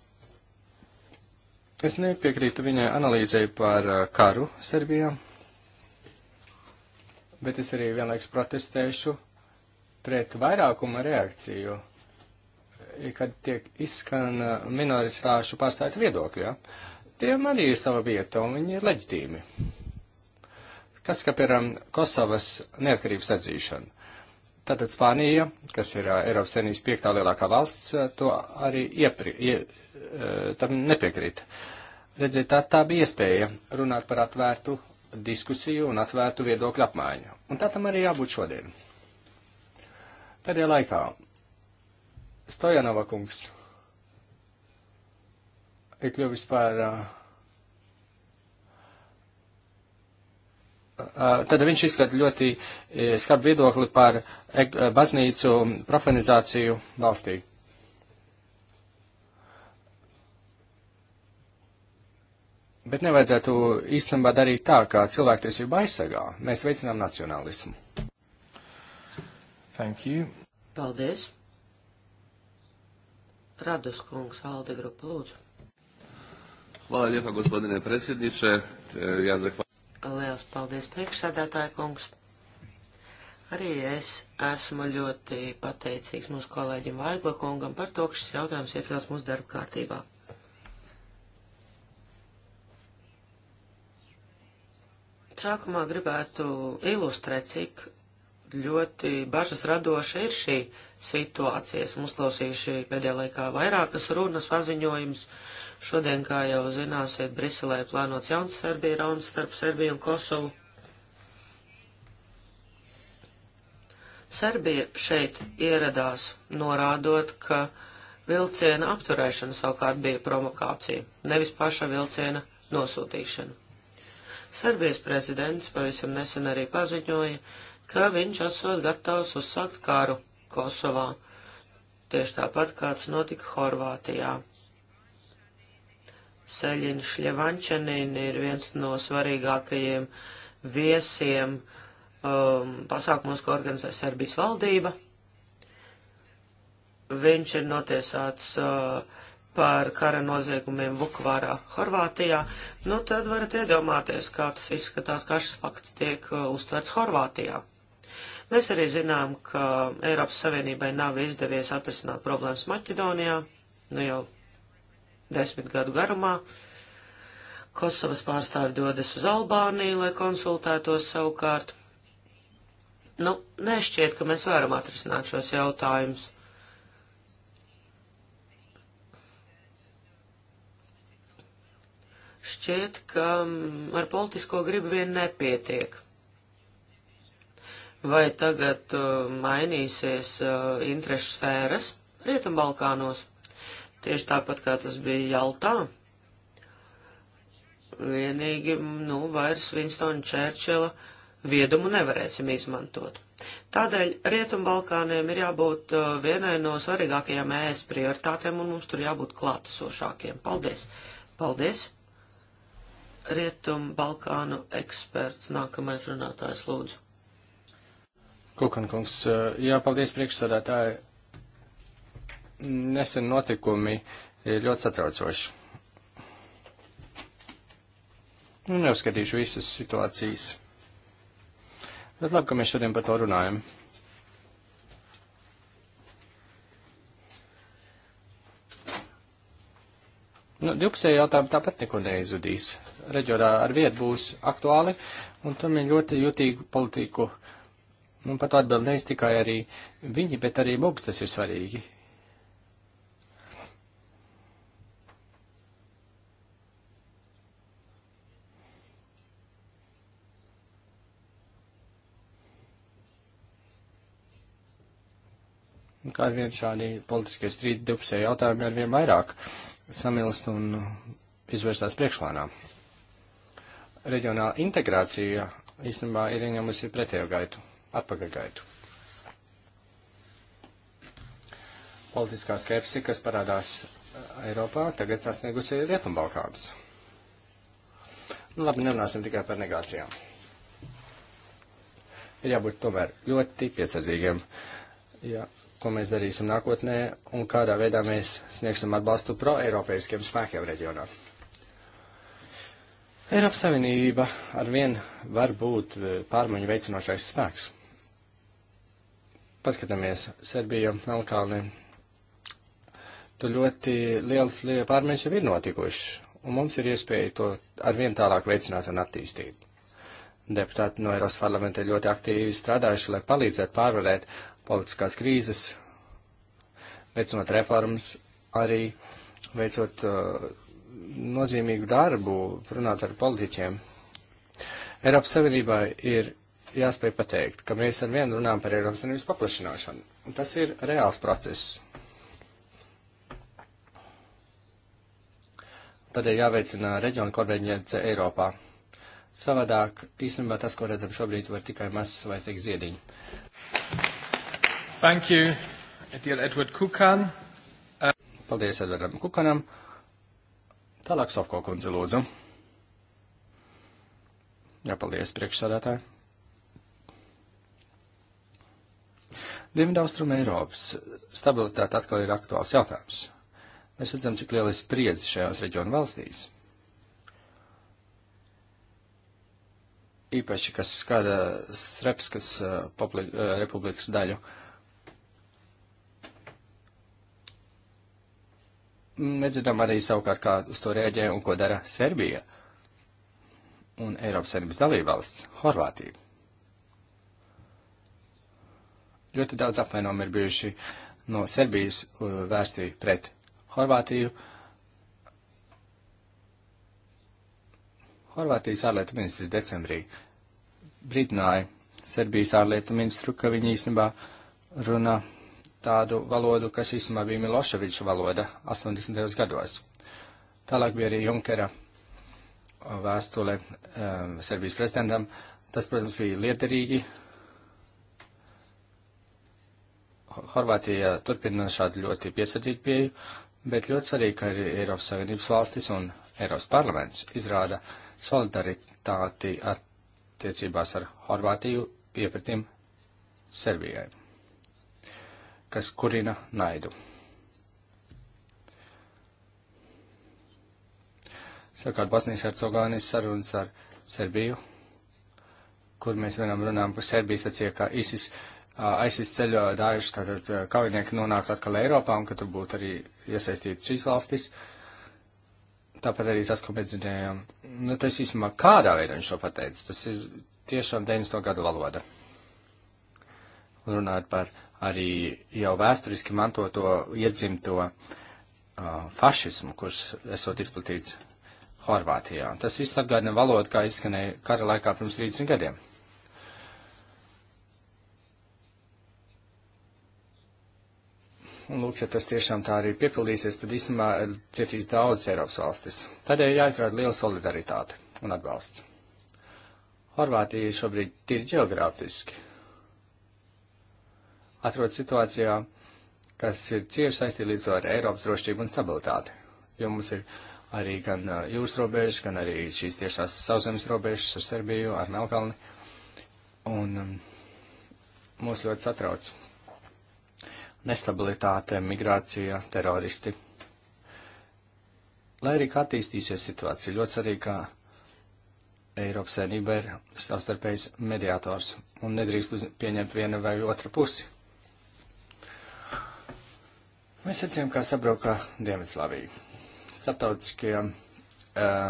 es nepiekrītu viņai analīzei par eh, karu Serbijā bet es arī vienlaiks protestēšu pret vairākuma reakciju, kad tiek izskan uh, minoritāšu pārstāvis viedokļi. Ja? Tiem arī ir sava vieta, un viņi ir leģitīmi. Kas, ka, piemēram, Kosovas neatkarības atzīšana? Tātad Spānija, kas ir uh, Eiropas Savienības piektā lielākā valsts, uh, to arī iepri, ie, tam nepiekrīt. Redziet, tā, tā bija iespēja runāt par atvērtu diskusiju un atvērtu viedokļu apmaiņu. Un tā tam arī jābūt šodien. Pēdējā laikā Stojanova kungs ir kļuvis par. Tad viņš izskata ļoti skarbu viedokli par baznīcu profanizāciju valstī. Bet nevajadzētu īstenībā darīt tā, kā cilvēktiesība aizsargā. Mēs veicinām nacionālismu. Thank you. Paldies. Rados kungs, Alde grupa, lūdzu. Hvala lijepa, gospodine predsjedniče. E, ja zahvalim. Lielas paldies, priekšsēdētāja kungs. Arī es esmu ļoti pateicīgs mūsu kolēģim Vaigla kungam par to, ka šis jautājums iekļauts mūsu darba kārtībā. Sākumā gribētu ilustrēt, cik ļoti bažas radoša ir šī situācija. Esmu uzklausījuši pēdējā laikā vairākas runas paziņojumus. Šodien, kā jau zināsiet, Briselē plānots jauns Serbija rauns starp Serbiju un Kosovu. Serbija šeit ieradās norādot, ka vilciena apturēšana savukārt bija provokācija, nevis paša vilciena nosūtīšana. Serbijas prezidents pavisam nesen arī paziņoja, ka viņš esot gatavs uzsākt karu Kosovā, tieši tāpat kāds notika Horvātijā. Seļins Šļevančanīn ir viens no svarīgākajiem viesiem um, pasākumos, ko organizē Serbijas valdība. Viņš ir notiesāts uh, par kara noziegumiem Vukvarā, Horvātijā, nu tad varat iedomāties, kā tas izskatās, kā šis fakts tiek uh, uztverts Horvātijā. Mēs arī zinām, ka Eiropas Savienībai nav izdevies atrisināt problēmas Maķedonijā, nu jau desmit gadu garumā. Kosovas pārstāvi dodas uz Albāniju, lai konsultētos savukārt. Nu, nešķiet, ka mēs varam atrisināt šos jautājumus. Šķiet, ka mm, ar politisko gribu vien nepietiek. Vai tagad uh, mainīsies uh, interešu sfēras Rietumbalkānos? Tieši tāpat kā tas bija Jaltā. Vienīgi, nu, vairs Winstona Čērčila viedumu nevarēsim izmantot. Tādēļ Rietumbalkāniem ir jābūt uh, vienai no svarīgākajām ēs prioritātēm un mums tur jābūt klātesošākiem. Paldies! Paldies! Rietumu Balkānu eksperts. Nākamais runātājs lūdzu. Kukankungs, jā, paldies priekšsādātāji. Nesen notikumi ir ļoti satraucoši. Nu, neuzskatīšu visas situācijas. Bet labi, ka mēs šodien par to runājam. Nu, divpusēji jautājumi tāpat nekur neizudīs. Reģionā ar vietu būs aktuāli, un tam ir ļoti jūtīgu politiku. Un pat atbild nevis tikai arī viņi, bet arī mums tas ir svarīgi. Un kā ar vien šādi politiskie strīdi divpusēji jautājumi ar vien vairāk samilst un izvērstās priekšlānā. Reģionāla integrācija īstenībā ir ieņemusi pretējo gaitu, atpakaļ gaitu. Politiskā skepse, kas parādās eh, Eiropā, tagad sasniegusi Rietumbalkānus. Nu, labi, nerunāsim tikai par negācijām. Ir jābūt tomēr ļoti piesardzīgiem. Jā. Ja ko mēs darīsim nākotnē un kādā veidā mēs sniegsim atbalstu pro-eiropeiskiem spēkiem reģionā. Eiropas Savienība ar vien var būt e, pārmaiņu veicinošais spēks. Paskatāmies Serbiju, Melkalni. Tur ļoti liels pārmaiņas jau ir notikušas, un mums ir iespēja to ar vien tālāk veicināt un attīstīt. Deputāti no Eiropas parlamenta ļoti aktīvi strādājuši, lai palīdzētu pārvarēt politiskās krīzes, veicot reformas, arī veicot uh, nozīmīgu darbu, runāt ar politiķiem. Eiropas Savienībā ir jāspēj pateikt, ka mēs ar vienu runājam par Eiropas Savienības paplašināšanu. Un tas ir reāls process. Tādēļ jāveicina reģiona konverģence Eiropā. Savādāk, īstenībā tas, ko redzam šobrīd, var tikai mazs vai tik ziediņi. Thank you, dear Edward Kukan. Uh... Paldies Edvardam Kukanam. Tālāk Sofko kundze lūdzu. Jā, paldies priekšsādātāji. Dienvidaustrum Eiropas stabilitāte atkal ir aktuāls jautājums. Mēs redzam, cik liela ir spriedze šajās reģionu valstīs. Īpaši, kas skada Srepskas uh, republikas daļu. Uh, nedzirdam arī savukārt, kā uz to rēģē un ko dara Serbija un Eiropas Savienības dalībvalsts - Horvātija. Ļoti daudz apvainojumi ir bijuši no Serbijas uh, vērsti pret Horvātiju. Horvātijas ārlietu ministrs decembrī brīdināja Serbijas ārlietu ministru, ka viņi īstenībā runa tādu valodu, kas īstenībā bija Miloševiča valoda 80. gados. Tālāk bija arī Junkera uh, vēstule um, Serbijas prezidentam. Tas, protams, bija lietarīgi. Horvātija turpina šādu ļoti piesardzīgu pieeju, bet ļoti svarīgi, ka arī Eiropas Savienības valstis un Eiropas parlaments izrāda solidaritāti attiecībās ar Horvātiju iepratiem Serbijai kas kurina naidu. Savukārt Bosnijas Hercogānijas sarunas ar Serbiju, kur mēs vienam runājam par Serbijas acīm, ka ISIS, ISIS ceļo dājuši, tātad kaujinieki nonāk atkal Eiropā un ka tur būtu arī iesaistīts šīs valstis. Tāpat arī tas, ko mēs dzirdējām, nu tas īstenībā kādā veidā viņš to pateica, tas ir tiešām 90. gadu valoda runāt par arī jau vēsturiski mantoto iedzimto uh, fašismu, kurš esot izplatīts Horvātijā. Tas viss atgādina valodu, kā izskanēja kara laikā pirms 30 gadiem. Un, lūk, ja tas tiešām tā arī piepildīsies, tad īstenībā eh, cietīs daudz Eiropas valstis. Tādēļ jāizrāda liela solidaritāte un atbalsts. Horvātija šobrīd ir ģeogrāfiski atrodas situācijā, kas ir cieši saistīta līdz ar Eiropas drošību un stabilitāti. Jo mums ir arī gan jūras robežas, gan arī šīs tiešās sauszemes robežas ar Serbiju, ar Melkalni. Un um, mūs ļoti satrauc nestabilitāte, migrācija, teroristi. Lai arī kā attīstīsies situācija, ļoti svarīgi, ka Eiropas savienība ir savstarpējs mediātors un nedrīkst pieņemt vienu vai otru pusi. Mēs redzējām, kā sabruka Dienvidslāvija. Starptautiskie uh,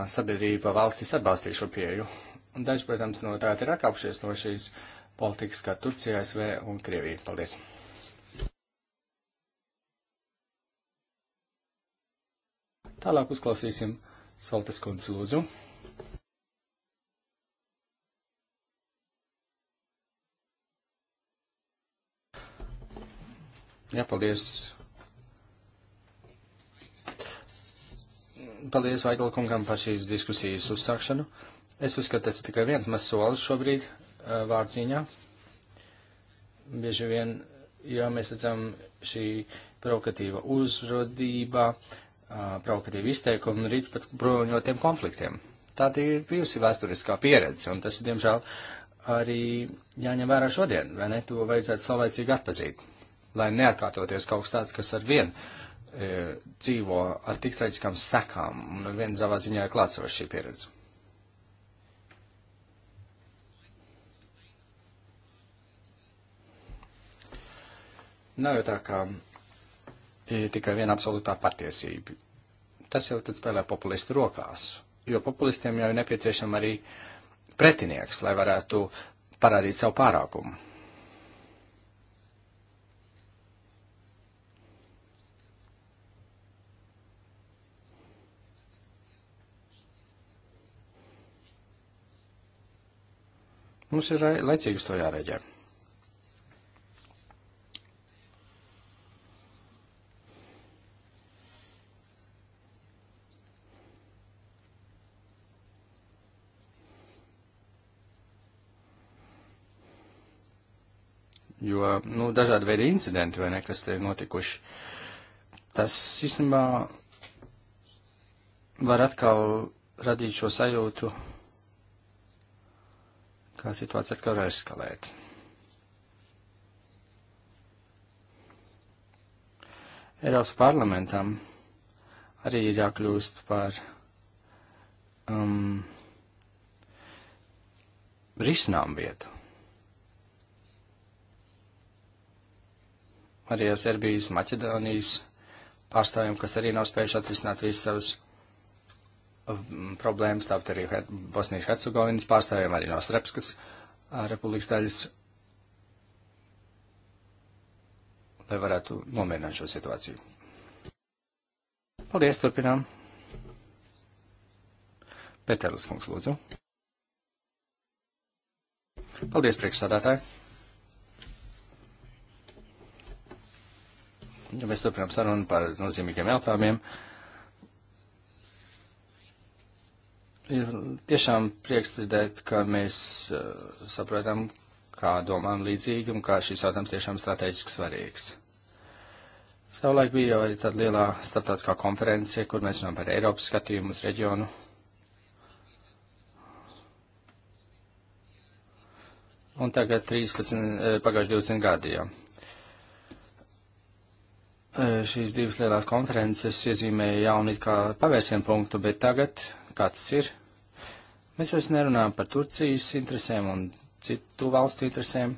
sabiedrība valstis atbalstīja šo pieju. Un daži, protams, no tā ir atkāpšies no šīs politikas, kā Turcija, ASV un Krievija. Paldies! Tālāk uzklausīsim Saltes kundzi lūdzu. Jā, paldies paldies Vaigla kungam par šīs diskusijas uzsākšanu. Es uzskatu, tas ir tikai viens mazs solis šobrīd eh, vārdziņā. Bieži vien, jo mēs redzam šī provokatīva uzrodība, eh, provokatīva izteikuma un rīts pat bruņotiem konfliktiem. Tā ir bijusi vēsturiskā pieredze, un tas, diemžēl, arī jāņem vērā šodien, vai ne? To vajadzētu saulēcīgi atpazīt, lai neatkārtoties kaut kas tāds, kas ar vienu e, dzīvo ar tik traģiskām sekām, un ar vienu savā ziņā ir klātsoša šī pieredze. Nav jau tā, ka ir tikai viena absolūtā patiesība. Tas jau tad spēlē populistu rokās, jo populistiem jau ir nepieciešama arī pretinieks, lai varētu parādīt savu pārākumu. Mums ir eh, laicīgi uz to jārēģē. Jo, nu, dažādi veidi incidenti vai ne, kas te ir notikuši, tas īstenībā var atkal radīt šo sajūtu, kā situācija atkal var eskalēt. Eiropas parlamentam arī ir jākļūst par um, risinām vietu. Arī ar Serbijas, Maķedonijas pārstāvjiem, kas arī nav spējuši atrisināt visus savus Um, problēmas, tāpat arī Bosnijas Hercegovinas pārstāvjiem, arī no Srepskas uh, republikas daļas, lai varētu nomierināt šo situāciju. Paldies, turpinām. Pēterlis kungs, lūdzu. Paldies, priekšsādātāji. Ja mēs turpinām sarunu par nozīmīgiem jautājumiem. Uh, ir tiešām prieks dzirdēt, ka mēs uh, saprotam, kā domām līdzīgi un kā šis jautājums tiešām strateģiski svarīgs. Savulaik bija jau arī tāda lielā starptautiskā konference, kur mēs runājam par Eiropas skatījumu uz reģionu. Un tagad 13, eh, pagājuši 20 gadi jau. Eh, šīs divas lielās konferences iezīmēja jaunu it kā pavērsienu punktu, bet tagad kā tas ir. Mēs vairs nerunājam par Turcijas interesēm un citu valstu interesēm.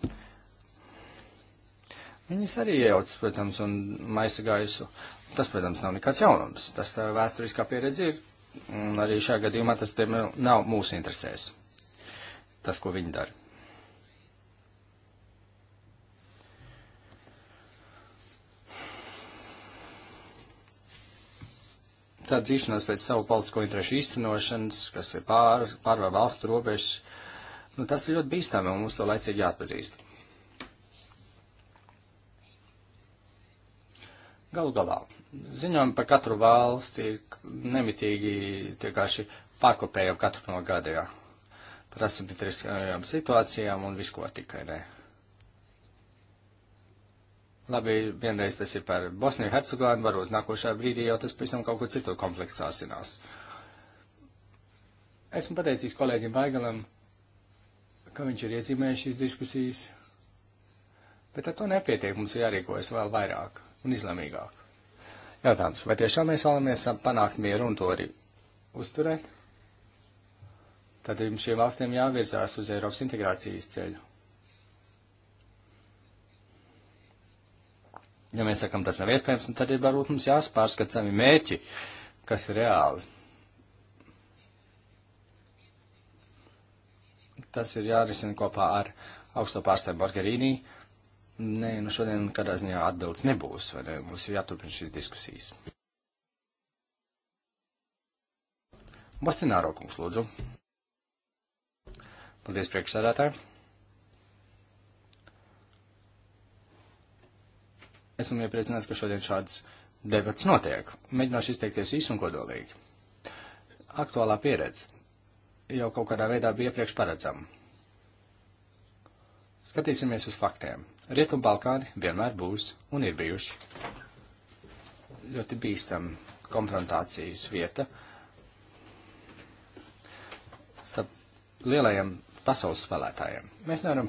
Viņas arī iejaucas, protams, un maisa gaisu. Tas, protams, nav nekāds jaunums. Tas tā vēsturiskā pieredze ir, un arī šajā gadījumā tas, diemžēl, nav mūsu interesēs. Tas, ko viņi dara. tad dzīšanās pēc savu politisko interešu īstenošanas, kas ir pār, pārvar valstu robežas, nu, tas ir ļoti bīstami un mums to laicīgi jāatpazīst. Galu galā, ziņojumi par katru valsti nemitīgi vienkārši pārkopējam katru no gadījā par asimetriskajām situācijām un visko tikai ne. Labi, vienreiz tas ir par Bosniju Hercegovinu, varbūt nākošā brīdī jau tas pavisam kaut kur citur kompleksā sinās. Esmu pateicis kolēģim Vaigalam, ka viņš ir iezīmējis šīs diskusijas, bet ar to nepietiek, mums ir jārīkojas vēl vairāk un izlēmīgāk. Jautājums, vai tiešām mēs vēlamies panākt mieru un to arī uzturēt? Tad šiem valstiem jāvirzās uz Eiropas integrācijas ceļu. Ja mēs sakam, tas nav iespējams, nu, tad ir varbūt mums jāspārskat savi mērķi, kas ir reāli. Tas ir jārisina kopā ar augsto pārstāvu Bargerīnī. Nē, nu šodien kādā ziņā atbildes nebūs, vai ne? Mums ir jāturpina šīs diskusijas. Bostināro kungs, lūdzu. Paldies, priekšsēdētāji. esmu iepriecināts, ka šodien šāds debats notiek. Mēģināšu izteikties īsi un kodolīgi. Aktuālā pieredze jau kaut kādā veidā bija iepriekš paredzama. Skatīsimies uz faktiem. Rietumu Balkāni vienmēr būs un ir bijuši ļoti bīstama konfrontācijas vieta starp lielajiem pasaules spēlētājiem. Mēs nevaram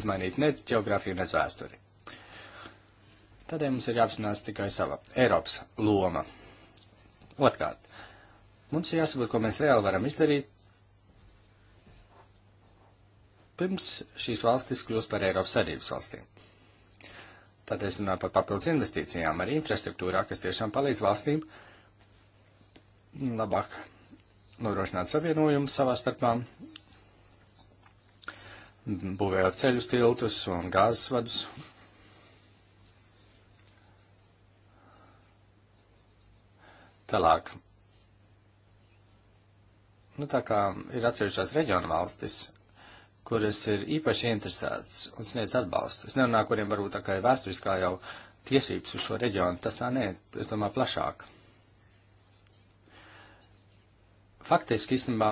izmainīt ne geogrāfiju, ne vēsturi. Tādēļ mums ir jāapzinās tikai sava Eiropas loma. Otkārt, mums ir jāsaprot, ko mēs reāli varam izdarīt, pirms šīs valstis kļūst par Eiropas Savienības valstīm. Tad es runāju par papildus investīcijām arī infrastruktūrā, kas tiešām palīdz valstīm labāk nodrošināt savienojumu savā starpā, būvējot ceļus, tiltus un gāzes vadus Tālāk. Nu, tā kā ir atsevišķās reģiona valstis, kuras ir īpaši interesētas un sniedz atbalstu. Es nerunāju, kuriem varbūt tā kā ir vēsturiskā jau tiesības uz šo reģionu, tas tā nē, es domāju plašāk. Faktiski, īstenībā,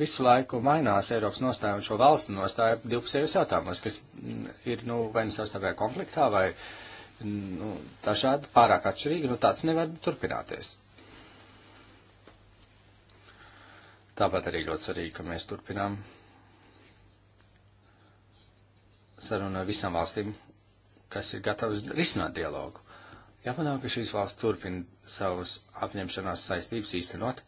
visu laiku mainās Eiropas nostāja un šo valstu nostāja divpusējos jautājumos, kas mm, ir, nu, vai nu sastāvē konfliktā, vai uh, nu, dažādi, pārāk atšķirīgi, nu tāds nevar turpināties. Tāpat arī ļoti svarīgi, ka mēs turpinām sarunu ar visām valstīm, kas ir gatavas risināt dialogu. Jāpanāk, ka šīs valsts turpina savus apņemšanās saistības īstenot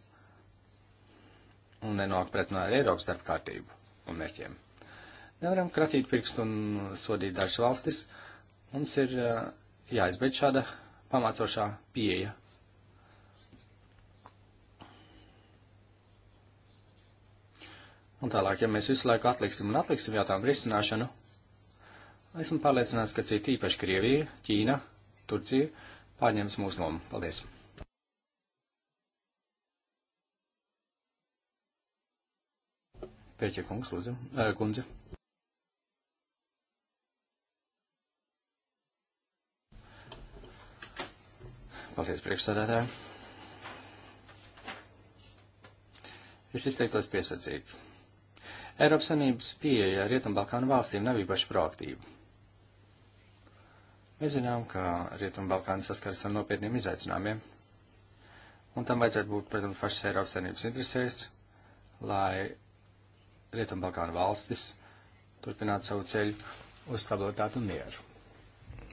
un nenāk pretunā ar Eiropas starpkārtību un mērķiem. Nevaram kratīt pirkstu un sodīt dažas valstis, uh, Mums ir jāizbeidz šāda pamācošā pieeja. Un tālāk, ja mēs visu laiku atliksim un atliksim jautājumu risināšanu, esmu pārliecināts, ka citi īpaši Krievija, Ķīna, Turcija pārņems mūsu lomu. Paldies! Pēķa kungs, lūdzu, kundze. Paldies, priekšsādātāji. Es izteiktos piesardzīgi. Eiropas Sanības pieeja Rietumbalkānu valstīm nav īpaši proaktīva. Mēs zinām, ka Rietumbalkāni saskaras ar nopietniem izaicinājumiem, un tam vajadzētu būt, protams, pašas Eiropas Sanības interesēs, lai Rietumbalkānu valstis turpinātu savu ceļu uz stabilitātu un mieru.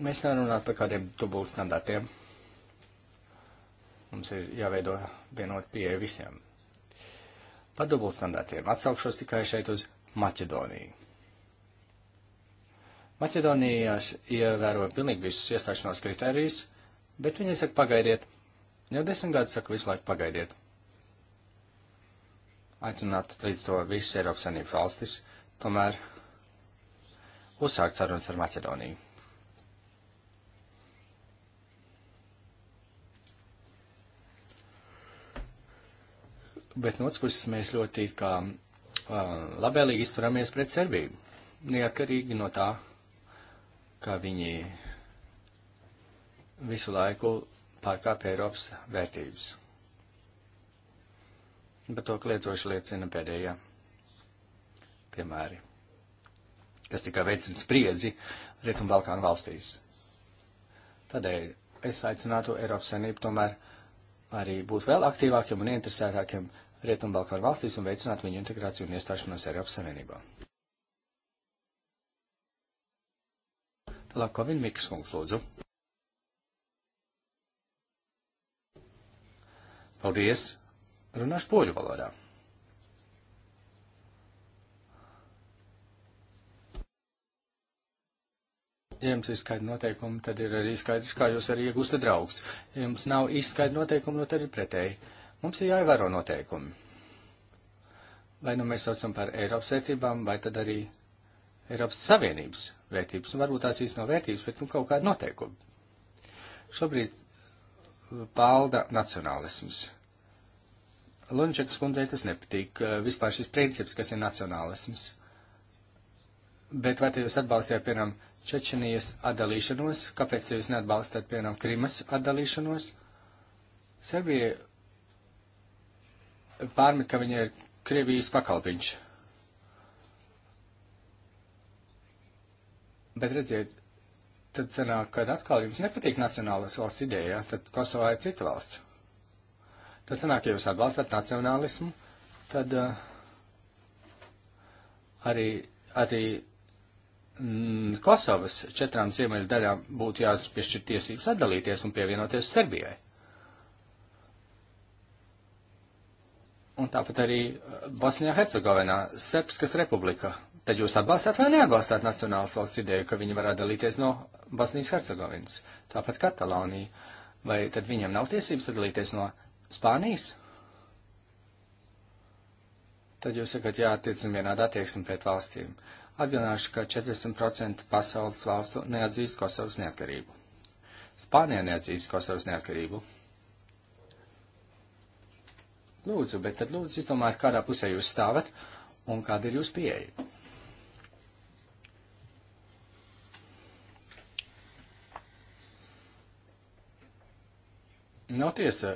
Mēs nevaram runāt par kādiem dubultstandartiem. standartiem Mums ir jāveido vienot pieeja visiem. Par dubultstandartiem atsaukšos tikai šeit uz Maķedoniju. Maķedonijas ievēroja pilnīgi visus iestāšanās kritērijus, bet viņi saka pagaidiet. Jau desmit gadus saka visu laiku pagaidiet. Aicināt līdz to visas Eiropas Savienības valstis, tomēr uzsākt sarunas ar Maķedoniju. Bet no otras puses mēs ļoti kā labēlīgi izturamies pret Serbiju, neatkarīgi no tā, ka viņi visu laiku pārkāpja Eiropas vērtības. Bet to kliedzoši liecina pēdējā piemēri, kas tikai veicina spriedzi Rietumbalkānu valstīs. Tādēļ es aicinātu Eiropas senību tomēr arī būt vēl aktīvākiem un interesētākiem Rietumbalkānu valstīs un veicināt viņu integrāciju un iestāšanos Eiropas Savienībā. Tālāk, Kovin Mikas kungs, lūdzu. Paldies! Runāšu poļu valodā. ja jums ir skaidri noteikumi, tad ir arī skaidrs, kā jūs arī iegūstat draugus. Ja jums nav īsti skaidri noteikumi, nu tad ir pretēji. Mums ir jāievēro noteikumi. Vai nu mēs saucam par Eiropas vērtībām, vai tad arī Eiropas Savienības vērtības. Un varbūt tās īsti nav vērtības, bet nu kaut kāda noteikuma. Šobrīd palda uh, nacionālisms. Lunčekas kundzei tas nepatīk, uh, vispār šis princips, kas ir nacionālisms. Bet vai te jūs atbalstījāt, piemēram, Čečenijas atdalīšanos, kāpēc jūs neatbalstāt, piemēram, Krimas atdalīšanos. Serbija pārmet, ka viņa ir Krievijas pakalpiņš. Bet redziet, tad sanāk, kad atkal jums nepatīk nacionālas valsts ideja, ja? tad Kosovā ir cita valsts. Tad sanāk, ja jūs atbalstāt nacionālismu, tad uh, arī, arī mm, Kosovas četrām ziemeļu daļām būtu jāpiešķir tiesības atdalīties un pievienoties Serbijai. Un tāpat arī eh, Bosnijā Hercegovinā, Serbskas republika. Tad jūs atbalstāt vai neatbalstāt nacionālas valsts ideju, ka viņi var atdalīties no Bosnijas Hercegovinas, tāpat Katalānija. Vai tad viņiem nav tiesības atdalīties no Spānijas? Tad jūs sakat, jātiecina vienāda attieksme pret valstīm. Uh, Atgādināšu, ka 40% pasaules valstu neatzīst Kosovas neatkarību. Spānija neatzīst Kosovas neatkarību. Lūdzu, bet tad lūdzu izdomājiet, kādā pusē jūs stāvat un kāda ir jūsu pieeja. Nav nu, tiesa,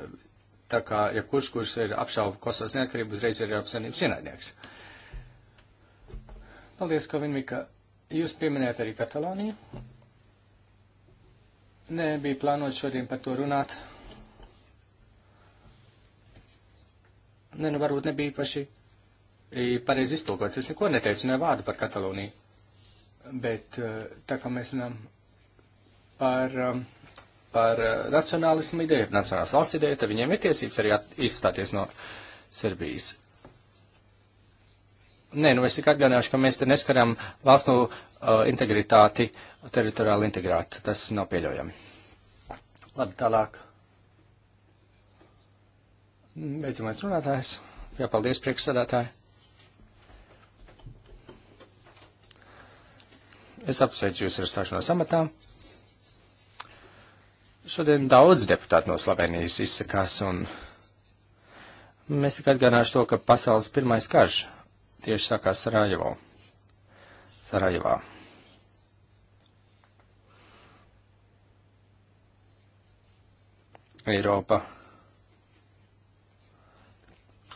tā kā, ja kurš, kurš ir apšaubu Kosovas neatkarību, uzreiz ir Eiropas Savienības ienaidnieks. Uh, Paldies, Kovinvika. Jūs pieminējat arī Kataloniju. Nē, bija plānot šodien par to runāt. Nē, nu varbūt nebija īpaši e, pareizi iztulkots. Es neko neteicu, ne vārdu par Kataloniju. Bet e, tā kā mēs runājam par, e, par nacionālismu ideju, nacionālas valsts ideju, tad viņiem ir tiesības arī izstāties no Serbijas. Nē, nu es tikai atgādināšu, ka mēs te neskaram valsts no uh, integritāti, teritoriāli integrāti. Tas nav pieļaujami. Labi, tālāk. Beidzamais runātājs. Jā, paldies, priekšsēdētāji. Es apsveicu jūs ar stāšanos amatā. Šodien daudz deputātu no Slovenijas izsakās, un mēs tikai atgādināšu to, ka pasaules pirmais karš tieši sākās Sarajevo. Sarajevā. Eiropa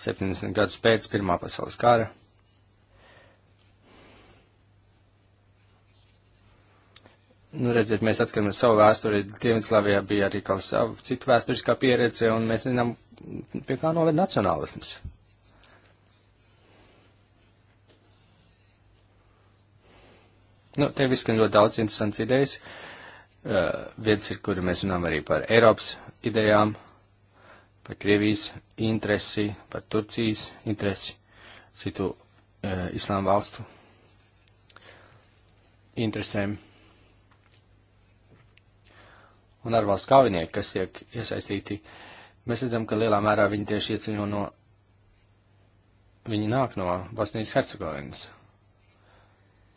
70 gadus pēc Pirmā pasaules kara. Nu, redziet, mēs atskatāmies savu vēsturi. Dienvidslāvijā bija arī kaut savu citu vēsturiskā pieredze, un mēs zinām, pie kā noved nacionālisms. Nu, te viss, ka ļoti daudz interesants idejas. Uh, viens ir, kur mēs runājam arī par Eiropas idejām, par Krievijas interesi, par Turcijas interesi, citu uh, islāma valstu interesēm. Un ar valstu kaujinieki, kas tiek iesaistīti, mēs redzam, ka lielā mērā viņi tieši ieceļo no, viņi nāk no Bosnijas Hercegovinas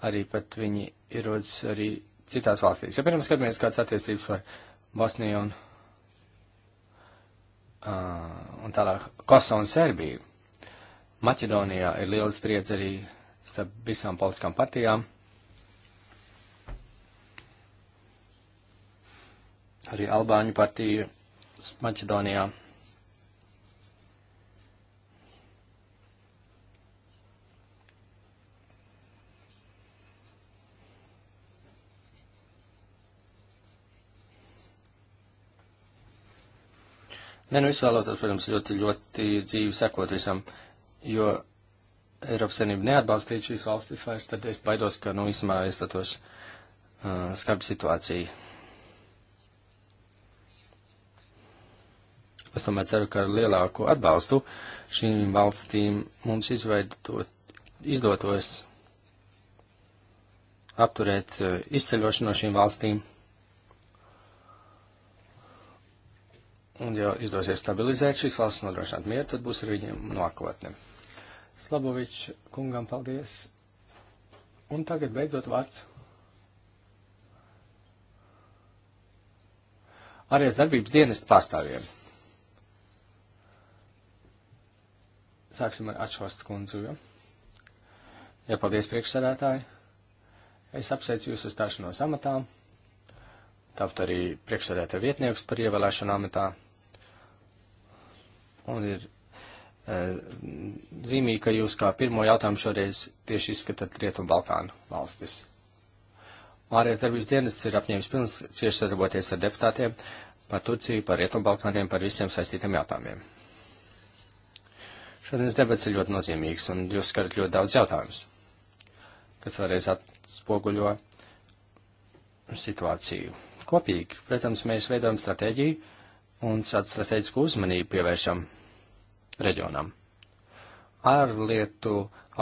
arī pat viņi ierodas arī citās valstīs. Ja, piemēram, skatāmies kādas attiecības par Bosniju un, uh, un tālāk Kosovu un Serbiju. Maķedonijā ir liela spriedze arī starp visām politiskām partijām. Arī Albāņu partija Maķedonijā. Nē, nu es vēlētos, protams, ļoti, ļoti dzīvi sekot visam, jo Eiropas Savienība neatbalstīt šīs valstis vairs, tad es baidos, ka, nu, vismā iestatos uh, skarbi situācija. Es tomēr ceru, ka ar lielāku atbalstu šīm valstīm mums izveidot, izdotos apturēt uh, izceļošanu no šīm valstīm Un, ja izdosies stabilizēt šīs valsts, nodrošināt mieru, tad būs ar viņiem nākotne. Slabovičs kungam paldies. Un tagad beidzot vārds. Arī darbības dienestu pārstāvjiem. Sāksim ar atšvārstu kundzu, jo. Ja? ja paldies priekšsēdētāji. Es apsveicu jūsu stāšanos amatām tāpat arī priekšsēdētāja vietnieks par ievēlēšanu amatā. Un ir e, zīmīgi, ka jūs kā pirmo jautājumu šoreiz tieši izskatāt Rietumu Balkānu valstis. Mārijas darbības dienas ir apņēmis pilns cieši sadarboties ar deputātiem par Turciju, par Rietumu Balkāniem, par visiem saistītiem jautājumiem. Šodienas debats ir ļoti nozīmīgs, un jūs skarat ļoti daudz jautājumus, kas vēlreiz atspoguļo situāciju kopīgi. Protams, mēs veidojam stratēģiju un šādu strateģisku uzmanību pievēršam reģionam. Ārlietu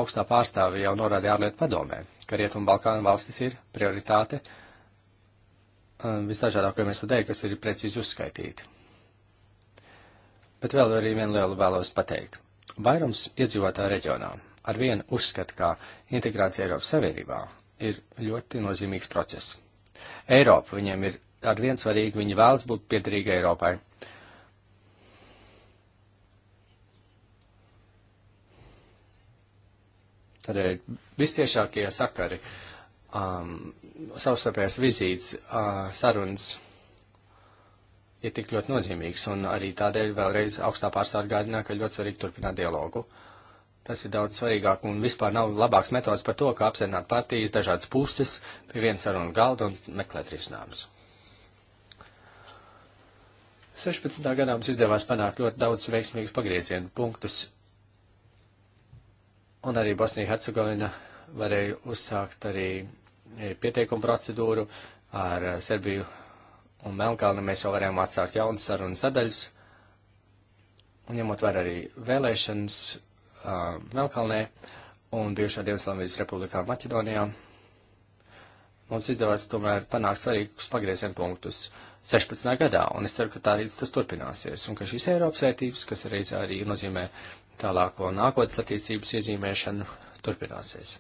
augstā pārstāve jau norādīja ārlietu padomē, ka Rietumu Balkānu valstis ir prioritāte um, visdažādākajiem iesadēļ, kas ir precīzi uzskaitīti. Bet vēl arī vienu lielu vēlos pateikt. Vairums iedzīvotāju reģionā ar vienu uzskata, ka integrācija Eiropas Savienībā ir ļoti nozīmīgs process. Eiropu. Viņiem ir ar viens svarīgi, viņi vēlas būt piederīgi Eiropai. Tādēļ vistiešākie sakari, um, savstarpējās vizītes, uh, sarunas ir tik ļoti nozīmīgs, un arī tādēļ vēlreiz augstā pārstāvja atgādināja, ka ļoti svarīgi turpināt dialogu. Uh, Tas ir daudz svarīgāk un vispār nav labāks metods par to, kā apsēdināt partijas dažādas puses pie viens sarunu galda un meklēt risinājumus. 16. gadā mums izdevās panākt ļoti daudz veiksmīgus pagriezienu punktus, un arī Bosnija Hercegovina varēja uzsākt arī e, pieteikumu procedūru ar e, Serbiju un Melnkalni. Mēs jau varējām atsākt jaunas sarunas sadaļas, un ņemot vērā arī vēlēšanas, uh, um, Melkalnē un bijušā Dienaslavijas republikā Maķedonijā. Mums izdevās tomēr panākt svarīgus pagrieziena punktus 16. gadā, un es ceru, ka tā līdz tas turpināsies, un ka šīs Eiropas vērtības, kas reiz arī nozīmē tālāko nākotnes attīstības iezīmēšanu, turpināsies.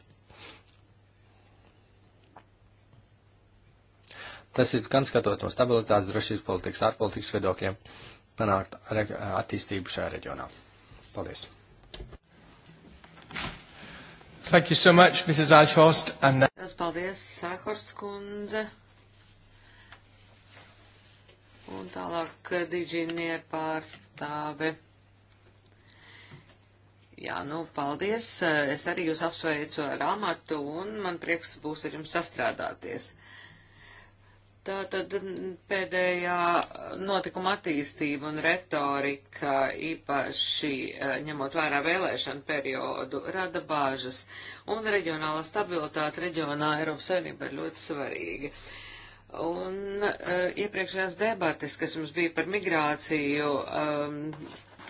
Tas ir gan skatot no stabilitātes, drošības politikas, ārpolitikas viedokļiem, panākt attīstību šajā reģionā. Paldies! Thank you so much, Mrs. Ashurst. And... Es paldies, Sāhorsts kundze. Un tālāk eh, diģinieru pārstāve. Jā, nu, paldies. Eh, es arī jūs apsveicu ar amatu un man prieks būs ar jums sastrādāties. Tā tad pēdējā notikuma attīstība un retorika, īpaši e, ņemot vērā vēlēšanu periodu, rada bāžas, un reģionāla stabilitāte reģionā Eiropas Savienībā ir ļoti svarīga. Un uh, iepriekšējās debates, kas mums bija par migrāciju, um,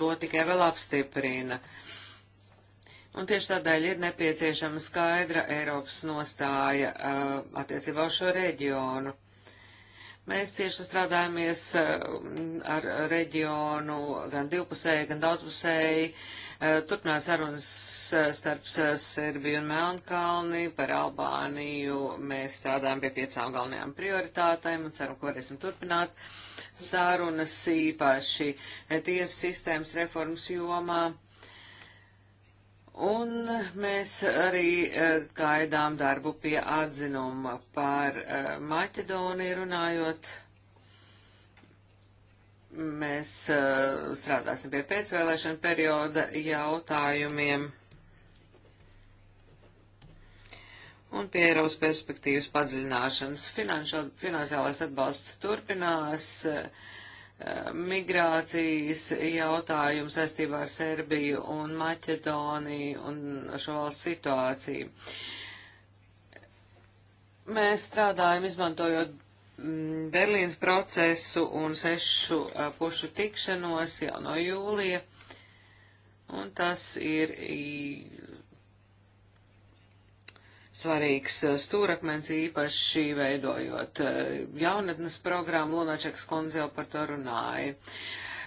to tikai vēl apstiprina. Un tieši tādēļ ir nepieciešama skaidra Eiropas nostāja uh, attiecībā uz šo reģionu. Mēs cieši strādājamies eh, ar reģionu gan divpusēji, gan daudzpusēji. Eh, turpinās sarunas eh, starp Serbiju un Melnkalni par Albāniju. Mēs strādājam pie piecām galvenajām prioritātēm un ceram, ka varēsim turpināt sarunas īpaši tiesu sistēmas reformas jomā Un mēs arī e, gaidām darbu pie atzinuma par e, Maķedoniju runājot. Mēs e, strādāsim pie pēcvēlēšana perioda jautājumiem un pie Eiropas perspektīvas padziļināšanas. Finanšu, finansiālais atbalsts turpinās. Uh, migrācijas jautājumu saistībā ar Serbiju un Maķedoniju un šo valstu situāciju. Mēs strādājam izmantojot mm, Berlīnas procesu un sešu pušu tikšanos jau no jūlija, un tas ir svarīgs eh, stūrakmens, īpaši veidojot eh, jaunatnes programmu. Lunačeks kundze jau par to runāja.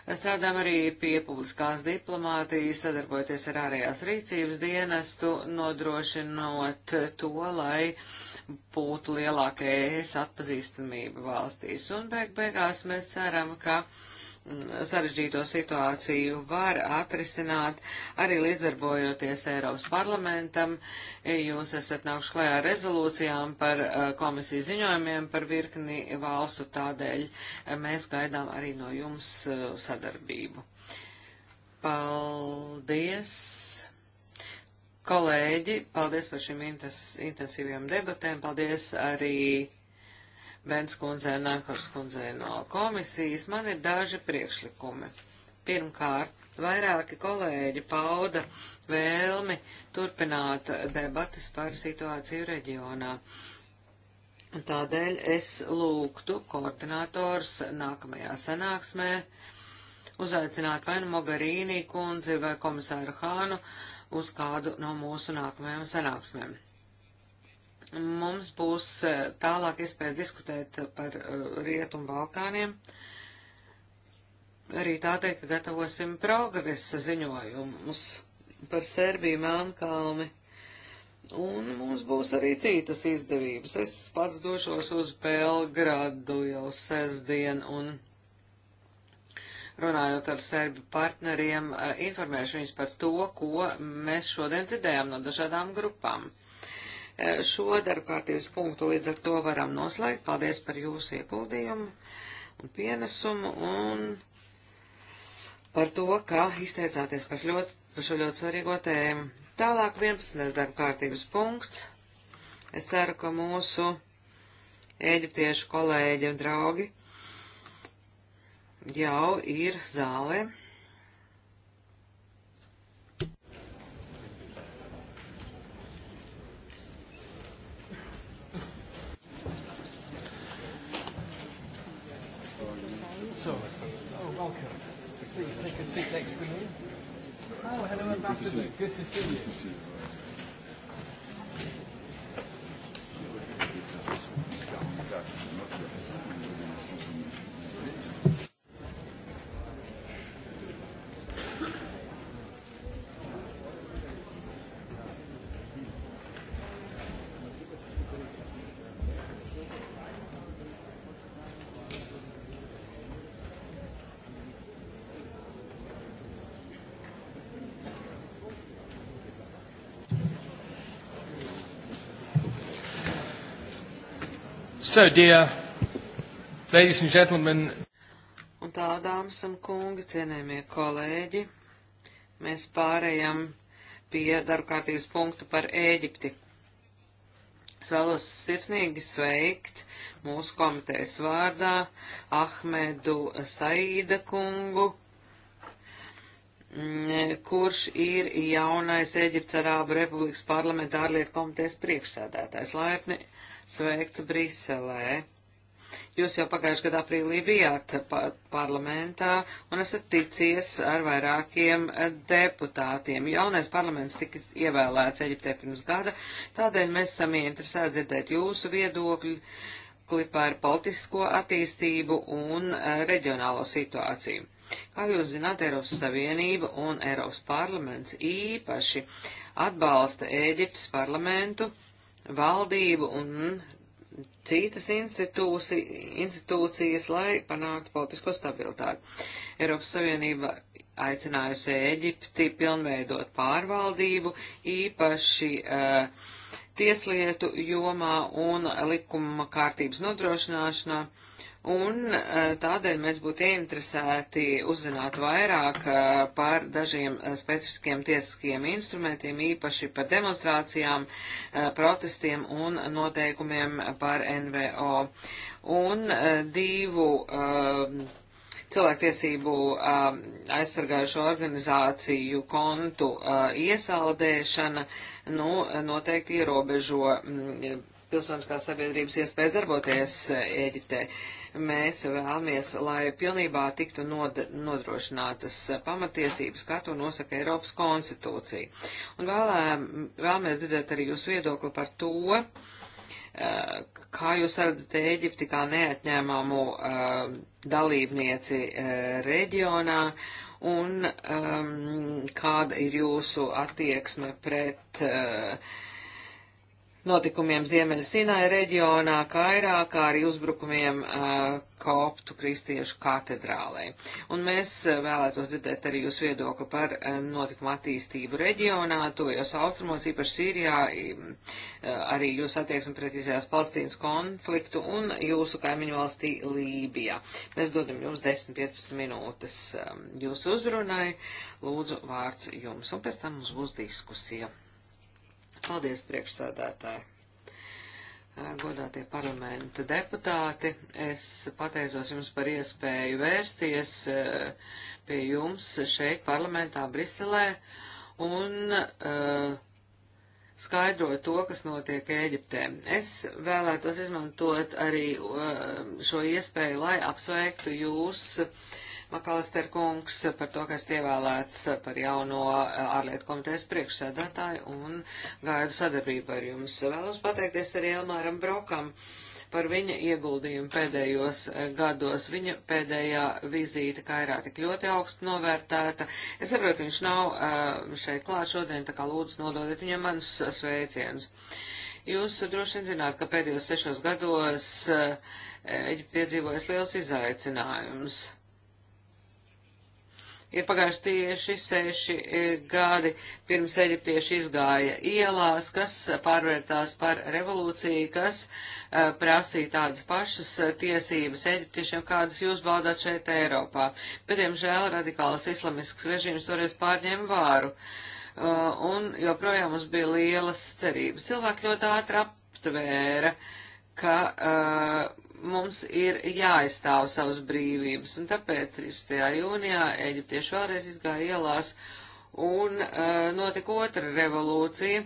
Strādājam arī pie publiskās diplomātijas, sadarbojoties ar ārējās rīcības dienestu, nodrošinot to, lai būtu lielākais atpazīstamība valstīs. Un beig beigās mēs ceram, ka uh, sarežģīto situāciju var atrisināt arī līdzdarbojoties Eiropas parlamentam. Jūs esat nākuši klajā rezolūcijām par eh, komisijas ziņojumiem par virkni valstu, tādēļ eh, mēs gaidām arī no jums eh, sadarbību. Paldies! Kolēģi, paldies par šīm intensīvajām debatēm, paldies arī Bens kundzei un Ankars kundzei no komisijas, man ir daži priekšlikumi. Pirmkārt, vairāki kolēģi pauda vēlmi turpināt debatas par situāciju reģionā. Tādēļ es lūgtu koordinators nākamajā sanāksmē uzaicināt vai nu Mogarīnī kundzi vai komisāru Hānu uz kādu no mūsu nākamajām sanāksmēm. Mums būs e, tālāk iespēja diskutēt par e, Rietumu Balkāniem. Arī tādēļ, ka gatavosim progresa ziņojumus par Serbiju, Melnkalni. Un mums būs arī citas izdevības. Es pats došos uz Belgradu jau sestdien un runājot ar serbi partneriem, e, informēšu viņus par to, ko mēs šodien dzirdējām no dažādām grupām šo darba kārtības punktu. Līdz ar to varam noslēgt. Paldies par jūsu ieguldījumu un pienesumu un par to, ka izteicāties par, ļoti, par šo ļoti svarīgo tēmu. Tālāk 11. darba kārtības punkts. Es ceru, ka mūsu eģiptiešu kolēģi un draugi jau ir zālē. a seat next to me? Oh, hello, Ambassador. Good to see you. Good to see you. So, dear ladies and gentlemen. Un tā, dāmas un kungi, cienējamie kolēģi, mēs pārējām pie darba kārtības punktu par Ēģipti. Es vēlos sirsnīgi sveikt mūsu komitejas vārdā Ahmedu Saīda kungu, mm, kurš ir jaunais Ēģipts Arābu Republikas parlamenta ārlietu komitejas priekšsēdētājs. Laipni sveikt Briselē. Jūs jau pagājušajā gadā aprīlī bijāt parlamentā un esat ticies ar vairākiem deputātiem. Jaunais parlaments tika ievēlēts Eģiptē pirms gada, tādēļ mēs esam ieinteresēti dzirdēt jūsu viedokļu par politisko attīstību un e, reģionālo situāciju. Kā jūs zināt, Eiropas Savienība un Eiropas parlaments īpaši atbalsta Ēģiptes parlamentu valdību un citas institūcijas, lai panāktu politisko stabilitāti. Eiropas Savienība aicinājusi Eģipti pilnveidot pārvaldību, īpaši uh, tieslietu jomā un likuma kārtības nodrošināšanā. Uh, Un eh, tādēļ mēs būtu ieinteresēti uzzināt vairāk eh, par dažiem eh, specifiskiem tiesiskiem instrumentiem, īpaši par demonstrācijām, protestiem un noteikumiem par NVO. Un divu cilvēktiesību aizsargājušo organizāciju kontu iesaldēšana, nu, noteikti ierobežo mm, pilsoniskās sabiedrības iespējas darboties Ēģiptē. E, Mēs vēlamies, lai pilnībā tiktu nod nodrošinātas e, pamatiesības, kā to nosaka Eiropas konstitūcija. Un vēlē, vēlamies dzirdēt arī jūsu viedokli par to, e, kā jūs redzat Ēģipti kā neatņēmāmu dalībnieci reģionā un um, kāda ir jūsu attieksme pret uh, notikumiem Ziemeļsināja reģionā, Kairā, kā arī uzbrukumiem uh, koptu kristiešu katedrālē. Un mēs vēlētos dzirdēt arī jūsu viedokli par uh, notikumu attīstību reģionā, to jau austrumos, īpaši Sīrijā, uh, arī jūsu attieksmi pret izjās Palestīnas konfliktu un jūsu kaimiņu valstī Lībijā. Mēs dodam jums 10-15 minūtes um, jūsu uzrunai. Lūdzu, vārds jums, un pēc tam mums būs diskusija. Paldies, priekšsēdētāji! Godātie parlamenta deputāti, es pateicos jums par iespēju vērsties pie jums šeit parlamentā Briselē un uh, skaidrot to, kas notiek Ēģiptē. Es vēlētos izmantot arī uh, šo iespēju, lai apsveiktu jūs uh, Makalister kungs par to, kas ievēlēts par jauno ārlietu komitejas priekšsēdētāju un gaidu sadarbību ar jums. Vēlos pateikties arī Elmāram Brokam par viņa ieguldījumu pēdējos gados. Viņa pēdējā vizīte Kairā tik ļoti augstu novērtēta. Es saprotu, viņš nav uh, šeit klāt šodien, tā kā lūdzu nododiet viņam manus sveicienus. Jūs droši vien zināt, ka pēdējos sešos gados uh, Eģipte piedzīvojas liels izaicinājums. Ir pagājuši tieši seši e, gadi pirms eģiptieši izgāja ielās, kas pārvērtās par revolūciju, kas uh, prasīja tādas pašas e, tiesības eģiptiešiem, kādas jūs baudāt šeit Eiropā. Bet, diemžēl, radikāls islamisks režīms toreiz pārņēma vāru. Uh, un joprojām mums bija lielas cerības. Cilvēki ļoti ātri aptvēra, ka uh, mums ir jāaizstāv savas brīvības, un tāpēc 13. jūnijā eģiptieši vēlreiz izgāja ielās, un uh, notika otra revolūcija,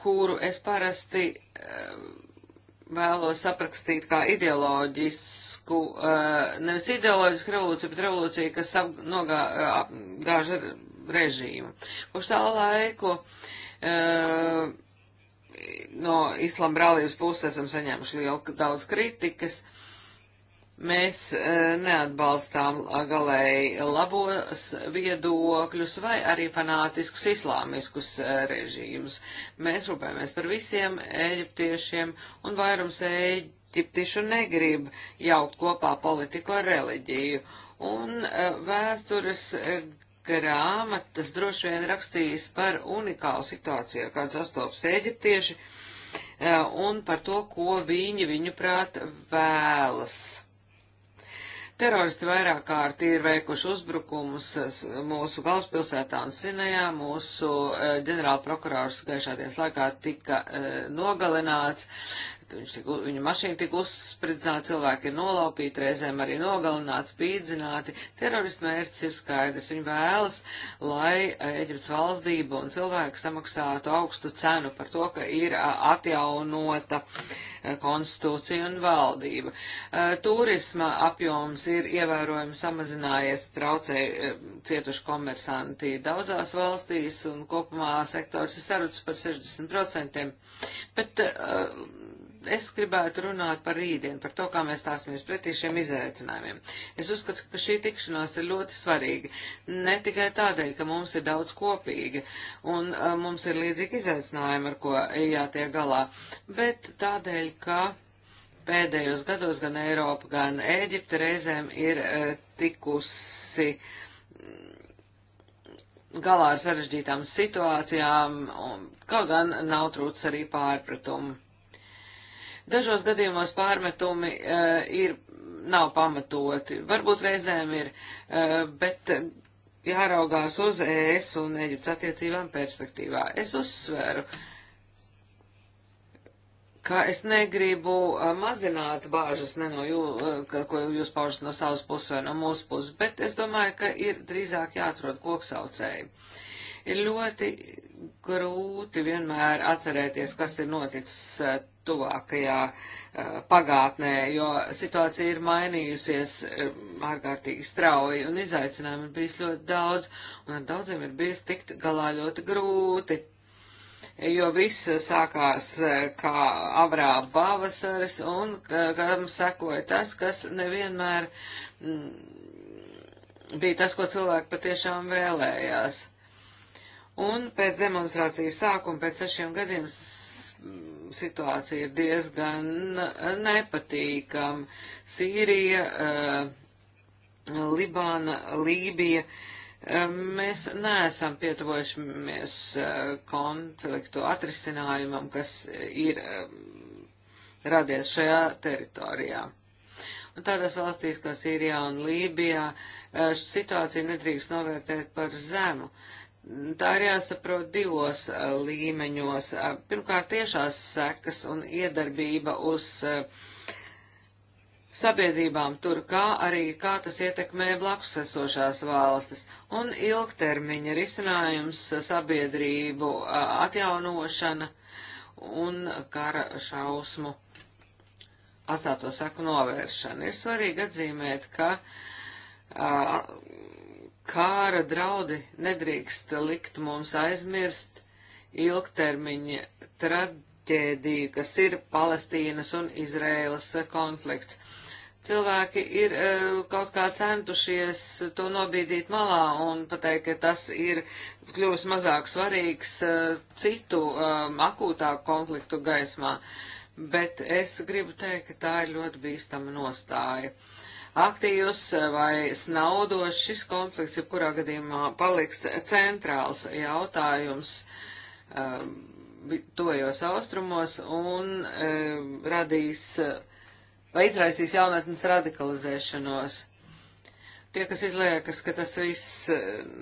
kuru es parasti uh, vēlos aprakstīt kā ideoloģisku, uh, nevis ideoloģisku revolūciju, bet revolūciju, kas nogāža režīmu. Kopš tā laiku. Uh, no Islam brālības puses esam saņēmuši lielu daudz kritikas. Mēs eh, neatbalstām galēji labos viedokļus vai arī fanātiskus islāmiskus eh, režīmus. Mēs rūpējamies par visiem eģiptiešiem un vairums eģiptišu negrib jaukt kopā politiku ar reliģiju. Un eh, vēstures grāmatas droši vien rakstījis par unikālu situāciju, ar kādu sastopas eģiptieši, e, un par to, ko viņi, viņu prāt, vēlas. Teroristi vairāk kārt ir veikuši uzbrukumus mūsu galvaspilsētā un Sinajā, mūsu e, ģenerāla prokurors gaišā dienas laikā tika e, nogalināts, viņš tika, viņa mašīna tika uzspridzināta, cilvēki ir nolaupīti, reizēm arī nogalināti, spīdzināti. Teroristu mērķis ir skaidrs. Viņi vēlas, lai e, Eģiptes valdība un cilvēki samaksātu augstu cenu par to, ka ir atjaunota e, konstitūcija un valdība. E, turisma apjoms ir ievērojami samazinājies, traucē cietuši komersanti daudzās valstīs un kopumā sektors ir sarucis par 60%. Bet, uh, es gribētu runāt par rītdienu, par to, kā mēs stāsimies pretī šiem izaicinājumiem. Es uzskatu, ka šī tikšanās ir ļoti svarīga. Ne tikai tādēļ, ka mums ir daudz kopīgi un uh, mums ir līdzīgi izaicinājumi, ar ko jātiek galā, bet tādēļ, ka pēdējos gados gan Eiropa, gan Ēģipte reizēm ir uh, tikusi mm, galā ar sarežģītām situācijām, un, kaut gan nav trūcis arī pārpratumu. Dažos gadījumos pārmetumi uh, ir, nav pamatoti, varbūt reizēm ir, uh, bet jāraugās uz ES un Eģiptes attiecībām perspektīvā. Es uzsveru, ka es negribu uh, mazināt bāžas ne no jū, uh, ko jūs paužat no savas puses vai no mūsu puses, bet es domāju, ka ir drīzāk jāatrod kopsaucēji. Uh, Ir ļoti grūti vienmēr atcerēties, kas ir noticis eh, tuvākajā eh, pagātnē, jo situācija ir mainījusies eh, ārkārtīgi strauji un izaicinājumi ir bijis ļoti daudz, un ar daudziem ir bijis tikt galā ļoti grūti. Jo viss sākās kā avrā pavasaris, un kam sekoja tas, kas nevienmēr m, mm, bija tas, ko cilvēki patiešām vēlējās. Uh, Un pēc demonstrācijas sākuma, pēc sešiem gadiem, mm, situācija ir diezgan eh, nepatīkama. Sīrija, eh, Libāna, Lībija. Eh, mēs neesam pietuvojušies konfliktu atrisinājumam, kas ir radies šajā teritorijā. Un tādās valstīs kā Sīrijā un Lībijā situācija nedrīkst novērtēt par zemu. Tā ir jāsaprot divos līmeņos. Pirmkārt, tiešās sekas un iedarbība uz sabiedrībām tur, kā arī kā tas ietekmē blakus esošās valstis. Un ilgtermiņa risinājums sabiedrību atjaunošana un kara šausmu atstāto seku novēršana. Ir svarīgi atzīmēt, ka Kāra draudi nedrīkst likt mums aizmirst ilgtermiņa traģēdija, kas ir Palestīnas un Izraēlas konflikts. Cilvēki ir e, kaut kā centušies to nobīdīt malā un pateikt, ka tas ir kļuvis mazāk svarīgs e, citu e, akūtāku konfliktu gaismā. Bet es gribu teikt, ka tā ir ļoti bīstama nostāja. Uh, aktīvus vai snaudos, šis konflikts, ja kurā gadījumā paliks centrāls jautājums um, tojos austrumos un um, radīs vai izraisīs jaunatnes radikalizēšanos. Tie, kas izliekas, ka tas viss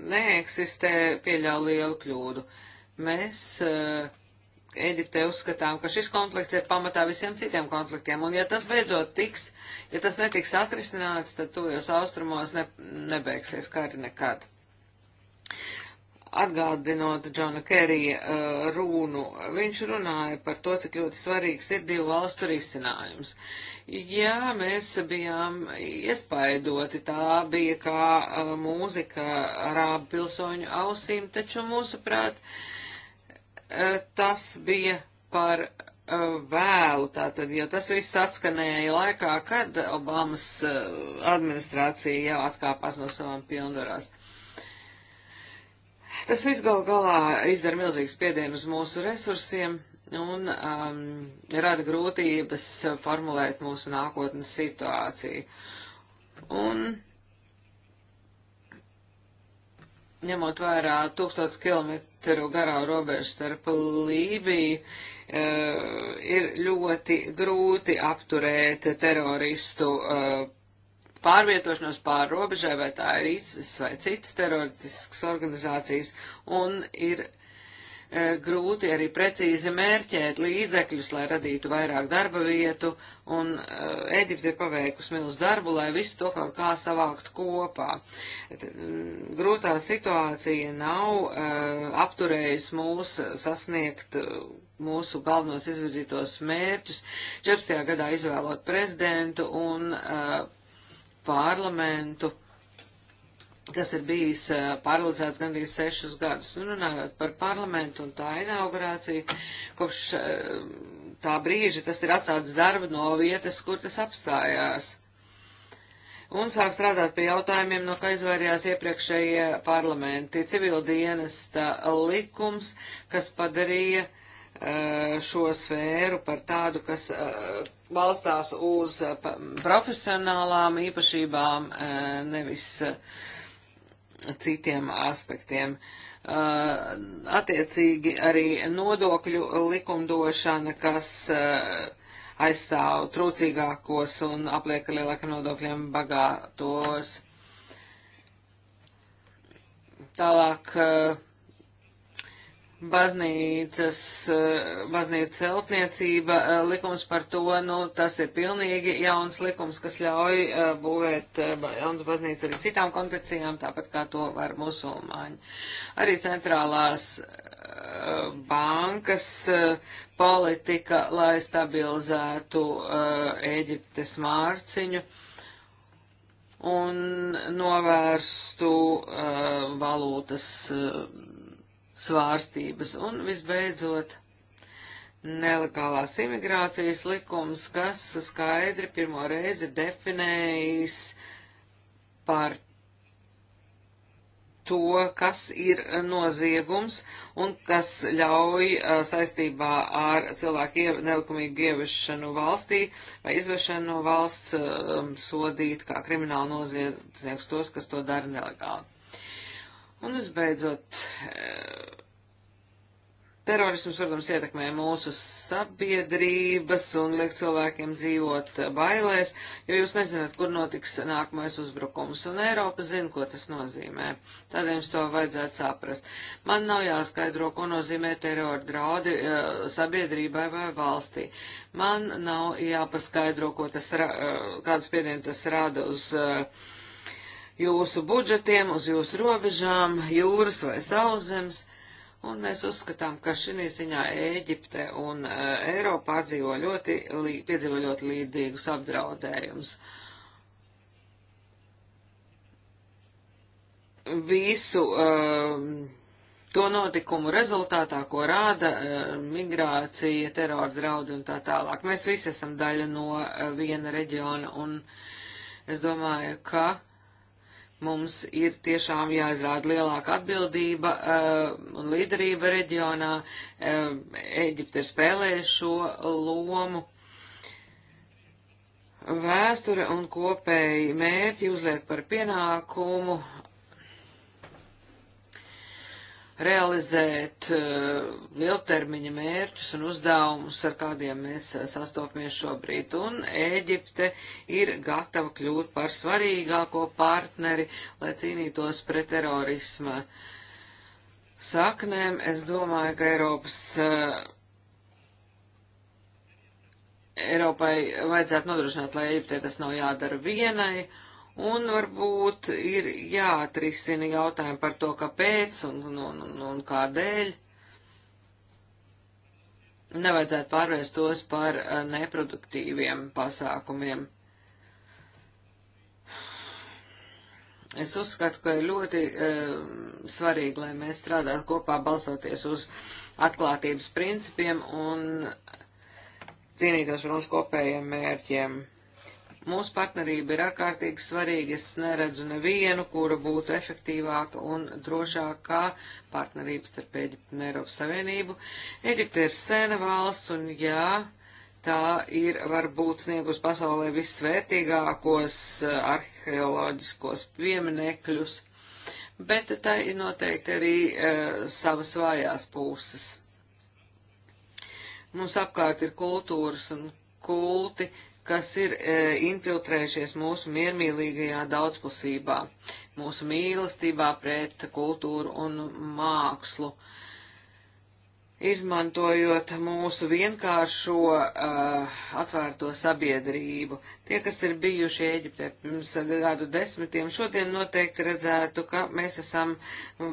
neeksistē, pieļauj lielu kļūdu. Mēs uh, Eģiptē uzskatām, ka šis konflikts ir pamatā visiem citiem konfliktiem, un ja tas beidzot tiks, ja tas netiks atrisināts, tad tuvajos austrumos ne, nebeigsies kari nekad. Atgādinot Džona Kerija uh, rūnu, viņš runāja par to, cik ļoti svarīgs ir divu valstu risinājums. Jā, mēs bijām iespaidoti, tā bija kā uh, mūzika arābu pilsoņu ausīm, taču mūsuprāt, uh, Eh, tas bija par eh, vēlu, tātad, jo tas viss atskanēja laikā, kad Obamas eh, administrācija jau atkāpās no savām pilnvarās. Tas viss gal galā izdara milzīgu spiedienu uz mūsu resursiem un um, rada grūtības formulēt mūsu nākotnes situāciju. Un ņemot vērā tūkstotis kilomet, metru garā robeža starp Lībiju uh, ir ļoti grūti apturēt teroristu uh, pārvietošanos pāri robežai, vai tā ir ISIS vai citas teroristiskas organizācijas, un ir E, grūti arī precīzi mērķēt līdzekļus, lai radītu vairāk darba vietu, un e, Eģipte ir paveikusi milz darbu, lai visu to kaut kā savākt kopā. Grūtā situācija nav e, apturējusi mūs sasniegt mūsu galvenos izvirzītos mērķus, 14. gadā izvēlot prezidentu un parlamentu kas ir bijis paralizēts gandrīz sešus gadus. Nu, runājot par parlamentu un tā inaugurāciju, kopš tā brīža tas ir atsācis darba no vietas, kur tas apstājās. Un sāk strādāt pie jautājumiem, no kā izvairījās iepriekšējie parlamenti. Civila dienesta likums, kas padarīja šo sfēru par tādu, kas balstās uz profesionālām īpašībām, nevis uh, citiem aspektiem. Uh, attiecīgi arī nodokļu likumdošana, kas uh, aizstāv trūcīgākos un apliek ar lielākiem nodokļiem bagātos. Tālāk uh, baznīcas, eh, baznīcu celtniecība, eh, likums par to, nu, tas ir pilnīgi jauns likums, kas ļauj eh, būvēt jaunas baznīcas arī citām konfesijām, tāpat kā to var musulmaņi. Arī centrālās bankas politika, lai stabilizētu Ēģiptes mārciņu un novērstu valūtas svārstības. Un visbeidzot, nelegālās imigrācijas likums, kas skaidri pirmo reizi definējis par to, kas ir noziegums un kas ļauj a, saistībā ar cilvēku iev nelikumīgu ieviešanu valstī vai izvešanu no valsts a, sodīt kā kriminālu noziedznieks tos, kas to dara nelegāli. Un visbeidzot, eh, terorisms, protams, ietekmē mūsu sabiedrības un liek cilvēkiem dzīvot bailēs, jo jūs nezināt, kur notiks nākamais uzbrukums, un Eiropa zina, ko tas nozīmē. Tādēļ jums to vajadzētu saprast. Man nav jāskaidro, ko nozīmē terora draudi eh, sabiedrībai vai valstī. Man nav jāpaskaidro, ko tas, eh, kādas piedienu tas rada uz uh, jūsu budžetiem, uz jūsu robežām, jūras vai sauszemes, un mēs uzskatām, ka šī ziņā Ēģipte un uh, Eiropa atdzīvo ļoti, lī, piedzīvo ļoti līdzīgus apdraudējumus. Visu uh, to notikumu rezultātā, ko rāda uh, migrācija, terora draudi un tā tālāk. Mēs visi esam daļa no viena reģiona, un es domāju, ka Mums ir tiešām jāizrāda lielāka atbildība uh, un līderība reģionā. Uh, Eģipte ir spēlējuši šo lomu. Vēsture un kopēji mērķi uzliek par pienākumu realizēt uh, ilgtermiņa mērķus un uzdevumus, ar kādiem mēs eh, sastopamies šobrīd. Un Ēģipte ir gatava kļūt par svarīgāko partneri, lai cīnītos pret terorisma saknēm. Es domāju, ka Eiropas. Uh, Eiropai vajadzētu nodrošināt, lai Eģiptē tas nav jādara vienai. Uh, Un varbūt ir jāatrisina jautājumi par to, kāpēc un, un, un, un kādēļ. Nevajadzētu pārvērst tos par eh, neproduktīviem pasākumiem. Es uzskatu, ka ir ļoti e, svarīgi, lai mēs strādātu kopā balsoties uz atklātības principiem un cīnītos par mums kopējiem mērķiem. Mūsu partnerība ir ārkārtīgi svarīga. Es neredzu nevienu, kura būtu efektīvāka un drošākā partnerība starp Eģiptu un Eiropas Savienību. Eģipte ir sena valsts un jā, tā ir varbūt sniegus pasaulē visvērtīgākos eh, arheoloģiskos pieminekļus, bet tā ir noteikti arī e, savas vājās puses. Mums apkārt ir kultūras un kulti, kas ir e, infiltrējušies mūsu miermīlīgajā daudzpusībā, mūsu mīlestībā pret kultūru un mākslu, izmantojot mūsu vienkāršo e, atvērto sabiedrību. Tie, kas ir bijuši Eģiptē pirms gadu desmitiem, šodien noteikti redzētu, ka mēs esam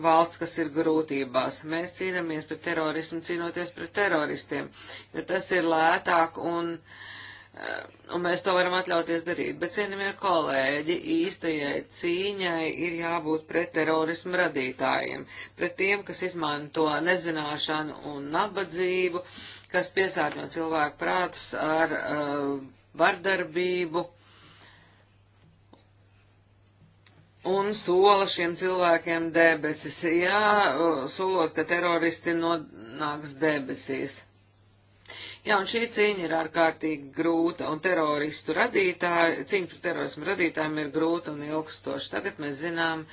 valsts, kas ir grūtībās. Mēs cīnāmies pret terorismu, cīnoties pret teroristiem, jo tas ir lētāk un. E, Eh, un mēs to varam atļauties darīt. Bet, cienījamie kolēģi, īstajai cīņai ir jābūt pret terorismu radītājiem, pret tiem, kas izmanto nezināšanu un nabadzību, kas piesārņo cilvēku prātus ar uh, vardarbību. Un sola šiem cilvēkiem debesis. Jā, eh, solot, ka teroristi nonāks debesīs. Jā, un šī cīņa ir ārkārtīgi grūta, un teroristu radītāji, cīņa par terorismu radītājiem ir grūta un ilgstoša. Tagad mēs zinām,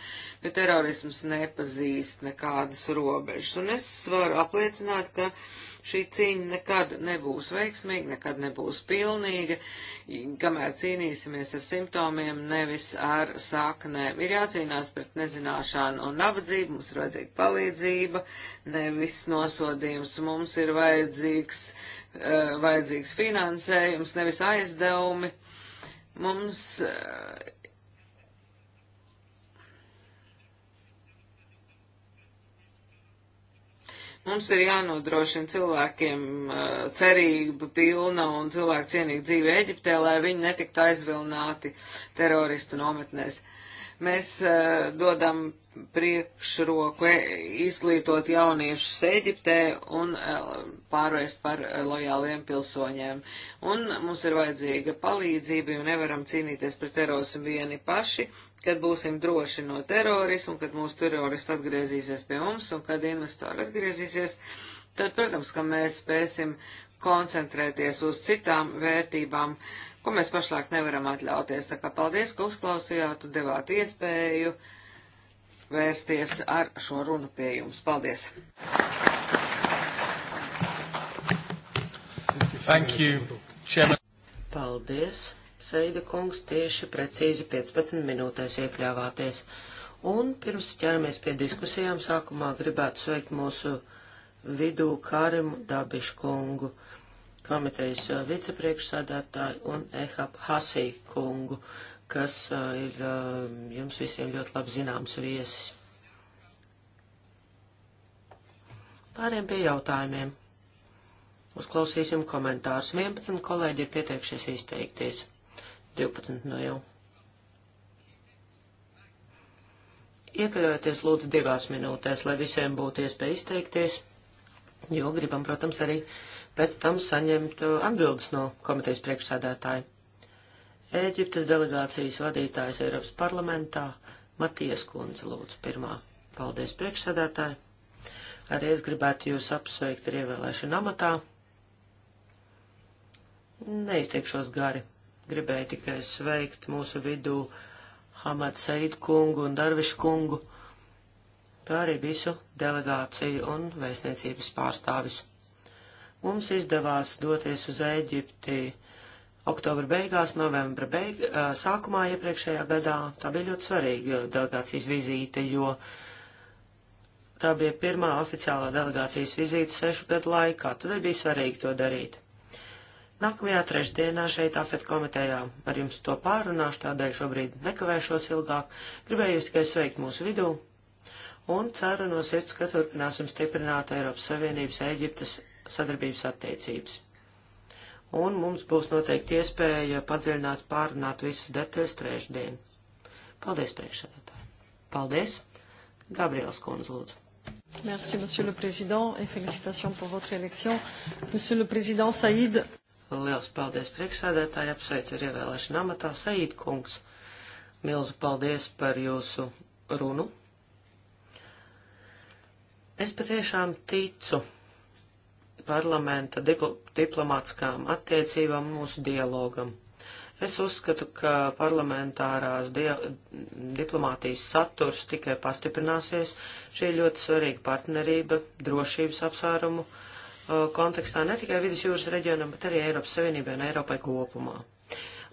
ka terorisms nepazīst nekādas robežas, un es varu apliecināt, ka šī cīņa nekad nebūs veiksmīga, nekad nebūs pilnīga, kamēr cīnīsimies ar simptomiem, nevis ar sāknēm. Ir jācīnās pret nezināšanu un nabadzību, mums ir vajadzīga palīdzība, nevis nosodījums, mums ir vajadzīgs Eh, vajadzīgs finansējums, nevis aizdevumi. Mums eh, Mums ir jānodrošina cilvēkiem eh, cerība pilna un cilvēku cienīga dzīve Eģiptē, lai viņi netiktu aizvilināti teroristu nometnēs. Uh, Mēs uh, dodam priekšroku e, izglītot jauniešus Eģiptē un eh, pārvērst par eh, lojāliem pilsoņiem. Un mums ir vajadzīga palīdzība, jo nevaram cīnīties pret terorismu vieni paši, kad būsim droši no terorismu, kad mūsu teroristi atgriezīsies pie mums un kad investori atgriezīsies, tad, protams, ka mēs spēsim koncentrēties uz citām vērtībām. Uh, ko mēs pašlaik nevaram atļauties. Tā kā paldies, ka uzklausījāt un devāt iespēju vērsties ar šo runu pie jums. Paldies! Thank you, Chairman. Paldies, Seida kungs, tieši precīzi 15 minūtēs iekļāvāties. Un pirms ķeramies pie diskusijām, sākumā gribētu sveikt mūsu vidū Kārim Dabiškungu. kungu komitejas vicepriekšsādātāju un Ehab Hasī kungu, kas ir jums visiem ļoti labi zināms viesis. Pāriem pie jautājumiem. Uzklausīsim komentārus. 11 kolēģi ir pieteikšies izteikties. 12 no nu jau. Iekļaujieties lūdzu divās minūtēs, lai visiem būtu iespēja izteikties, jo gribam, protams, arī uh, pēc tam saņemt uh, atbildes no komitejas priekšsēdētāja. Ēģiptes delegācijas vadītājs Eiropas parlamentā Matijas Kundze lūdzu pirmā. Paldies priekšsēdētāji. Arī es gribētu jūs apsveikt ar ievēlēšanu amatā. Neiztiekšos gari. Gribēju tikai sveikt mūsu vidū Hamad Seidu kungu un Darvišu kungu, kā arī visu delegāciju un vēstniecības pārstāvis. Mums izdevās doties uz Ēģipti oktobra beigās, novembra beig sākumā iepriekšējā gadā. Tā bija ļoti svarīga delegācijas vizīte, jo tā bija pirmā oficiālā delegācijas vizīte sešu gadu laikā. Tad bija svarīgi to darīt. Nākamajā trešdienā šeit afet komitejā ar jums to pārunāšu, tādēļ šobrīd nekavēšos ilgāk. Gribēju jūs tikai sveikt mūsu vidū un ceru no sirds, ka turpināsim stiprināt Eiropas Savienības Ēģiptes sadarbības attiecības. Un mums būs noteikti iespēja padziļināt, pārrunāt visas detaļas trešdien. Paldies, priekšsēdētāji. Paldies. Gabriels Kunz, lūdzu. Merci, Monsieur le Président, et félicitations pour votre élection. Monsieur le Président, Saïd. Liels paldies priekšsēdētāji, apsveicu ar ievēlēšanu amatā, Saīd kungs. Milzu paldies par jūsu runu. Es patiešām ticu parlamenta diplomātiskām attiecībām, mūsu dialogam. Es uzskatu, ka parlamentārās di diplomātijas saturs tikai pastiprināsies. Šī ir ļoti svarīga partnerība drošības apsvērumu uh, kontekstā ne tikai vidus jūras reģionam, bet arī Eiropas Savienībai un Eiropai kopumā.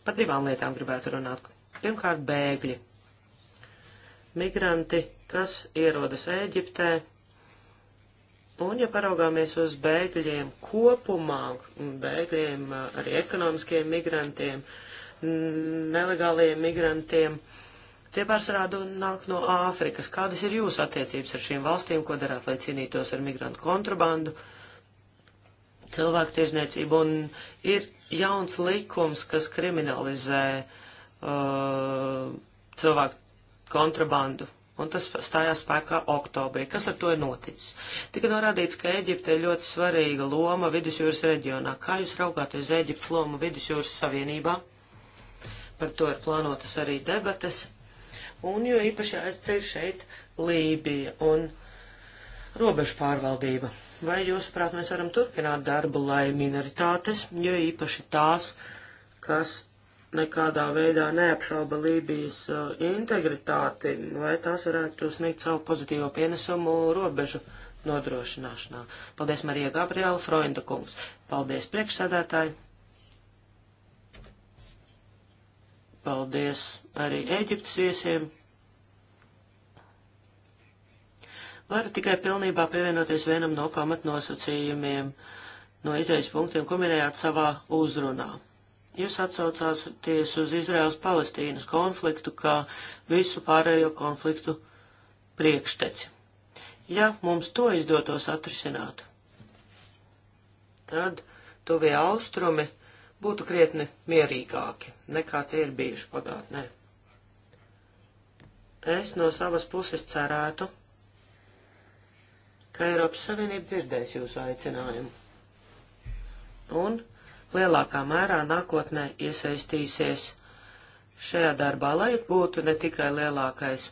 Par divām lietām gribētu runāt. Pirmkārt, bēgļi. Migranti, kas ierodas Ēģiptē, Un, ja paraugāmies uz bēgļiem kopumā, bēgļiem, arī ekonomiskiem migrantiem, nelegāliem migrantiem, tie pārsvarā nāk no Āfrikas. Kādas ir jūsu attiecības ar šīm valstīm, ko darāt, lai cīnītos ar migrantu kontrabandu, cilvēku tiesniecību? Un ir jauns likums, kas kriminalizē uh, cilvēku kontrabandu un tas stājās spēkā oktobrī. Kas ar to ir noticis? Tika norādīts, ka Eģipte ir ļoti svarīga loma vidusjūras reģionā. Kā jūs raugāties uz Eģiptes lomu vidusjūras savienībā? Par to ir plānotas arī debates. Un jo īpaši aizceļ šeit Lībija un robežu pārvaldība. Vai jūs, prāt, mēs varam turpināt darbu, lai minoritātes, jo īpaši tās, kas nekādā veidā neapšauba Lībijas uh, integritāti, vai tās varētu sniegt savu pozitīvo pienesumu robežu nodrošināšanā. Paldies, Marija Gabriela Freunda kungs. Paldies, priekšsēdētāji. Paldies arī Eģiptes viesiem. Varu tikai pilnībā pievienoties vienam no pamatnosacījumiem, no izējas punktiem, ko minējāt savā uzrunā Jūs atsaucāties uz Izraels-Palestīnas konfliktu kā visu pārējo konfliktu priekšteci. Ja mums to izdotos atrisināt, tad tuvie austrumi būtu krietni mierīgāki nekā tie ir bijuši pagātnē. Es no savas puses cerētu, ka Eiropas Savienība dzirdēs jūsu aicinājumu. Un lielākā mērā nākotnē iesaistīsies šajā darbā, lai būtu ne tikai lielākais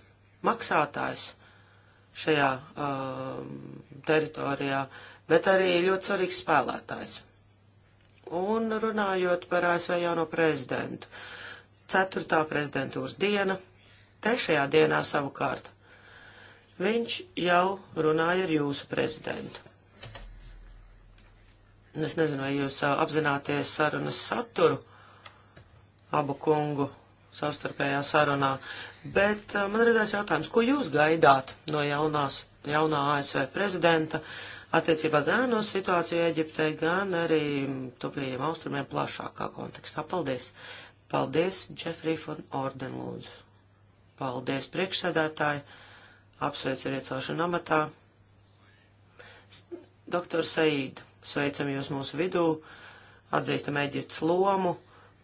maksātājs šajā uh, teritorijā, bet arī ļoti svarīgs spēlētājs. Un runājot par ASV jauno prezidentu, ceturtā prezidentūras diena, trešajā dienā savukārt, viņš jau runāja ar jūsu prezidentu. Nu, es nezinu, vai jūs apzināties sarunas saturu abu kungu savstarpējā sarunā, bet man radās jautājums, ko jūs gaidāt no jaunās, jaunā ASV prezidenta attiecībā gan uz situāciju Eģiptē, gan arī tuvējiem austrumiem plašākā kontekstā. Paldies! Paldies, Džefrī von Orden, lūdzu! Paldies, priekšsēdētāji! Apsveicu ar iecelšanu amatā! Dr. Saīdu! Sveicam jūs mūsu vidū, atzīstam Eģiptes lomu,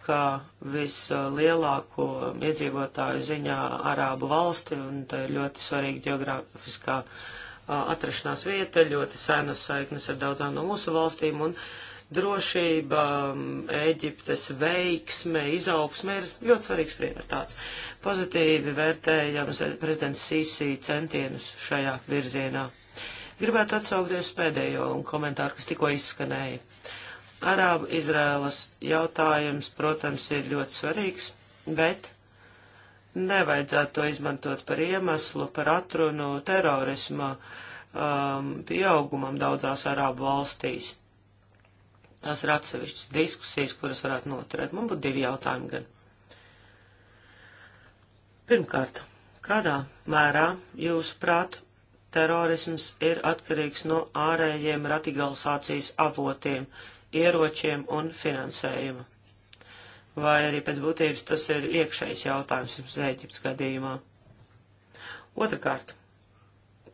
kā vislielāko iedzīvotāju ziņā arābu valsti, un tā ir ļoti svarīga geogrāfiskā atrašanās vieta, ļoti senas saiknes ar daudzām no mūsu valstīm, un drošība, Eģiptes veiksme, izaugsme ir ļoti svarīgs prioritāts. Pozitīvi vērtējams prezidents Sīsī centienus šajā virzienā. Gribētu atsaukties pēdējo un komentāru, kas tikko izskanēja. Arābu Izrēlas jautājums, protams, ir ļoti svarīgs, bet nevajadzētu to izmantot par iemeslu, par atrunu terorisma um, pieaugumam daudzās Arābu valstīs. Tās ir atsevišķas diskusijas, kuras varētu noturēt. Man būtu divi jautājumi gan. Pirmkārt, kādā mērā jūs prāt terorisms ir atkarīgs no ārējiem radikalizācijas avotiem, ieročiem un finansējuma. Vai arī pēc būtības tas ir iekšējs jautājums jums Ēģiptes gadījumā. Otrakārt,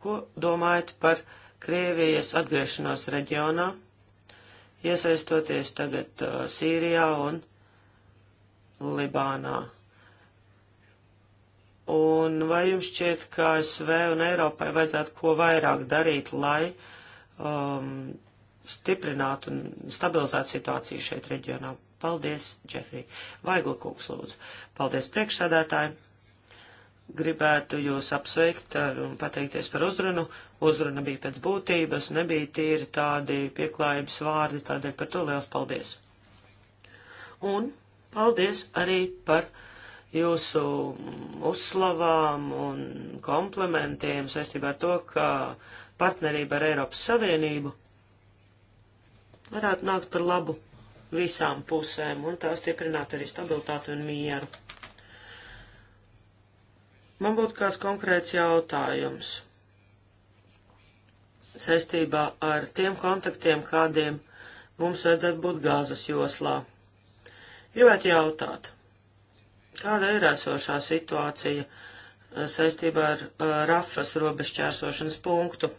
ko domājat par Krievijas atgriešanos reģionā, iesaistoties tagad uh, Sīrijā un Libānā? Un vai jums šķiet, ka ASV un Eiropai vajadzētu ko vairāk darīt, lai um, stiprinātu un stabilizētu situāciju šeit reģionā? Paldies, Džefrī. Vaigla kungs, lūdzu. Paldies priekšsādātāji. Gribētu jūs apsveikt un pateikties par uzrunu. Uzruna bija pēc būtības, nebija tīri tādi pieklājības vārdi, tādēļ par to liels paldies. Un paldies arī par jūsu uzslavām un komplementiem saistībā ar to, ka partnerība ar Eiropas Savienību varētu nākt par labu visām pusēm un tā stiprināt arī stabilitāti un mieru. Man būtu kāds konkrēts jautājums saistībā ar tiem kontaktiem, kādiem mums vajadzētu būt gāzes joslā. Gribētu jautāt, Kāda ir esošā situācija eh, saistībā ar uh, Rafas robežķērsošanas punktu?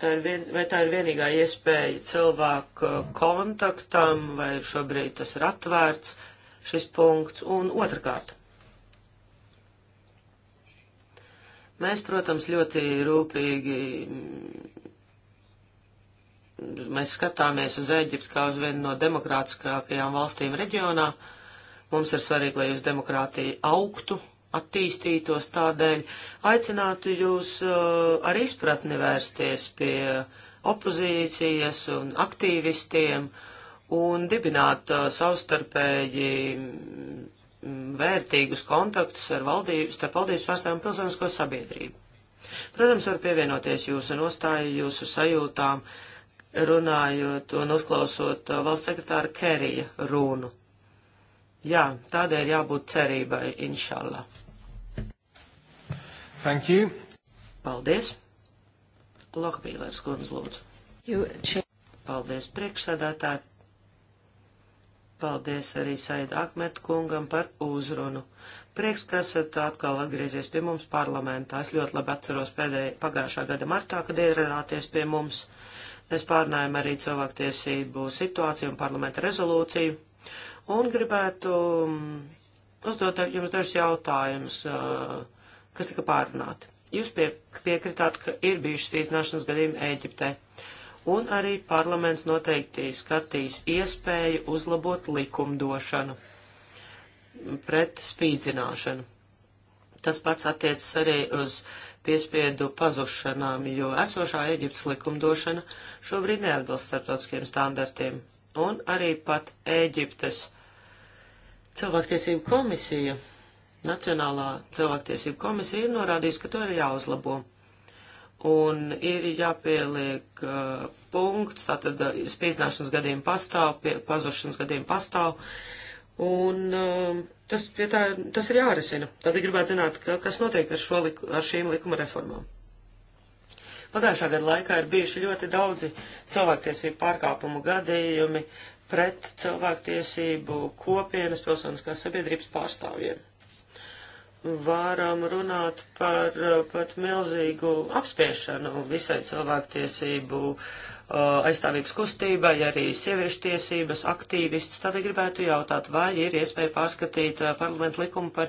Tā vien, vai tā ir vienīgā iespēja cilvēku eh, kontaktam, vai šobrīd tas ir atvērts šis punkts? Un otrkārt, mēs, protams, ļoti rūpīgi mm, mēs skatāmies uz Eģiptu kā uz vienu no demokrātiskākajām valstīm reģionā, mums ir svarīgi, lai jūs demokrātija augtu, attīstītos tādēļ, aicinātu jūs uh, ar izpratni vērsties pie opozīcijas un aktīvistiem un dibināt uh, savstarpēji mm, vērtīgus kontaktus ar valdības, starp valdības pārstāvjiem un pilsonisko sabiedrību. Protams, var pievienoties jūsu nostāju, jūsu sajūtām, uh, runājot un uzklausot uh, valsts sekretāra Kerija runu. Jā, tādēļ jābūt cerībai, inšallā. Thank you. Paldies. Lokbīlērs kundz lūdzu. Paldies priekšsēdētāji. Paldies arī Saida Akmet kungam par uzrunu. Prieks, ka esat atkal atgriezies pie mums parlamentā. Es ļoti labi atceros pēdējā pagājušā gada martā, kad ierunāties pie mums. Uh, Mēs pārnājam arī cilvēktiesību situāciju un parlamenta rezolūciju. Un gribētu mm, uzdot jums dažus jautājumus, kas tika pārrunāti. Jūs pie, piekritāt, ka ir bijušas vīzināšanas gadījumi Ēģiptē. Un arī parlaments noteikti skatīs iespēju uzlabot likumdošanu pret spīdzināšanu. Tas pats attiecas arī uz uh, piespiedu pazušanām, jo esošā Eģiptes likumdošana šobrīd neatbilst starptautiskiem standartiem. Un arī pat Eģiptes cilvēktiesību komisija, Nacionālā cilvēktiesību komisija ir norādījusi, ka to ir jāuzlabo. Un ir jāpieliek uh, punkts, tātad spīdzināšanas gadījumi pastāv, pie, pazušanas gadījumi pastāv. Uh, Un um, tas, pie tā, tas ir jārisina. Tad ir gribētu zināt, ka, kas notiek ar, šo, liku, ar šīm likuma reformām. Pagājušā gada laikā ir bijuši ļoti daudzi cilvēktiesību pārkāpumu gadījumi pret cilvēktiesību kopienas pilsoniskās sabiedrības pārstāvjiem. Varam runāt par pat milzīgu apspiešanu visai cilvēktiesību uh, Uh, aizstāvības kustībai, arī sieviešu tiesības, aktīvists. Tādēļ gribētu jautāt, vai ir iespēja pārskatīt uh, parlamentu likumu par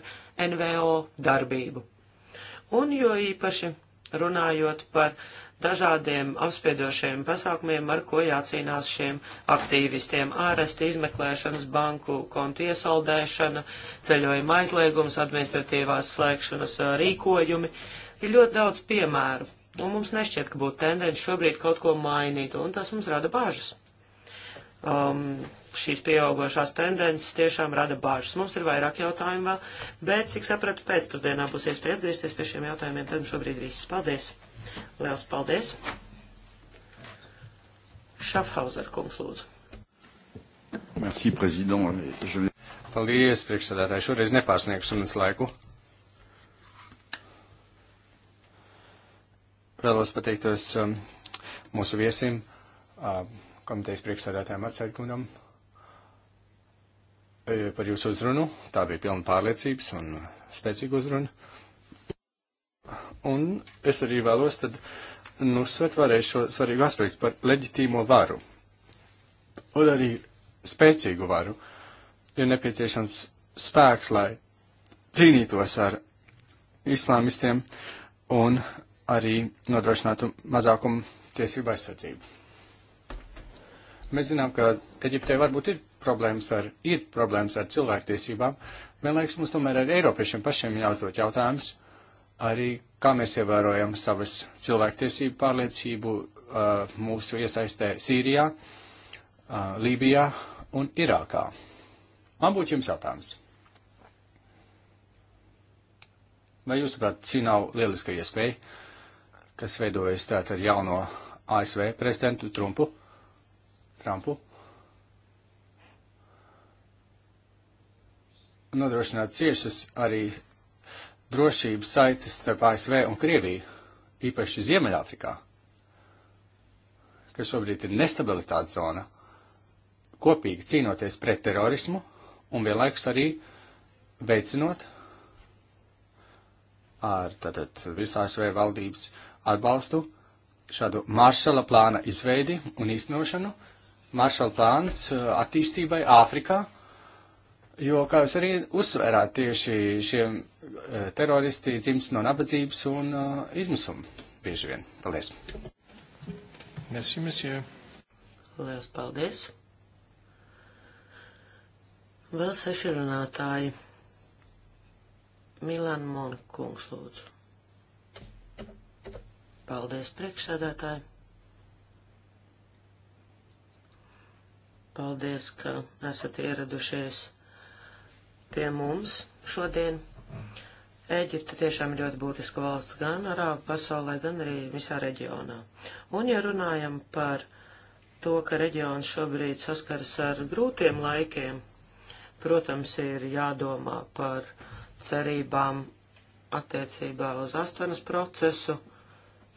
NVO darbību. Un jo īpaši runājot par dažādiem apspiedošiem pasākumiem, ar ko jācīnās šiem aktīvistiem - āresti, izmeklēšanas, banku kontu iesaldēšana, ceļojuma aizliegums, administratīvās slēgšanas uh, rīkojumi. Ir ļoti daudz piemēru Un mums nešķiet, ka būtu tendence šobrīd kaut ko mainīt, un tas mums rada bažas. Um, šīs pieaugošās tendences tiešām rada bāžas. Mums ir vairāk jautājumu vēl, bet, cik sapratu, pēcpusdienā būs iespēja atgriezties pie šiem jautājumiem. Tad šobrīd viss. Paldies! Liels paldies! Šafhauser kungs lūdzu. Merci, prezident. Je... Paldies, priekšsēdētāji. Šoreiz nepārsniegšu manas laiku. Vēlos pateiktos um, mūsu viesim, uh, komitejas priekšsēdētājiem atsaitkundam e, par jūsu uzrunu. Tā bija pilna pārliecības un spēcīga uzruna. Un es arī vēlos tad nusvert vēlreiz šo svarīgu aspektu par leģitīmo varu. Un arī spēcīgu varu. Ir nepieciešams spēks, lai cīnītos ar islāmistiem un arī nodrošinātu mazākumu tiesību aizsardzību. Mēs zinām, ka Eģiptē varbūt ir problēmas ar, ir problēmas ar cilvēktiesībām. Vienlaiks mums tomēr ar Eiropiešiem pašiem jāuzdot jautājums arī, kā mēs ievērojam savas cilvēktiesību pārliecību uh, mūsu iesaistē Sīrijā, uh, Lībijā un Irākā. Man būtu jums jautājums. Vai jūs saprotat, šī nav lieliska iespēja kas veidojas tātad ar jauno ASV prezidentu Trumpu, Trumpu, nodrošināt ciešas arī drošības saites starp ASV un Krieviju, īpaši Ziemeļāfrikā, kas šobrīd ir nestabilitātes zona, kopīgi cīnoties pret terorismu un vienlaikus arī veicinot ar tātad visās vai valdības uh, atbalstu šādu maršala plāna izveidi un īstenošanu. Maršala plāns uh, attīstībai Āfrikā, jo, kā jūs arī uzsvērāt, tieši šie uh, teroristi dzimst no nabadzības un uh, izmisuma bieži vien. Paldies! Merci, monsieur. Lielas paldies! Vēl seši runātāji. Milan Monkungs, lūdzu. Paldies, priekšsēdētāji. Paldies, ka esat ieradušies pie mums šodien. Ēģipte tiešām ir ļoti būtiska valsts gan Arābu pasaulē, gan arī visā reģionā. Un, ja runājam par to, ka reģions šobrīd saskaras ar grūtiem laikiem, protams, ir jādomā par cerībām attiecībā uz astonas procesu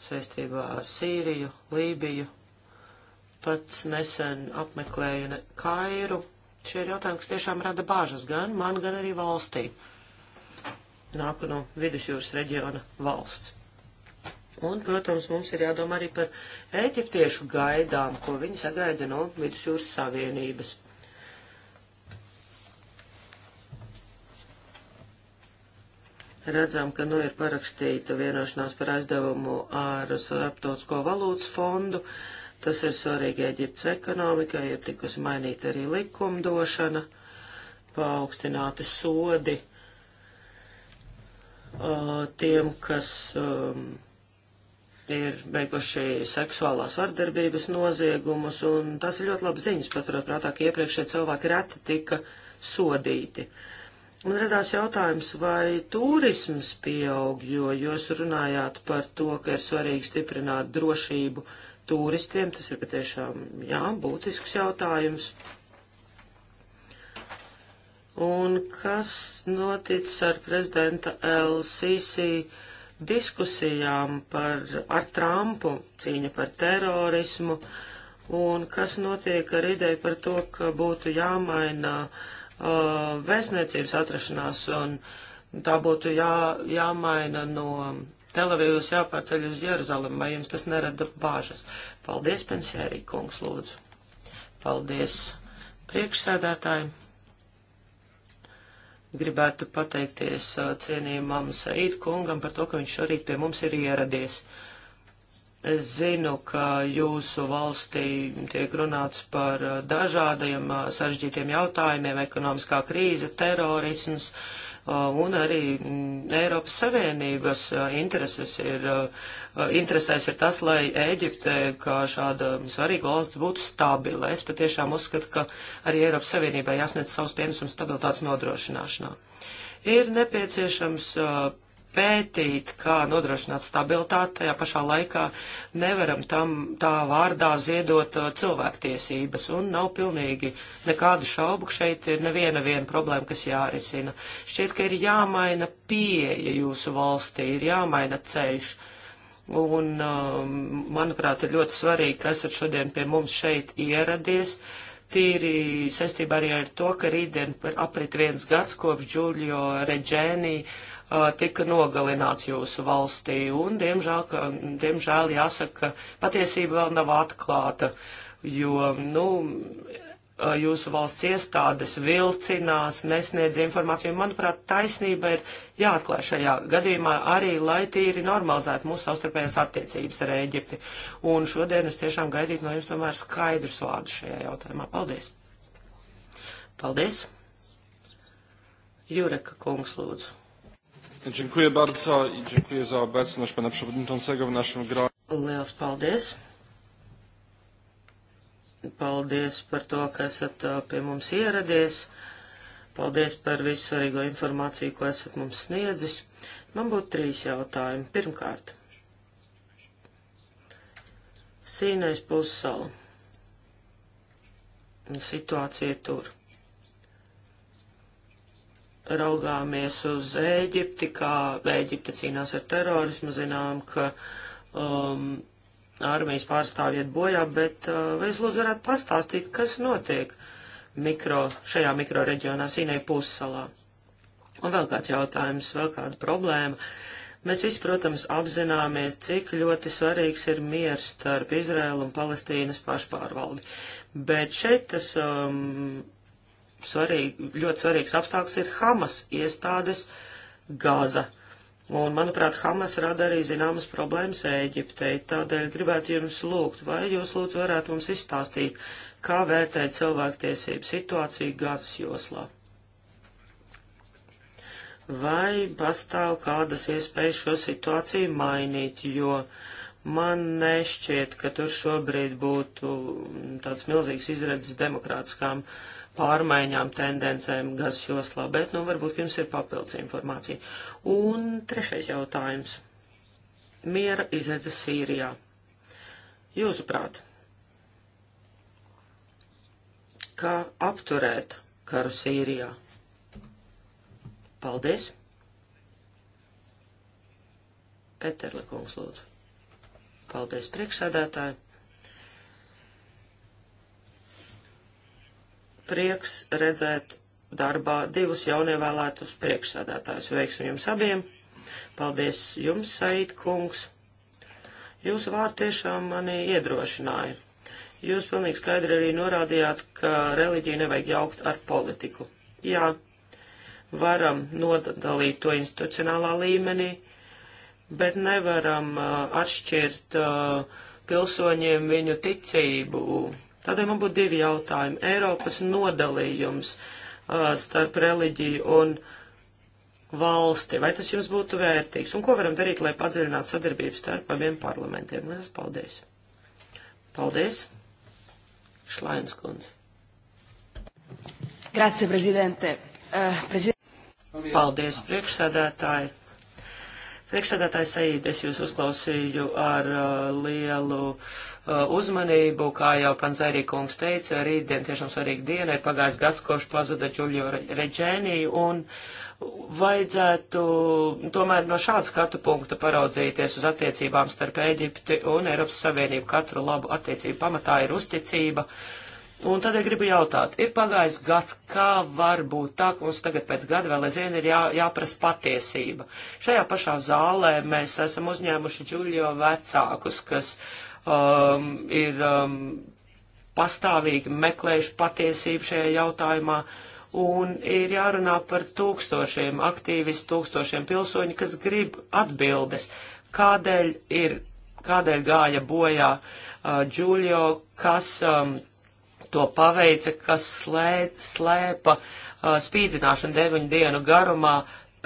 saistībā ar Sīriju, Lībiju. Pats nesen apmeklēju ne Kairu. Šie ir jautājumi, kas tiešām rada bāžas gan man, gan arī valstī. Nāku no vidusjūras reģiona valsts. Un, protams, mums ir jādomā arī par eģiptiešu gaidām, ko viņi sagaida no vidusjūras savienības. redzam, ka nu ir parakstīta vienošanās par aizdevumu ar Starptautisko valūtas fondu. Tas ir svarīgi Eģiptes ekonomikai, ir tikusi mainīta arī likumdošana, paaugstināti sodi tiem, kas ir beiguši seksuālās vardarbības noziegumus, un tas ir ļoti labi ziņas, paturot prātā, ka iepriekšēji cilvēki reti tika sodīti. Uh, Man radās jautājums, vai turisms pieaug, jo jūs runājāt par to, ka ir svarīgi stiprināt drošību turistiem. Tas ir patiešām, jā, būtisks jautājums. Un kas noticis ar prezidenta LCC diskusijām par, ar Trumpu, cīņa par terorismu, un kas notiek ar ideju par to, ka būtu jāmaina uh, uh, vēstniecības atrašanās, un tā būtu jā, jāmaina no Telavīvas jāpārceļ uz Jeruzalem, vai jums tas nerada bāžas? Paldies, pensērī kungs, lūdzu. Paldies priekšsēdētājiem. Gribētu pateikties uh, cienījumam Said kungam par to, ka viņš šorīt pie mums ir ieradies. Uh, Es zinu, ka jūsu valstī tiek runāts par uh, dažādiem uh, sarežģītiem jautājumiem - ekonomiskā krīze, terorisms, uh, un arī mm, Eiropas Savienības intereses ir, interesēs ir tas, lai Ēģipte, kā šāda svarīga valsts, būtu stabila. Es patiešām uzskatu, ka arī Eiropas Savienībai jāsniedz savus pienesums stabilitātes nodrošināšanā. Ir nepieciešams uh, pētīt, kā nodrošināt stabilitāti, tajā pašā laikā nevaram tam tā vārdā ziedot uh, cilvēktiesības, un nav pilnīgi nekādu šaubu, ka šeit ir neviena viena problēma, kas jārisina. Šķiet, ka ir jāmaina pieeja jūsu valstī, ir jāmaina ceļš. Un, um, manuprāt, ir ļoti svarīgi, ka esat šodien pie mums šeit ieradies tīri saistībā arī ar to, ka rītdien aprit viens gads kopš Džulio Reģēnī tika nogalināts jūsu valstī, un, diemžēl, ka, diemžēl jāsaka, ka patiesība vēl nav atklāta, jo, nu, jūsu valsts iestādes vilcinās, nesniedz informāciju. Manuprāt, taisnība ir jāatklāj šajā gadījumā arī, lai tīri normalizētu mūsu savstarpējās attiecības ar Ēģipti. Un šodien es tiešām gaidītu no jums tomēr skaidrus vārdus šajā jautājumā. Paldies! Paldies! Jureka kungs lūdzu. Dziękuję bardzo i dziękuję za obecność pana przewodniczącego w naszym gronie. Lielas paldies! Paldies par to, ka esat pie mums ieradies. Paldies par visu svarīgo informāciju, ko esat mums sniedzis. Man būtu trīs jautājumi. Pirmkārt, Sīnais pussala. Situācija tur raugāmies uz Ēģipti, kā Ēģipte cīnās ar terorismu, zinām, ka um, armijas pārstāvjiet bojā, bet uh, es lūdzu varētu pastāstīt, kas notiek mikro, šajā mikroreģionā Sīnei pussalā. Un vēl kāds jautājums, vēl kāda problēma. Mēs visi, protams, apzināmies, cik ļoti svarīgs ir miers starp Izraēlu un Palestīnas pašpārvaldi. Bet šeit tas um, svarīgi, ļoti svarīgs apstākļus ir Hamas iestādes Gaza. Un, manuprāt, Hamas rada arī zināmas problēmas Ēģiptei. Tādēļ gribētu jums lūgt, vai jūs lūdzu varētu mums izstāstīt, kā vērtēt cilvēktiesību situāciju Gazas joslā. Vai pastāv kādas iespējas šo situāciju mainīt, jo man nešķiet, ka tur šobrīd būtu tāds milzīgs izredzes demokrātiskām uh, pārmaiņām, tendencēm gazas joslā, bet, nu, varbūt jums ir papildus informācija. Un trešais jautājums. Miera izredze Sīrijā. Jūsuprāt, kā apturēt karu Sīrijā? Paldies! Eterlikungs lūdzu. Paldies priekšsādātāji! prieks redzēt darbā divus jaunievēlētus priekšsēdētājus. Veiksim jums abiem. Paldies jums, Said kungs. Jūsu vārdi tiešām mani iedrošināja. Jūs pilnīgi skaidri arī norādījāt, ka reliģiju nevajag jaukt ar politiku. Jā, varam nodalīt to institucionālā līmenī, bet nevaram uh, atšķirt uh, pilsoņiem viņu ticību Tādēļ man būtu divi jautājumi. Eiropas nodalījums uh, starp reliģiju un valsti, vai tas jums būtu vērtīgs? Un ko varam darīt, lai padziļinātu sadarbību starp abiem parlamentiem? Lielas paldies! Paldies! Šlainas kundze. Grazie, prezidente. Uh, prezidente. Paldies, priekšsēdētāji. Priekšsēdētājs Saīd, es jūs uzklausīju ar uh, lielu uh, uzmanību, kā jau Panzērī kungs teica, rītdien tiešām svarīga diena, ir pagājis gads, kopš pazuda Džulio Reģēnī, un vajadzētu tomēr no šāda skatu punkta paraudzīties uz attiecībām starp Ēģipti un Eiropas Savienību. Katru labu attiecību pamatā ir uzticība. Uh, Un tad es gribu jautāt, ir pagājis gads, kā var būt tā, ka mums tagad pēc gada vēl aizvien ir jā, jāprasa patiesība. Šajā pašā zālē mēs esam uzņēmuši Džulio vecākus, kas um, ir um, pastāvīgi meklējuši patiesību šajā jautājumā. Un ir jārunā par tūkstošiem aktīvistu, tūkstošiem pilsoņu, kas grib atbildes, kādēļ ir, kādēļ gāja bojā uh, Džulio, kas. Um, to paveica, kas slē, slēpa uh, spīdzināšanu deviņu dienu garumā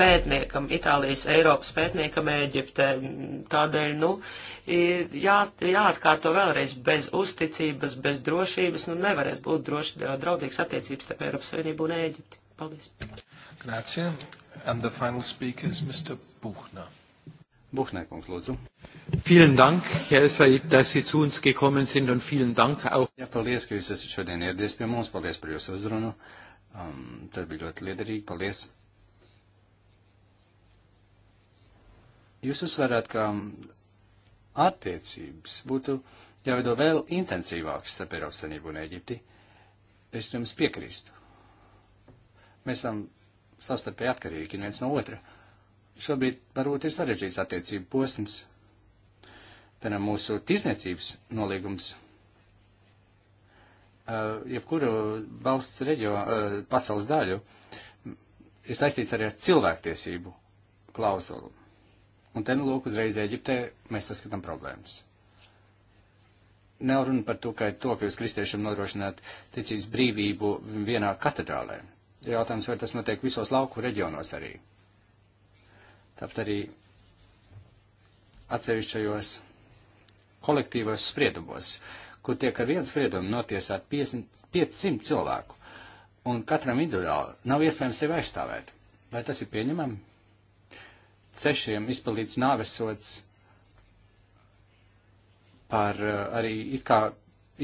pētniekam, Itālijas Eiropas pētniekam Ēģiptē. Tādēļ, nu, jā, jāatkārto vēlreiz, bez uzticības, bez drošības, nu, nevarēs būt droši, draudzīgs attiecības starp Eiropas Savienību un Ēģipti. Paldies. Grazie. And the final speaker is Mr. Buchner. Buhnēkungs, lūdzu. Vielen Dank, Herr Said, dass Sie zu uns gekommen sind un vielen Dank auch. Jā, paldies, ka jūs esat šodien ieradies pie mums. Paldies par jūsu uzrunu. Um, tad bija ļoti liederīgi. Paldies. Jūs uzsverāt, ka um, attiecības būtu jāveido vēl intensīvākas starp Eiropas Savienību un Eģipti. Es jums piekrīstu. Mēs esam savstarpēji atkarīgi viens no otra. Uh, šobrīd varbūt ir sarežģīts attiecību posms, piemēram, mūsu tirzniecības nolīgums. Uh, jebkuru valsts reģio, uh, pasaules daļu ir saistīts arī ar cilvēktiesību klauzulu. Un te nu lūk uzreiz Eģiptē mēs saskatām problēmas. Nav runa par to, ka to, ka jūs kristiešiem nodrošināt ticības brīvību vienā katedrālē. Jautājums, vai tas notiek visos lauku reģionos arī. Uh, tāpat arī atsevišķajos kolektīvos spriedumos, kur tiek ar vienu spriedumu notiesāt 500 cilvēku, un katram individuāli nav iespējams sevi aizstāvēt. Vai tas ir pieņemami? Cešiem izpildīts nāvesots par uh, arī it kā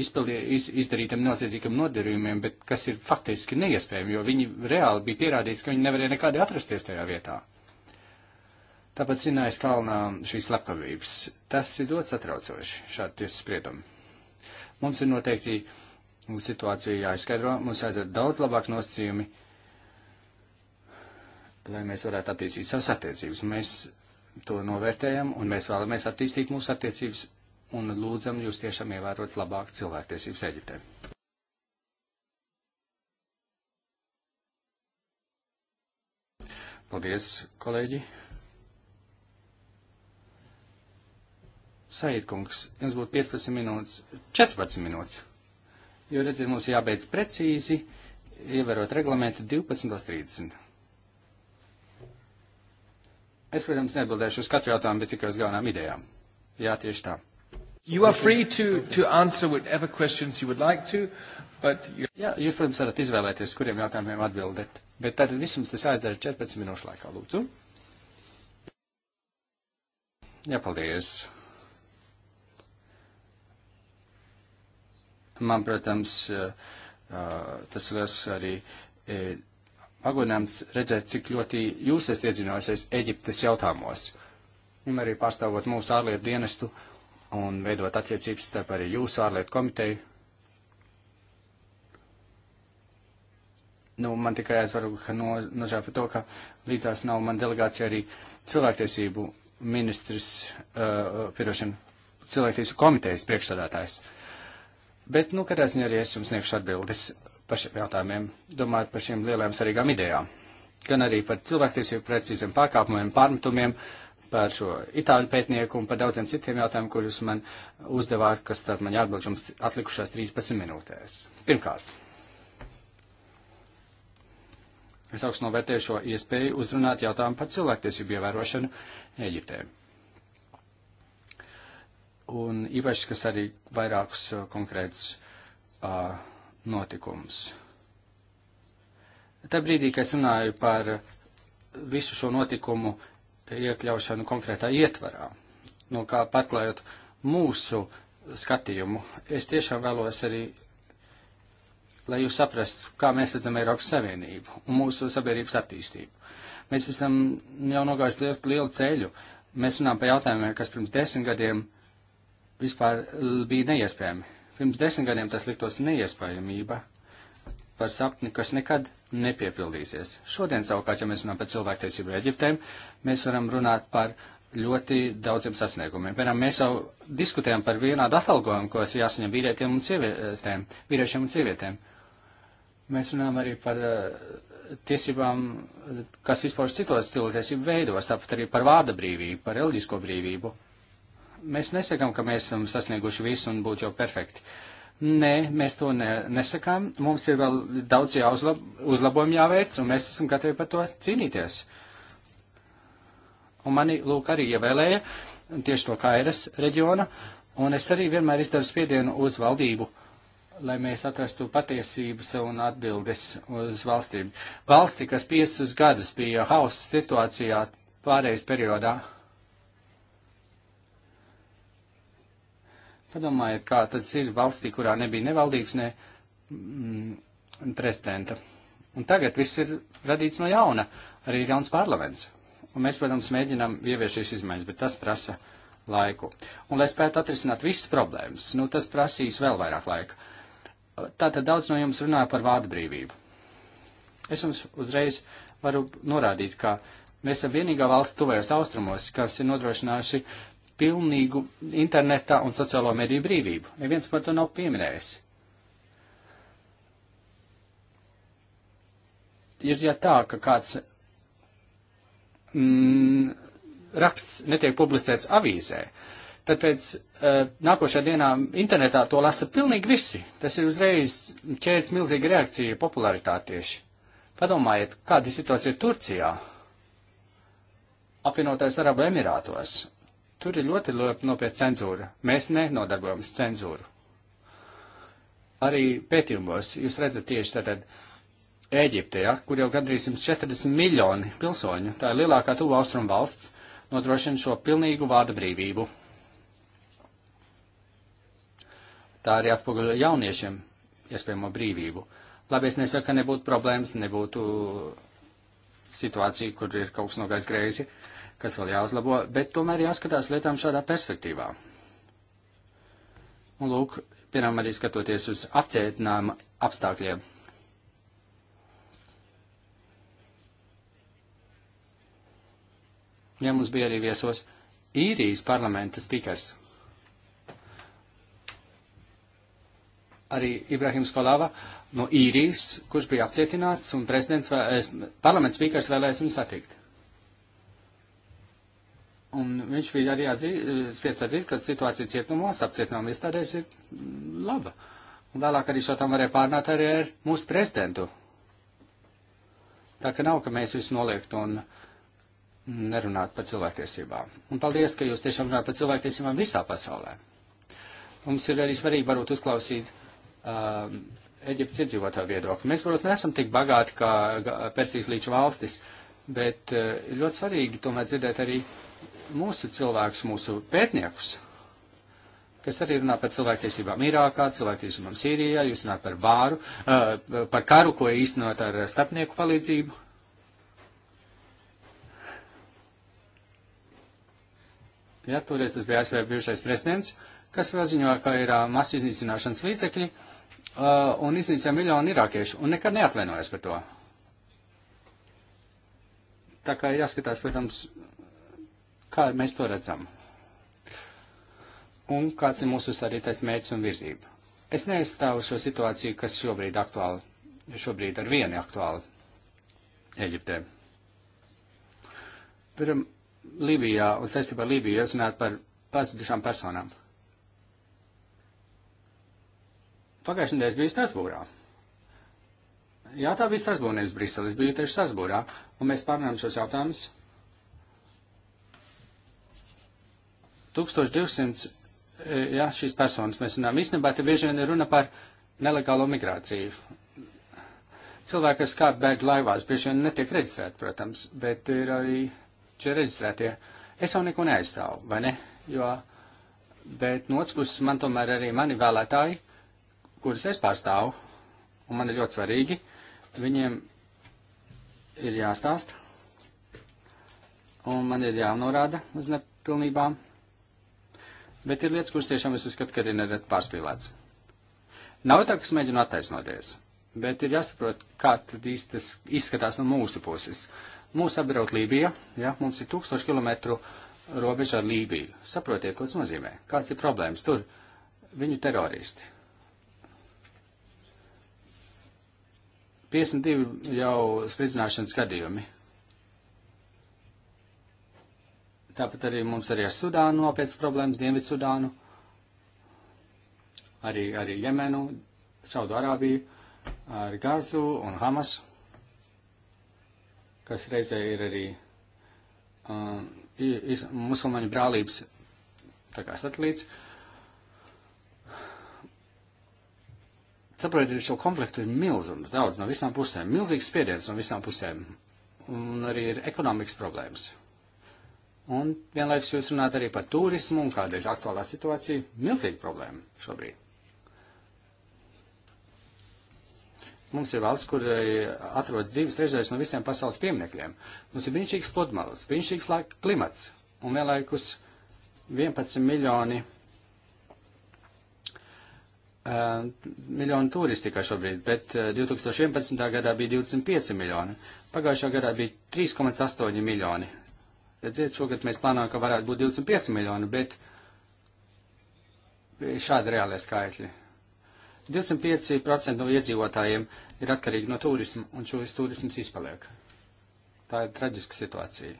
izpildī, iz, izdarītam noziedzīgam nodarījumiem, bet kas ir faktiski neiespējami, jo viņi reāli bija pierādīts, ka viņi nevarēja nekādi atrasties tajā vietā. Tāpat zinājas kalnā šīs slepkavības. Tas ir ļoti satraucoši, šādi tiesas spriedumi. Mums ir noteikti situācija jāizskaidro, mums aiziet daudz labāk nosacījumi, lai mēs varētu attīstīt savas attiecības. Mēs to novērtējam un mēs vēlamies attīstīt mūsu attiecības un lūdzam jūs tiešām ievērot labāk cilvēktiesības Eģiptē. Paldies, kolēģi! Saidkungs, jums būtu 15 minūtes, 14 minūtes, jo, redziet, mums jābeidz precīzi, ievērot reglamentu 12.30. Es, protams, neatbildēšu uz katru jautājumu, bet tikai uz galvenām idejām. Jā, tieši tā. You are free to, to answer whatever questions you would like to, but you... Jā, jūs, protams, varat izvēlēties, kuriem jautājumiem atbildēt, bet tātad visums tas aizdara 14 minūšu laikā, lūdzu. Jā, paldies. Man, protams, eh, eh, tas liels arī eh, pagodinājums redzēt, cik ļoti jūs esat iedzinājusies Eģiptes jautājumos. Un arī pārstāvot mūsu ārlietu dienestu un veidot attiecības starp arī jūsu ārlietu komiteju. Nu, man tikai aizvaru, ka no, nožēl par to, ka līdzās nav man delegācija arī cilvēktiesību ministrs, uh, pirošana, cilvēktiesību komitejas priekšsādātājs. Uh, Bet, nu, katrā ziņā arī es jums sniegšu atbildes par šiem jautājumiem, domājot par šīm lielajām svarīgām idejām. Gan arī par cilvēktiesību precīziem pārkāpumiem, pārmetumiem, par šo itāļu pētnieku un par daudziem citiem jautājumiem, kurus man uzdevāt, kas tad man jāatbild jums atlikušās 13 minūtēs. Pirmkārt, es augstu novērtēju šo iespēju uzrunāt jautājumu par cilvēktiesību ievērošanu Eģiptē un īpaši, kas arī vairākus uh, konkrētus uh, notikumus. Tā brīdī, kad es runāju par visu šo notikumu iekļaušanu konkrētā ietvarā, no nu, kā patklājot mūsu skatījumu, es tiešām vēlos arī, lai jūs saprastu, kā mēs redzam Eiropas Savienību un mūsu sabiedrības attīstību. Mēs esam jau nogājuši lielu, lielu ceļu. Mēs runājam par jautājumiem, kas pirms desmit gadiem uh, vispār eh, bija neiespējami. Pirms desmit gadiem tas liktos neiespējamība par sapni, kas nekad nepiepildīsies. Šodien savukārt, ja mēs runājam par cilvēktiesību Eģiptēm, mēs varam runāt par ļoti daudziem sasniegumiem. Piemēram, mēs jau diskutējam par vienādu atalgojumu, ko jāsaņem vīrietiem un sievietēm, vīriešiem un sievietēm. Mēs runājam arī par eh, tiesībām, kas izpauž citos cilvēktiesību veidos, tāpat arī par vārda brīvību, par reliģisko brīvību. Mēs nesakām, ka mēs esam sasnieguši visu un būtu jau perfekti. Nē, mēs to ne, nesakām. Mums ir vēl daudz jāuzlab, uzlabojumi jāveic, un mēs esam gatavi par to cīnīties. Un mani lūk arī ievēlēja tieši to Kairas reģiona, un es arī vienmēr izdaru spiedienu uz valdību lai mēs atrastu patiesības un atbildes uz valstīm. Valsti, kas 5 gadus bija hausa situācijā pārējais periodā, Padomājiet, kā tas ir valstī, kurā nebija nevaldības, ne mm, prezidenta. Un tagad viss ir radīts no jauna, arī ir jauns parlaments. Un mēs, protams, mēģinām ievieš šīs izmaiņas, bet tas prasa laiku. Un, lai spētu atrisināt visas problēmas, nu, tas prasīs vēl vairāk laika. Tātad daudz no jums runāja par vārdu brīvību. Es jums uzreiz varu norādīt, ka mēs esam vienīgā valsts tuvējos austrumos, kas ir nodrošinājuši pilnīgu internetā un sociālo mediju brīvību. Neviens par to nav pieminējis. Ir ja tā, ka kāds mm, raksts netiek publicēts avīzē, tad pēc uh, nākošajā dienā internetā to lasa pilnīgi visi. Tas ir uzreiz ķēdes milzīga reakcija popularitāte tieši. Padomājiet, kāda situācija ir Turcijā, apvienotais Arabu Emirātos, Tur ir ļoti nopietna cenzūra. Mēs nenodarbojamies cenzūru. Arī pētījumos jūs redzat tieši tātad Ēģipte, ja, kur jau gandrīz 140 miljoni pilsoņu, tā ir lielākā tuvu austrumu valsts, nodrošina šo pilnīgu vārda brīvību. Tā arī atspoguļo jauniešiem iespējamo brīvību. Labi, es nesaku, ka nebūtu problēmas, nebūtu situāciju, kur ir kaut kas nogājis greizi, kas vēl jāuzlabo, bet tomēr jāskatās lietām šādā perspektīvā. Un lūk, piemēram, arī skatoties uz apcietinājuma apstākļiem. Ja mums bija arī viesos īrijas parlamenta spīkers, arī Ibrahims Kolava no īrijas, kurš bija apcietināts un prezidents vēlēs, parlaments spīkars vēlēs viņu satikt. Un viņš bija arī eh, spiests atzīt, ka situācija cietumos apcietinām iestādēs ir mm, laba. Un vēlāk arī šo tam varēja pārnāt arī ar mūsu prezidentu. Tā ka nav, ka mēs visu noliegt un mm, nerunāt par cilvēktiesībām. Un paldies, ka jūs tiešām runājat par cilvēktiesībām visā pasaulē. Mums ir arī svarīgi varbūt uzklausīt um, Eģiptes iedzīvotāju viedokli. Mēs, varbūt, nesam tik bagāti kā Persijas līča valstis, bet uh, ļoti svarīgi tomēr dzirdēt arī mūsu cilvēkus, mūsu pētniekus, kas arī runā par cilvēktiesībām Irākā, cilvēktiesībām Sīrijā, jūs runājat par vāru, uh, par karu, ko īstenot ar starpnieku palīdzību. Ja, toreiz tas bija ASV bijušais prezidents, kas vēl ziņo, ka ir uh, masu iznīcināšanas līdzekļi. Uh, uh, un iznīcina miljonu irākiešu, un nekad neatvainojas par to. Tā kā ir jāskatās, protams, kā mēs to redzam. Un kāds ir mūsu stādītais mērķis un virzība. Es neaizstāvu šo situāciju, kas šobrīd aktuāli, šobrīd ar vienu aktuāli Eģiptē. Piram, Lībijā un saistībā ar Lībiju jūs runājat par pazudušām personām. Pagājušajā nedēļā biju Strasbūrā. Jā, tā bija Strasbūra, nevis Brisele. Es biju tieši Strasbūrā, un mēs pārnājām šos jautājumus. 1200, e, jā, šīs personas mēs runājam. Īstenībā te bieži vien runa par nelegālo migrāciju. Cilvēki, kas kāp bēg laivās, bieži vien netiek reģistrēti, protams, bet ir arī šie reģistrētie. Es jau neko neaizstāvu, vai ne? Jo, bet no otras puses man tomēr arī mani vēlētāji kuras es pārstāvu, un man ir ļoti svarīgi, viņiem ir jāstāst, un man ir jānorāda uz nepilnībām, bet ir lietas, kuras tiešām es uzskatu, ka ir nedaudz pārspīlēts. Nav tā, kas mēģina attaisnoties, bet ir jāsaprot, kā tad īsti tas izskatās no mūsu puses. Mūsu apdraud Lībija, ja, mums ir tūkstoši kilometru robeža ar Lībiju. Saprotiet, ko tas nozīmē? Kāds ir problēmas tur? Viņu teroristi. 52 jau spridzināšanas gadījumi. Tāpat arī mums arī ar Sudānu nopietnas problēmas, Dienvidu Sudānu, arī, arī Jemenu, Saudu Arābiju, ar Gazu un Hamasu, kas reizē ir arī um, musulmaņu brālības tā kā satelīts. Uh, Saprotiet, šo konfliktu ir milzums, daudz no visām pusēm, milzīgs spiediens no visām pusēm, un arī ir ekonomikas problēmas. Un vienlaikus jūs runājat arī par turismu un kāda ir aktuālā situācija. Milzīga problēma šobrīd. Mums ir valsts, kur eh, atrodas divas trešdaļas no visiem pasaules pieminekļiem. Mums ir brīnišķīgs pludmales, brīnišķīgs klimats un vienlaikus 11 miljoni Eh, miljoni turisti tikai šobrīd, bet 2011. Eh, gadā bija 25 miljoni, pagājušā gadā bija 3,8 miljoni. Redziet, šogad mēs plānojam, ka varētu būt 25 miljoni, bet šādi reālie skaitļi. 25% no iedzīvotājiem ir atkarīgi no turisma, un šis turisms izpaliek. Tā ir traģiska situācija.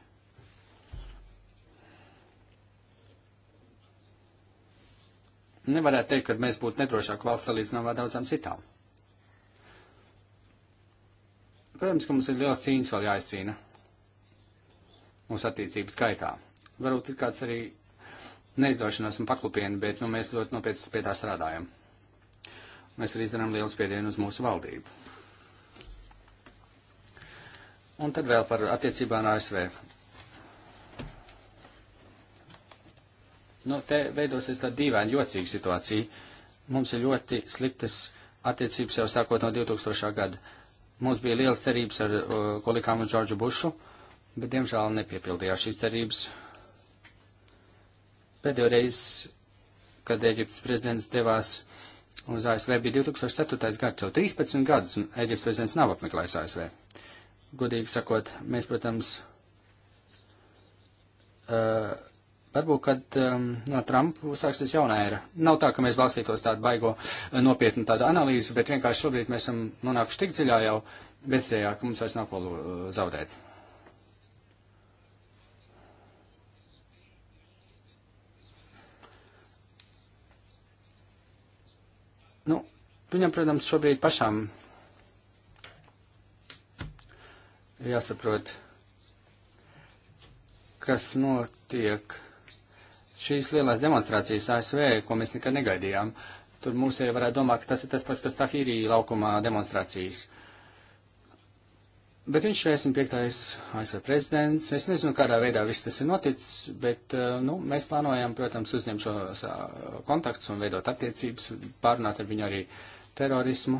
nevarētu teikt, ka mēs būtu nedrošāk valsts salīdzinām ar daudzām citām. Protams, ka mums ir liels cīņas vēl jāizcīna mūsu attīstības gaitā. Varbūt ir kāds arī neizdošanās un paklupieni, bet nu, mēs ļoti nopietni pie tā strādājam. Mēs arī izdarām lielu spiedienu uz mūsu valdību. Un tad vēl par attiecībām ar ASV. Nu, te veidosies tāda dīvaina, jocīga situācija. Mums ir ļoti sliktas attiecības jau sākot no 2000. gada. Mums bija lielas cerības ar uh, kolikām un Džordžu Bušu, bet, diemžēl, nepiepildījās šīs cerības. Pēdējo reizi, kad Eģiptes prezidents devās uz ASV, bija 2004. gads, jau 13 gadus, un Eģiptes prezidents nav apmeklējis ASV. Godīgi sakot, mēs, protams, uh, Varbūt, kad um, no Trumpa sāksies jauna era. Nav tā, ka mēs balstītos tādu baigo uh, nopietnu tādu analīzi, bet vienkārši šobrīd mēs esam nonākuši tik dziļā jau bezsējā, ka mums vairs nav ko uh, zaudēt. Nu, viņam, protams, šobrīd pašām jāsaprot, kas notiek šīs lielās demonstrācijas ASV, ko mēs nekad negaidījām, tur mūs jau varētu domāt, ka tas ir tas pats pēc Tahīrī laukumā demonstrācijas. Bet viņš ir 45. ASV prezidents. Es nezinu, kādā veidā viss tas ir noticis, bet eh, nu, mēs plānojam, protams, uzņemt šos kontaktus un veidot attiecības, pārunāt ar viņu arī terorismu.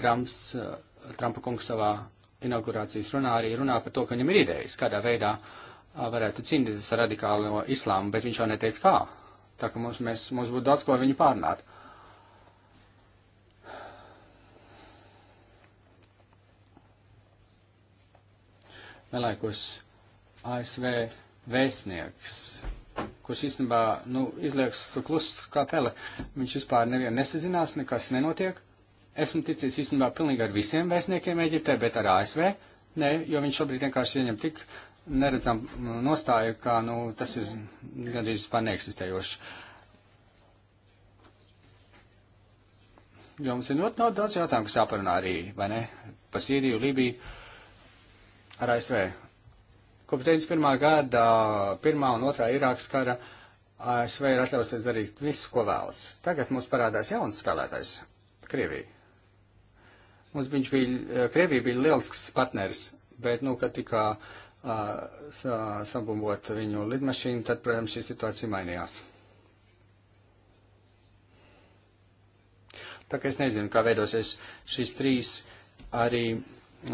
Trumps, eh, Trumpa kungs savā inaugurācijas runā arī runā par to, ka viņam ir idejas, kādā veidā uh, varētu cīnīties ar radikālo islāmu, bet viņš jau neteica kā. Tā ka mums, mēs, mums būtu daudz ko viņu pārnāt. Melēkus ASV vēstnieks, kurš īstenībā, nu, izlieks klusts kā pele, viņš vispār nevienu nesazinās, nekas nenotiek. Esmu ticis īstenībā pilnīgi ar visiem vēstniekiem Eģiptē, bet ar ASV, nē, jo viņš šobrīd vienkārši ieņem tik uh, neredzam nu, nostāju, kā nu, tas ir gandrīz vispār neeksistējoši. Jo mums ir ļoti no, daudz jautājumu, kas jāparunā arī, vai ne, pa Sīriju, Libiju, ar ASV. Kopš 91. gada pirmā un otrā Irākas kara ASV ir atļausies darīt visu, ko vēlas. Tagad mums parādās jauns spēlētājs - Krievija. Mums viņš bija, Krievija bija lielisks partners, bet, nu, kad tikā sabumbot viņu lidmašīnu, tad, protams, šī situācija mainījās. Tā kā es nezinu, kā veidosies šīs trīs arī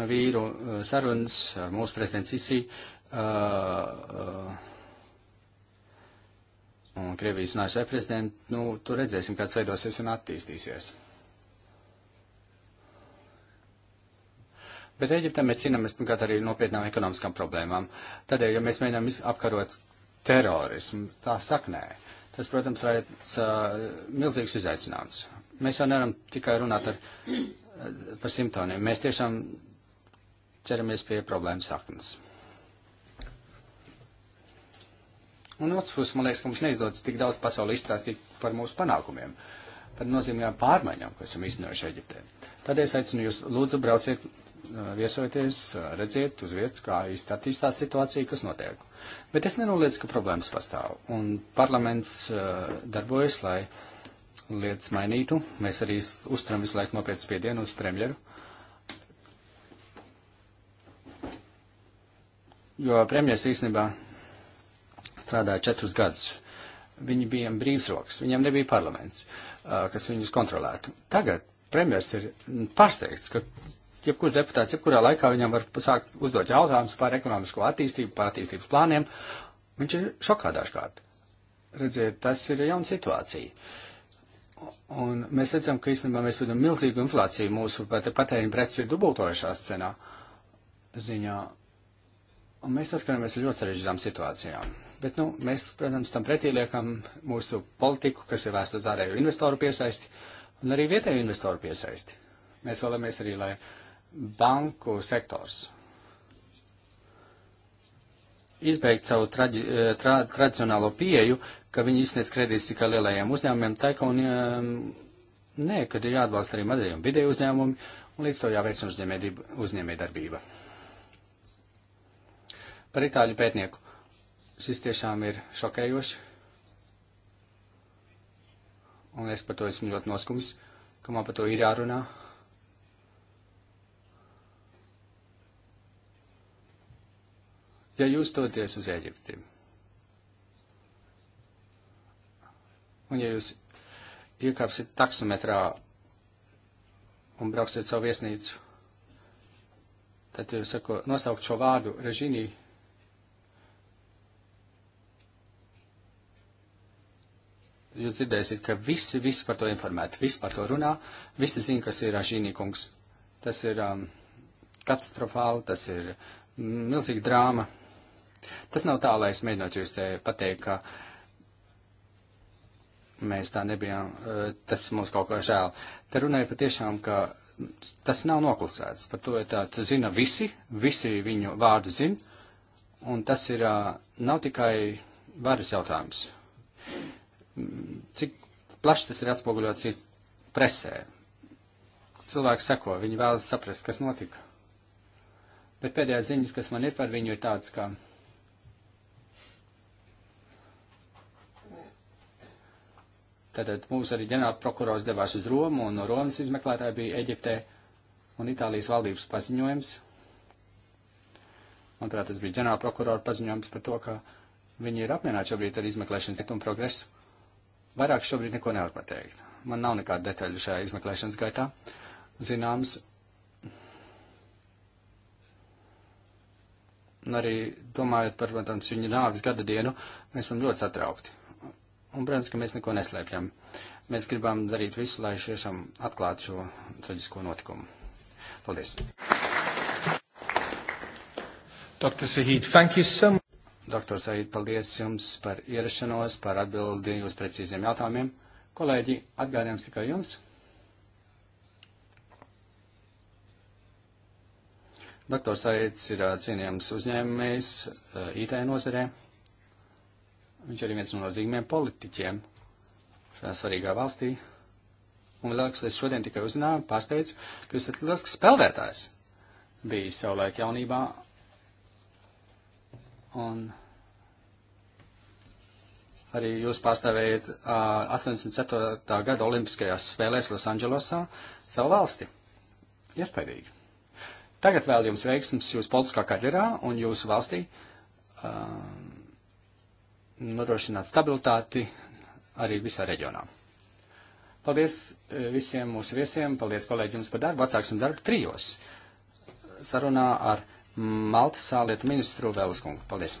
vīru sarunas, mūsu prezidents Isī, uh, uh, un Krievijas nāsē prezidents, nu, tur redzēsim, kāds veidosies un attīstīsies. Bet Eģiptē mēs cīnāmies pirmkārt arī nopietnām ekonomiskām problēmām. Tādēļ, ja mēs mēģinām apkarot terorismu tā saknē, tas, protams, ir uh, milzīgs izaicinājums. Mēs jau nevaram tikai runāt ar, par simptomiem. Mēs tiešām ķeramies pie problēmas saknes. Un otrs puses, man liekas, ka mums neizdodas tik daudz pasauli izstāstīt par mūsu panākumiem, par nozīmīgām pārmaiņām, ko esam izdarījuši Eģiptē. Tādēļ es aicinu jūs, lūdzu, brauciet viesojoties, redziet uz vietas, kā īsti attīstās situācija, kas notiek. Bet es nenoliedzu, ka problēmas pastāv. Un parlaments darbojas, lai lietas mainītu. Mēs arī uztram visu laiku nopietnu spiedienu uz premjeru. Jo premjeras īstenībā strādāja četrus gadus. Viņi bija brīvsroks, viņam nebija parlaments, kas viņus kontrolētu. Tagad premjeras ir pārsteigts, ka jebkurš deputāts, jebkurā laikā viņam var sākt uzdot jautājumus par ekonomisko attīstību, par attīstības plāniem. Viņš ir šokā dažkārt. Redziet, tas ir jauna situācija. Un mēs redzam, ka īstenībā mēs redzam milzīgu inflāciju mūsu patēriņu preci ir dubultojušās cenā ziņā. Un mēs saskaramies ar ļoti sarežģītām situācijām. Bet, nu, mēs, protams, tam pretī liekam mūsu politiku, kas ir vēsta uz ārēju investoru piesaisti un arī vietēju investoru piesaisti. Mēs vēlamies arī, lai banku sektors izbeigt savu traģi, eh, tra, tradicionālo pieju, ka viņi izsniedz kredītus tikai lielajiem uzņēmumiem, tā ka un, eh, nē, kad ir jāatbalsta arī mazajiem un vidēju uzņēmumi, un līdz to jāveicina uzņēmējdarbība. Par itāļu pētnieku. Šis tiešām ir šokējoši. Un es par to esmu ļoti noskums, ka man par to ir jārunā. Ja jūs doties uz Eģipti, un ja jūs iekāpsiet taksometrā un brauksiet savu viesnīcu, tad jūs sako, nosaukt šo vārdu režīnī. Jūs dzirdēsiet, ka visi, visi par to informēti, visi par to runā, visi zina, kas ir Ražīnī kungs. Tas ir um, katastrofāli, tas ir mm, milzīga drāma, Tas nav tā, lai es mēģinātu jūs te pateikt, ka mēs tā nebijām, tas mums kaut kā žēl. Te runāja patiešām, ka tas nav noklusēts. Par to ir tā, tu zina visi, visi viņu vārdu zina, un tas ir, nav tikai varas jautājums. Cik plaši tas ir atspoguļots presē. Cilvēki seko, viņi vēlas saprast, kas notika. Bet pēdējās ziņas, kas man ir par viņu, ir tādas, ka. Kā Tātad mūsu arī ģenerālprokurors devās uz Romu, un no Romas izmeklētāji bija Eģiptē, un Itālijas valdības paziņojums. Manuprāt, tas bija ģenerālprokurora paziņojums par to, ka viņi ir apmierināti šobrīd ar izmeklēšanas un progresu. Vairāk šobrīd neko nevar pateikt. Man nav nekāda detaļa šajā izmeklēšanas gaitā. Zināms, un arī domājot par, protams, viņa nāves gada dienu, mēs esam ļoti satraukti. Un, protams, ka mēs neko neslēpjam. Mēs gribam darīt visu, lai šiešām atklātu šo traģisko notikumu. Paldies! Dr. Sahid, thank you so much. Dr. Sahid, paldies jums par ierašanos, par atbildi uz precīziem jautājumiem. Kolēģi, atgādījums tikai jums. Dr. Saids ir cienījams uzņēmējs IT nozarē. Viņš arī viens no nozīmīgiem politiķiem šajā svarīgā valstī. Un vēlāks, es šodien tikai uzzināju, pārsteidzu, ka jūs esat lielisks spēlētājs. Bija savulaik jaunībā. Un arī jūs pārstāvējat uh, 84. gada Olimpiskajās spēlēs Losandželosā savu valsti. Iespējīgi. Tagad vēl jums veiksms jūsu politiskā karjerā un jūsu valstī. Uh, nodrošināt stabilitāti arī visā reģionā. Paldies eh, visiem mūsu viesiem, paldies kolēģi jums par darbu, atsāksim darbu trijos sarunā ar Maltas sālietu ministru Vēliskungu. Paldies!